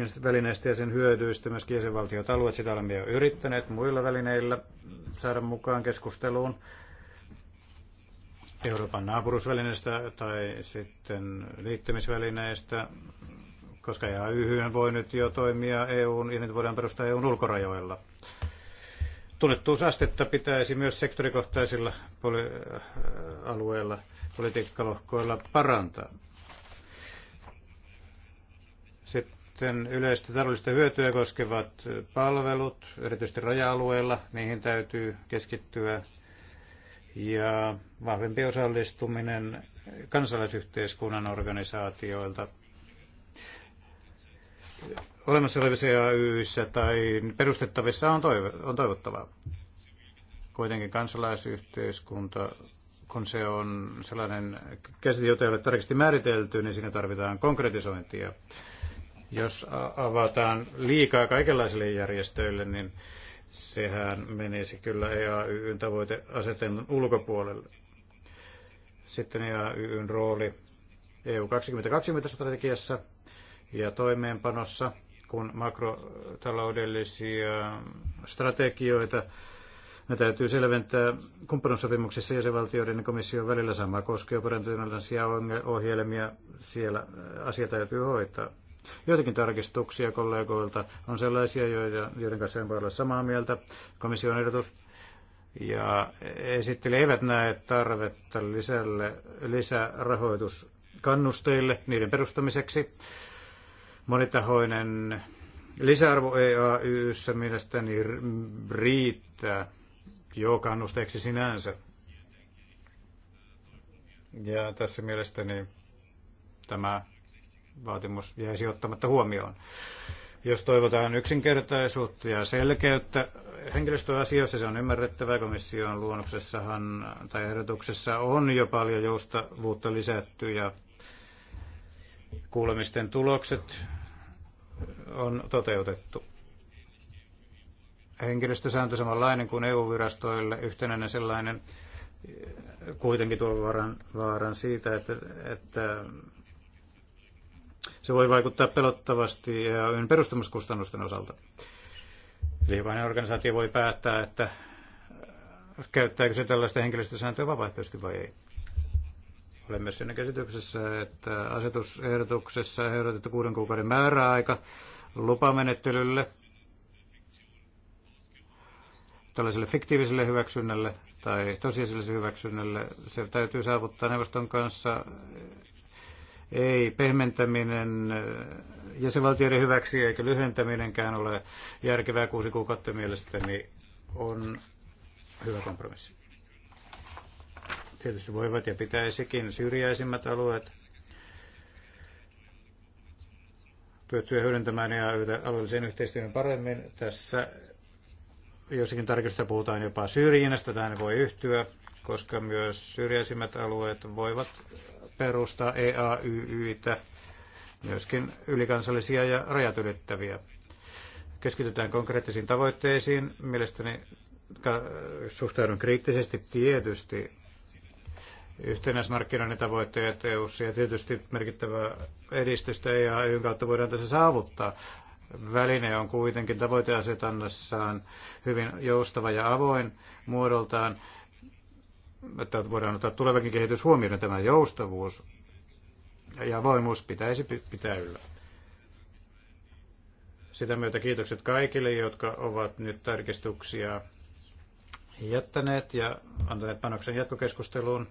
[SPEAKER 4] äh, välineistä ja sen hyödyistä myöskin jäsenvaltiot alueet. Sitä olemme jo yrittäneet muilla välineillä saada mukaan keskusteluun. Euroopan naapuruusvälineestä tai sitten liittymisvälineestä, koska EAYH voi nyt jo toimia EUn ja nyt voidaan perustaa EUn ulkorajoilla. Tunnettuusastetta pitäisi myös sektorikohtaisilla poli- äh, alueilla, politiikkalohkoilla parantaa. Sitten yleistä taloudellista hyötyä koskevat palvelut, erityisesti raja-alueilla, niihin täytyy keskittyä ja vahvempi osallistuminen kansalaisyhteiskunnan organisaatioilta olemassa olevissa AYissä tai perustettavissa on, toivo, on toivottavaa. Kuitenkin kansalaisyhteiskunta, kun se on sellainen käsite, jota ei ole tarkasti määritelty, niin siinä tarvitaan konkretisointia. Jos avataan liikaa kaikenlaisille järjestöille, niin sehän menisi kyllä EAYn tavoiteasetelman ulkopuolelle. Sitten EAYn rooli EU 2020 strategiassa ja toimeenpanossa, kun makrotaloudellisia strategioita ne täytyy selventää kumppanuussopimuksissa jäsenvaltioiden ja komission välillä samaa koskee operatiivisia ohjelmia. Siellä asia täytyy hoitaa. Joitakin tarkistuksia kollegoilta on sellaisia, joiden kanssa en voi olla samaa mieltä. Komission ehdotus ja esitteli eivät näe tarvetta lisälle, lisärahoituskannusteille niiden perustamiseksi. Monitahoinen lisäarvo EAYssä mielestäni riittää jo kannusteeksi sinänsä. Ja tässä mielestäni tämä vaatimus jäisi ottamatta huomioon. Jos toivotaan yksinkertaisuutta ja selkeyttä henkilöstöasioissa, se on ymmärrettävää. Komission luonnoksessahan tai ehdotuksessa on jo paljon joustavuutta lisätty ja kuulemisten tulokset on toteutettu. Henkilöstösääntö samanlainen kuin EU-virastoille, yhtenäinen sellainen kuitenkin tuo vaaran, vaaran siitä, että, että se voi vaikuttaa pelottavasti EAYn perustamuskustannusten osalta. Eli jokainen organisaatio voi päättää, että käyttääkö se tällaista henkilöstösääntöä vapaaehtoisesti vai ei. Olen myös siinä käsityksessä, että asetusehdotuksessa ehdotettu kuuden kuukauden määräaika lupamenettelylle, tällaiselle fiktiiviselle hyväksynnälle tai tosiasialliselle hyväksynnälle, se täytyy saavuttaa neuvoston kanssa ei pehmentäminen äh, jäsenvaltioiden hyväksi eikä lyhentäminenkään ole järkevää kuusi kuukautta mielestäni on hyvä kompromissi. Tietysti voivat ja pitäisikin syrjäisimmät alueet pyötyä hyödyntämään ja alueellisen yhteistyön paremmin. Tässä jossakin tarkistusta puhutaan jopa syrjinnästä, tähän voi yhtyä, koska myös syrjäisimmät alueet voivat perustaa e EAYYitä, myöskin ylikansallisia ja rajat ylittäviä. Keskitytään konkreettisiin tavoitteisiin. Mielestäni suhtaudun kriittisesti tietysti yhtenäismarkkinoiden tavoitteet eu ja tietysti merkittävää edistystä EAYn kautta voidaan tässä saavuttaa. Väline on kuitenkin tavoiteasetannassaan hyvin joustava ja avoin muodoltaan että voidaan ottaa tulevakin kehitys huomioon, tämä joustavuus ja avoimuus pitäisi pitää yllä. Sitä myötä kiitokset kaikille, jotka ovat nyt tarkistuksia jättäneet ja antaneet panoksen jatkokeskusteluun.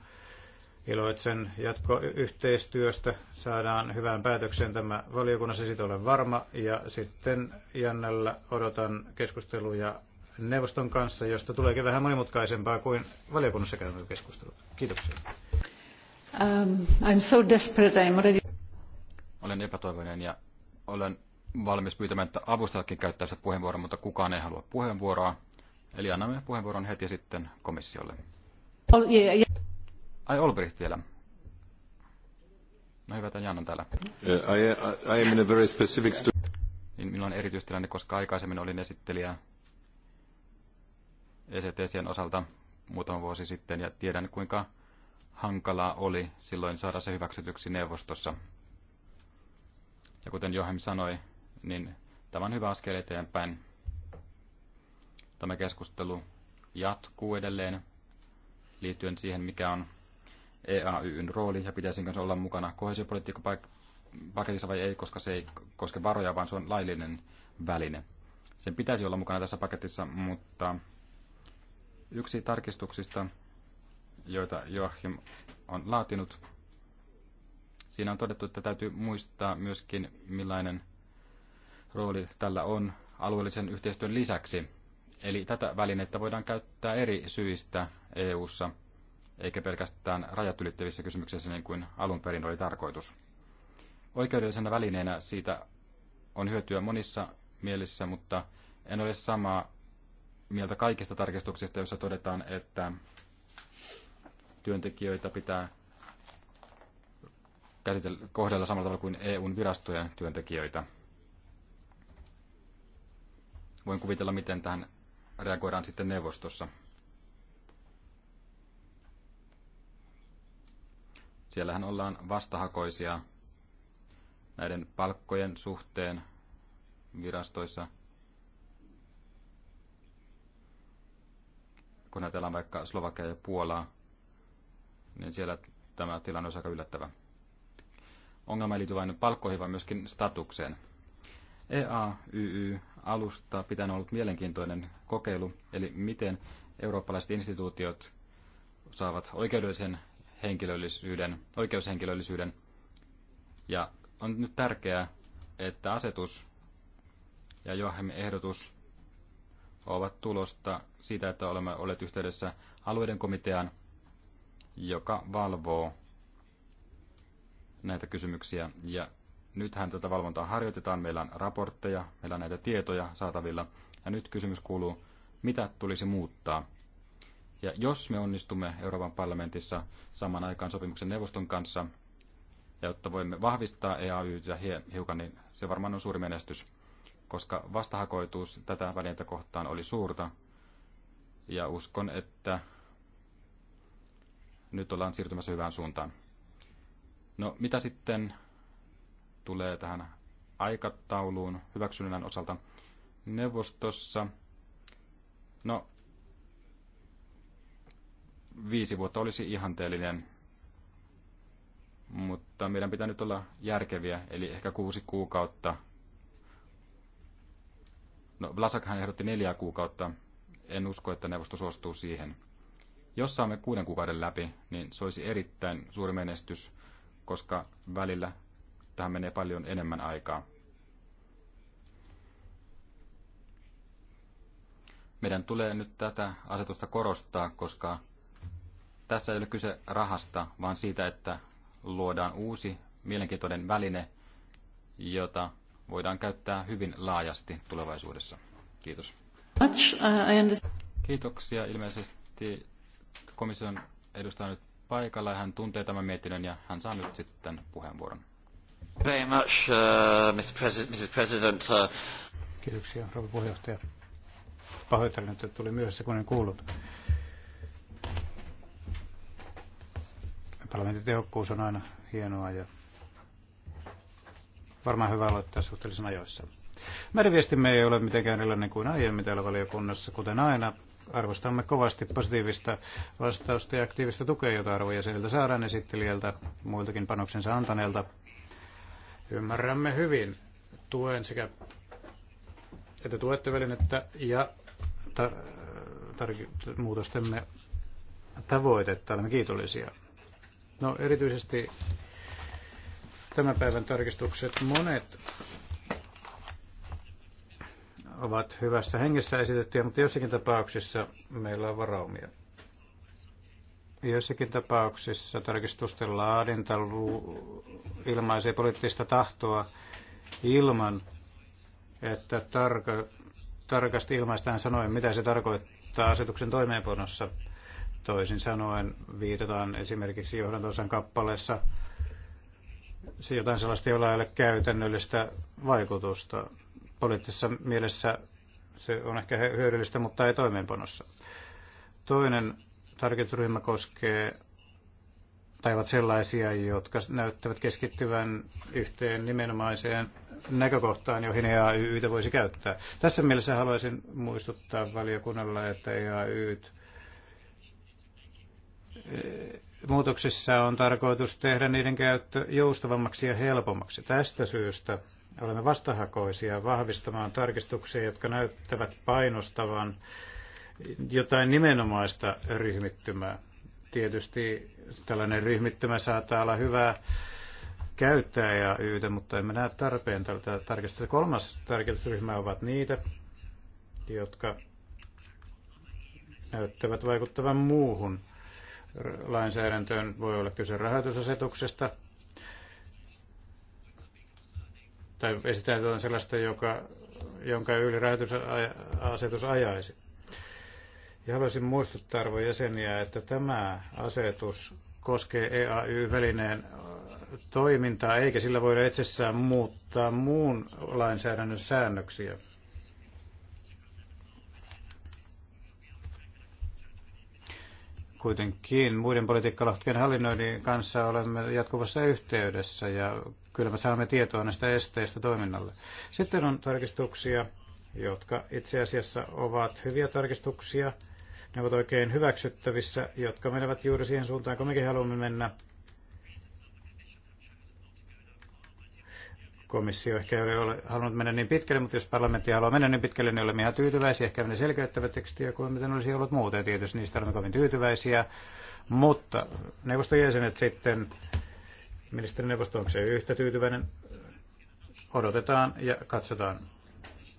[SPEAKER 4] Iloitsen jatkoyhteistyöstä. Saadaan hyvään päätökseen tämä valiokunnassa, siitä olen varma. Ja sitten Jännällä odotan keskusteluja neuvoston kanssa, josta tuleekin vähän monimutkaisempaa kuin valiokunnassa käymme keskustelua. Kiitoksia.
[SPEAKER 3] Um, I'm so desperate, I'm already...
[SPEAKER 2] Olen epätoivoinen ja olen valmis pyytämään, että avustajakin käyttäisi puheenvuoron, mutta kukaan ei halua puheenvuoroa. Eli annamme puheenvuoron heti sitten komissiolle. Ol, yeah, yeah. Ai Olbricht vielä. No hyvä, Jan on täällä. Uh, I, I, I am in a very specific... Niin minulla on erityistilanne, koska aikaisemmin olin esittelijä ECTCn osalta muutama vuosi sitten ja tiedän kuinka hankalaa oli silloin saada se hyväksytyksi neuvostossa. Ja kuten Johem sanoi, niin tämä on hyvä askel eteenpäin. Tämä keskustelu jatkuu edelleen liittyen siihen, mikä on EAYn rooli ja pitäisikö se olla mukana kohesiopolitiikkapaketissa vai ei, koska se ei koske varoja, vaan se on laillinen väline. Sen pitäisi olla mukana tässä paketissa, mutta Yksi tarkistuksista, joita Joachim on laatinut, siinä on todettu, että täytyy muistaa myöskin, millainen rooli tällä on alueellisen yhteistyön lisäksi. Eli tätä välinettä voidaan käyttää eri syistä EU:ssa, eikä pelkästään rajat ylittävissä kysymyksissä niin kuin alun perin oli tarkoitus. Oikeudellisena välineenä siitä on hyötyä monissa mielissä, mutta en ole samaa mieltä kaikista tarkistuksista, joissa todetaan, että työntekijöitä pitää käsitellä, kohdella samalla tavalla kuin EUn virastojen työntekijöitä. Voin kuvitella, miten tähän reagoidaan sitten neuvostossa. Siellähän ollaan vastahakoisia näiden palkkojen suhteen virastoissa – kun ajatellaan vaikka Slovakia ja Puolaa, niin siellä tämä tilanne on aika yllättävä. Ongelma ei liity vain palkkoihin, vaan myöskin statukseen. EAYY-alusta pitää ollut mielenkiintoinen kokeilu, eli miten eurooppalaiset instituutiot saavat oikeudellisen henkilöllisyyden, oikeushenkilöllisyyden. Ja on nyt tärkeää, että asetus ja Joahemin ehdotus ovat tulosta siitä, että olemme olleet yhteydessä alueiden komitean, joka valvoo näitä kysymyksiä. Ja nythän tätä valvontaa harjoitetaan, meillä on raportteja, meillä on näitä tietoja saatavilla. Ja nyt kysymys kuuluu, mitä tulisi muuttaa? Ja jos me onnistumme Euroopan parlamentissa saman aikaan sopimuksen neuvoston kanssa, ja jotta voimme vahvistaa EAYtä hiukan, niin se varmaan on suuri menestys koska vastahakoituus tätä välinettä kohtaan oli suurta. Ja uskon, että nyt ollaan siirtymässä hyvään suuntaan. No mitä sitten tulee tähän aikatauluun hyväksynnän osalta neuvostossa? No viisi vuotta olisi ihanteellinen, mutta meidän pitää nyt olla järkeviä, eli ehkä kuusi kuukautta No, Vlasakhan ehdotti neljää kuukautta. En usko, että neuvosto suostuu siihen. Jos saamme kuuden kuukauden läpi, niin se olisi erittäin suuri menestys, koska välillä tähän menee paljon enemmän aikaa. Meidän tulee nyt tätä asetusta korostaa, koska tässä ei ole kyse rahasta, vaan siitä, että luodaan uusi mielenkiintoinen väline, jota voidaan käyttää hyvin laajasti tulevaisuudessa. Kiitos.
[SPEAKER 3] Uh,
[SPEAKER 2] Kiitoksia. Ilmeisesti komission edustaja nyt paikalla ja hän tuntee tämän mietinnön ja hän saa nyt sitten puheenvuoron.
[SPEAKER 4] Very much, uh, Mrs. President. Uh... Kiitoksia, rouva puheenjohtaja. Pahoittelen, että tuli myöhässä, kun en kuullut. Parlamentin tehokkuus on aina hienoa ja varmaan hyvä aloittaa suhteellisen ajoissa. Meidän viestimme ei ole mitenkään erilainen kuin aiemmin täällä valiokunnassa, kuten aina. Arvostamme kovasti positiivista vastausta ja aktiivista tukea, jota sieltä saadaan esittelijältä, muiltakin panoksensa antaneelta. Ymmärrämme hyvin tuen sekä, että tuette välinettä ja tar- tar- muutostemme tavoitetta. Olemme kiitollisia. No erityisesti tämän päivän tarkistukset monet ovat hyvässä hengessä esitettyjä, mutta jossakin tapauksissa meillä on varaumia. Joissakin tapauksissa tarkistusten laadinta ilmaisee poliittista tahtoa ilman, että tarka, tarkasti ilmaistaan sanoen, mitä se tarkoittaa asetuksen toimeenpanossa. Toisin sanoen viitataan esimerkiksi johdantosan kappaleessa se jotain sellaista, jolla ei ole käytännöllistä vaikutusta. Poliittisessa mielessä se on ehkä hyödyllistä, mutta ei toimeenpanossa. Toinen tarkoitusryhmä koskee tai ovat sellaisia, jotka näyttävät keskittyvän yhteen nimenomaiseen näkökohtaan, joihin EAYYtä voisi käyttää. Tässä mielessä haluaisin muistuttaa valiokunnalla, että EAYt Muutoksissa on tarkoitus tehdä niiden käyttö joustavammaksi ja helpommaksi. Tästä syystä olemme vastahakoisia vahvistamaan tarkistuksia, jotka näyttävät painostavan jotain nimenomaista ryhmittymää. Tietysti tällainen ryhmittymä saattaa olla hyvä käyttää ja yytä, mutta emme näe tarpeen tältä tarkistusta. Kolmas tarkistusryhmä ovat niitä, jotka näyttävät vaikuttavan muuhun lainsäädäntöön. Voi olla kyse rahoitusasetuksesta tai esitetään jotain sellaista, joka, jonka yli rahoitusasetus ajaisi. Ja haluaisin muistuttaa arvon jäseniä, että tämä asetus koskee EAY-välineen toimintaa, eikä sillä voida itsessään muuttaa muun lainsäädännön säännöksiä. kuitenkin muiden politiikkalohkien hallinnoinnin kanssa olemme jatkuvassa yhteydessä ja kyllä me saamme tietoa näistä esteistä toiminnalle. Sitten on tarkistuksia, jotka itse asiassa ovat hyviä tarkistuksia. Ne ovat oikein hyväksyttävissä, jotka menevät juuri siihen suuntaan, kun mekin haluamme mennä Komissio ehkä ei ole halunnut mennä niin pitkälle, mutta jos parlamentti haluaa mennä niin pitkälle, niin olemme ihan tyytyväisiä. Ehkä ne selkeyttävät tekstiä kuin miten olisi ollut muuten. Tietysti niistä olemme kovin tyytyväisiä. Mutta neuvoston jäsenet sitten, ministerineuvosto onko se yhtä tyytyväinen? Odotetaan ja katsotaan.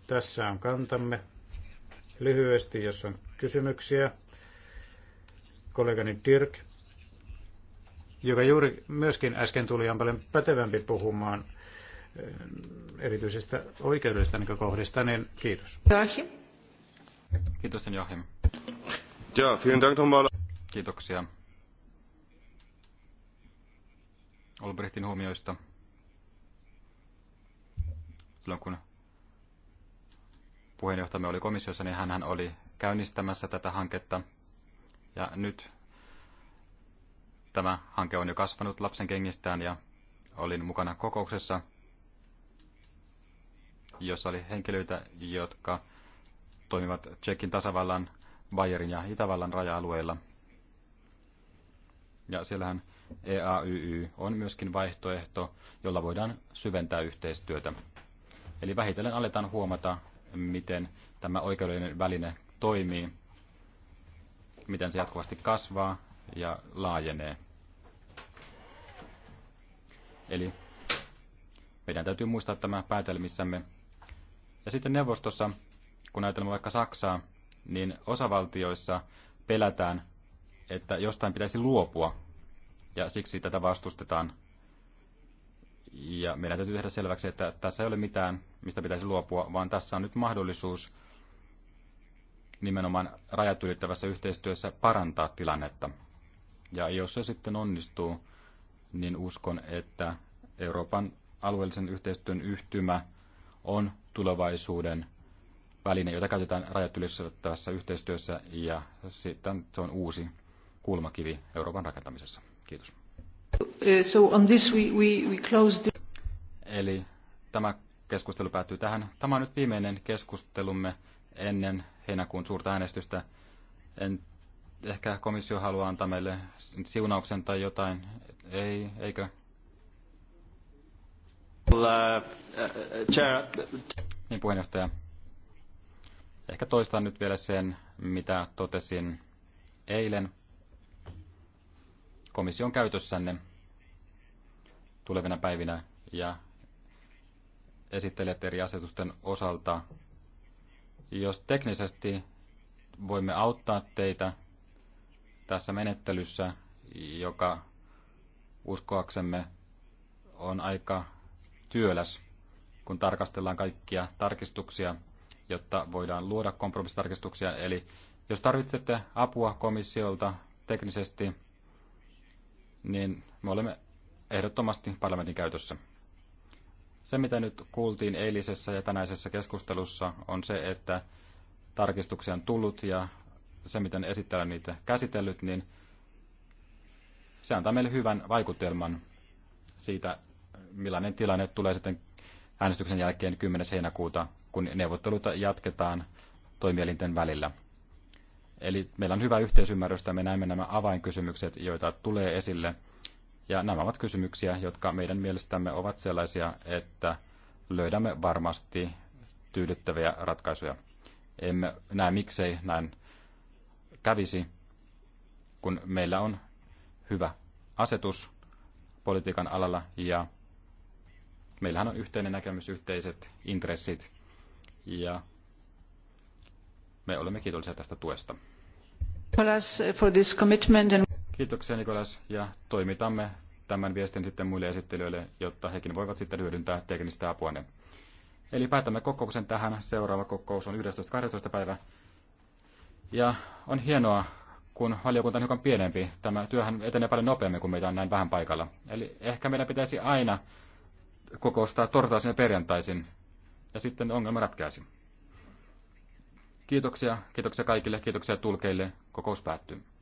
[SPEAKER 4] Tässä on kantamme lyhyesti, jos on kysymyksiä. Kollegani Dirk, joka juuri myöskin äsken tuli, on paljon pätevämpi puhumaan – erityisestä oikeudellisesta näkökohdista, niin kiitos. Joachim. Kiitos, Joachim.
[SPEAKER 2] Ja, vielen Dank nochmal. Kiitoksia. Olbrechtin huomioista. Silloin kun puheenjohtajamme oli komissiossa, niin hän oli käynnistämässä tätä hanketta. Ja nyt tämä hanke on jo kasvanut lapsen kengistään ja olin mukana kokouksessa, jossa oli henkilöitä, jotka toimivat Tsekin tasavallan, Bayerin ja Itävallan raja-alueilla. Ja siellähän EAYY on myöskin vaihtoehto, jolla voidaan syventää yhteistyötä. Eli vähitellen aletaan huomata, miten tämä oikeudellinen väline toimii, miten se jatkuvasti kasvaa ja laajenee. Eli meidän täytyy muistaa tämä päätelmissämme, ja sitten neuvostossa, kun ajatellaan vaikka Saksaa, niin osavaltioissa pelätään, että jostain pitäisi luopua, ja siksi tätä vastustetaan. Ja meidän täytyy tehdä selväksi, että tässä ei ole mitään, mistä pitäisi luopua, vaan tässä on nyt mahdollisuus nimenomaan rajat ylittävässä yhteistyössä parantaa tilannetta. Ja jos se sitten onnistuu, niin uskon, että Euroopan alueellisen yhteistyön yhtymä on tulevaisuuden väline, jota käytetään rajat ylittävässä yhteistyössä ja sitten se on uusi kulmakivi Euroopan rakentamisessa. Kiitos.
[SPEAKER 3] So on this we, we, we close the...
[SPEAKER 2] Eli tämä keskustelu päättyy tähän. Tämä on nyt viimeinen keskustelumme ennen heinäkuun suurta äänestystä. En, ehkä komissio haluaa antaa meille siunauksen tai jotain. Ei, eikö? Uh, uh, uh, niin puheenjohtaja. Ehkä toistan nyt vielä sen, mitä totesin eilen komission käytössänne tulevina päivinä ja esittelijät eri asetusten osalta. Jos teknisesti voimme auttaa teitä tässä menettelyssä, joka uskoaksemme on aika työläs, kun tarkastellaan kaikkia tarkistuksia, jotta voidaan luoda kompromissitarkistuksia. Eli jos tarvitsette apua komissiolta teknisesti, niin me olemme ehdottomasti parlamentin käytössä. Se, mitä nyt kuultiin eilisessä ja tänäisessä keskustelussa, on se, että tarkistuksia on tullut ja se, miten esittää niitä käsitellyt, niin se antaa meille hyvän vaikutelman siitä, millainen tilanne tulee sitten äänestyksen jälkeen 10. heinäkuuta, kun neuvotteluita jatketaan toimielinten välillä. Eli meillä on hyvä yhteisymmärrys, ja me näemme nämä avainkysymykset, joita tulee esille. Ja nämä ovat kysymyksiä, jotka meidän mielestämme ovat sellaisia, että löydämme varmasti tyydyttäviä ratkaisuja. Emme näe miksei näin kävisi, kun meillä on hyvä asetus politiikan alalla ja meillähän on yhteinen näkemys, yhteiset intressit ja me olemme kiitollisia tästä tuesta.
[SPEAKER 3] for this commitment and...
[SPEAKER 2] Kiitoksia Nikolas ja toimitamme tämän viestin sitten muille esittelijöille, jotta hekin voivat sitten hyödyntää teknistä apuanne. Eli päätämme kokouksen tähän. Seuraava kokous on 11.12. päivä. Ja on hienoa, kun valiokunta on hiukan pienempi. Tämä työhän etenee paljon nopeammin, kuin meitä on näin vähän paikalla. Eli ehkä meidän pitäisi aina kokoustaa torstaisin ja perjantaisin, ja sitten ongelma ratkaisi. Kiitoksia, kiitoksia kaikille, kiitoksia tulkeille. Kokous päättyy.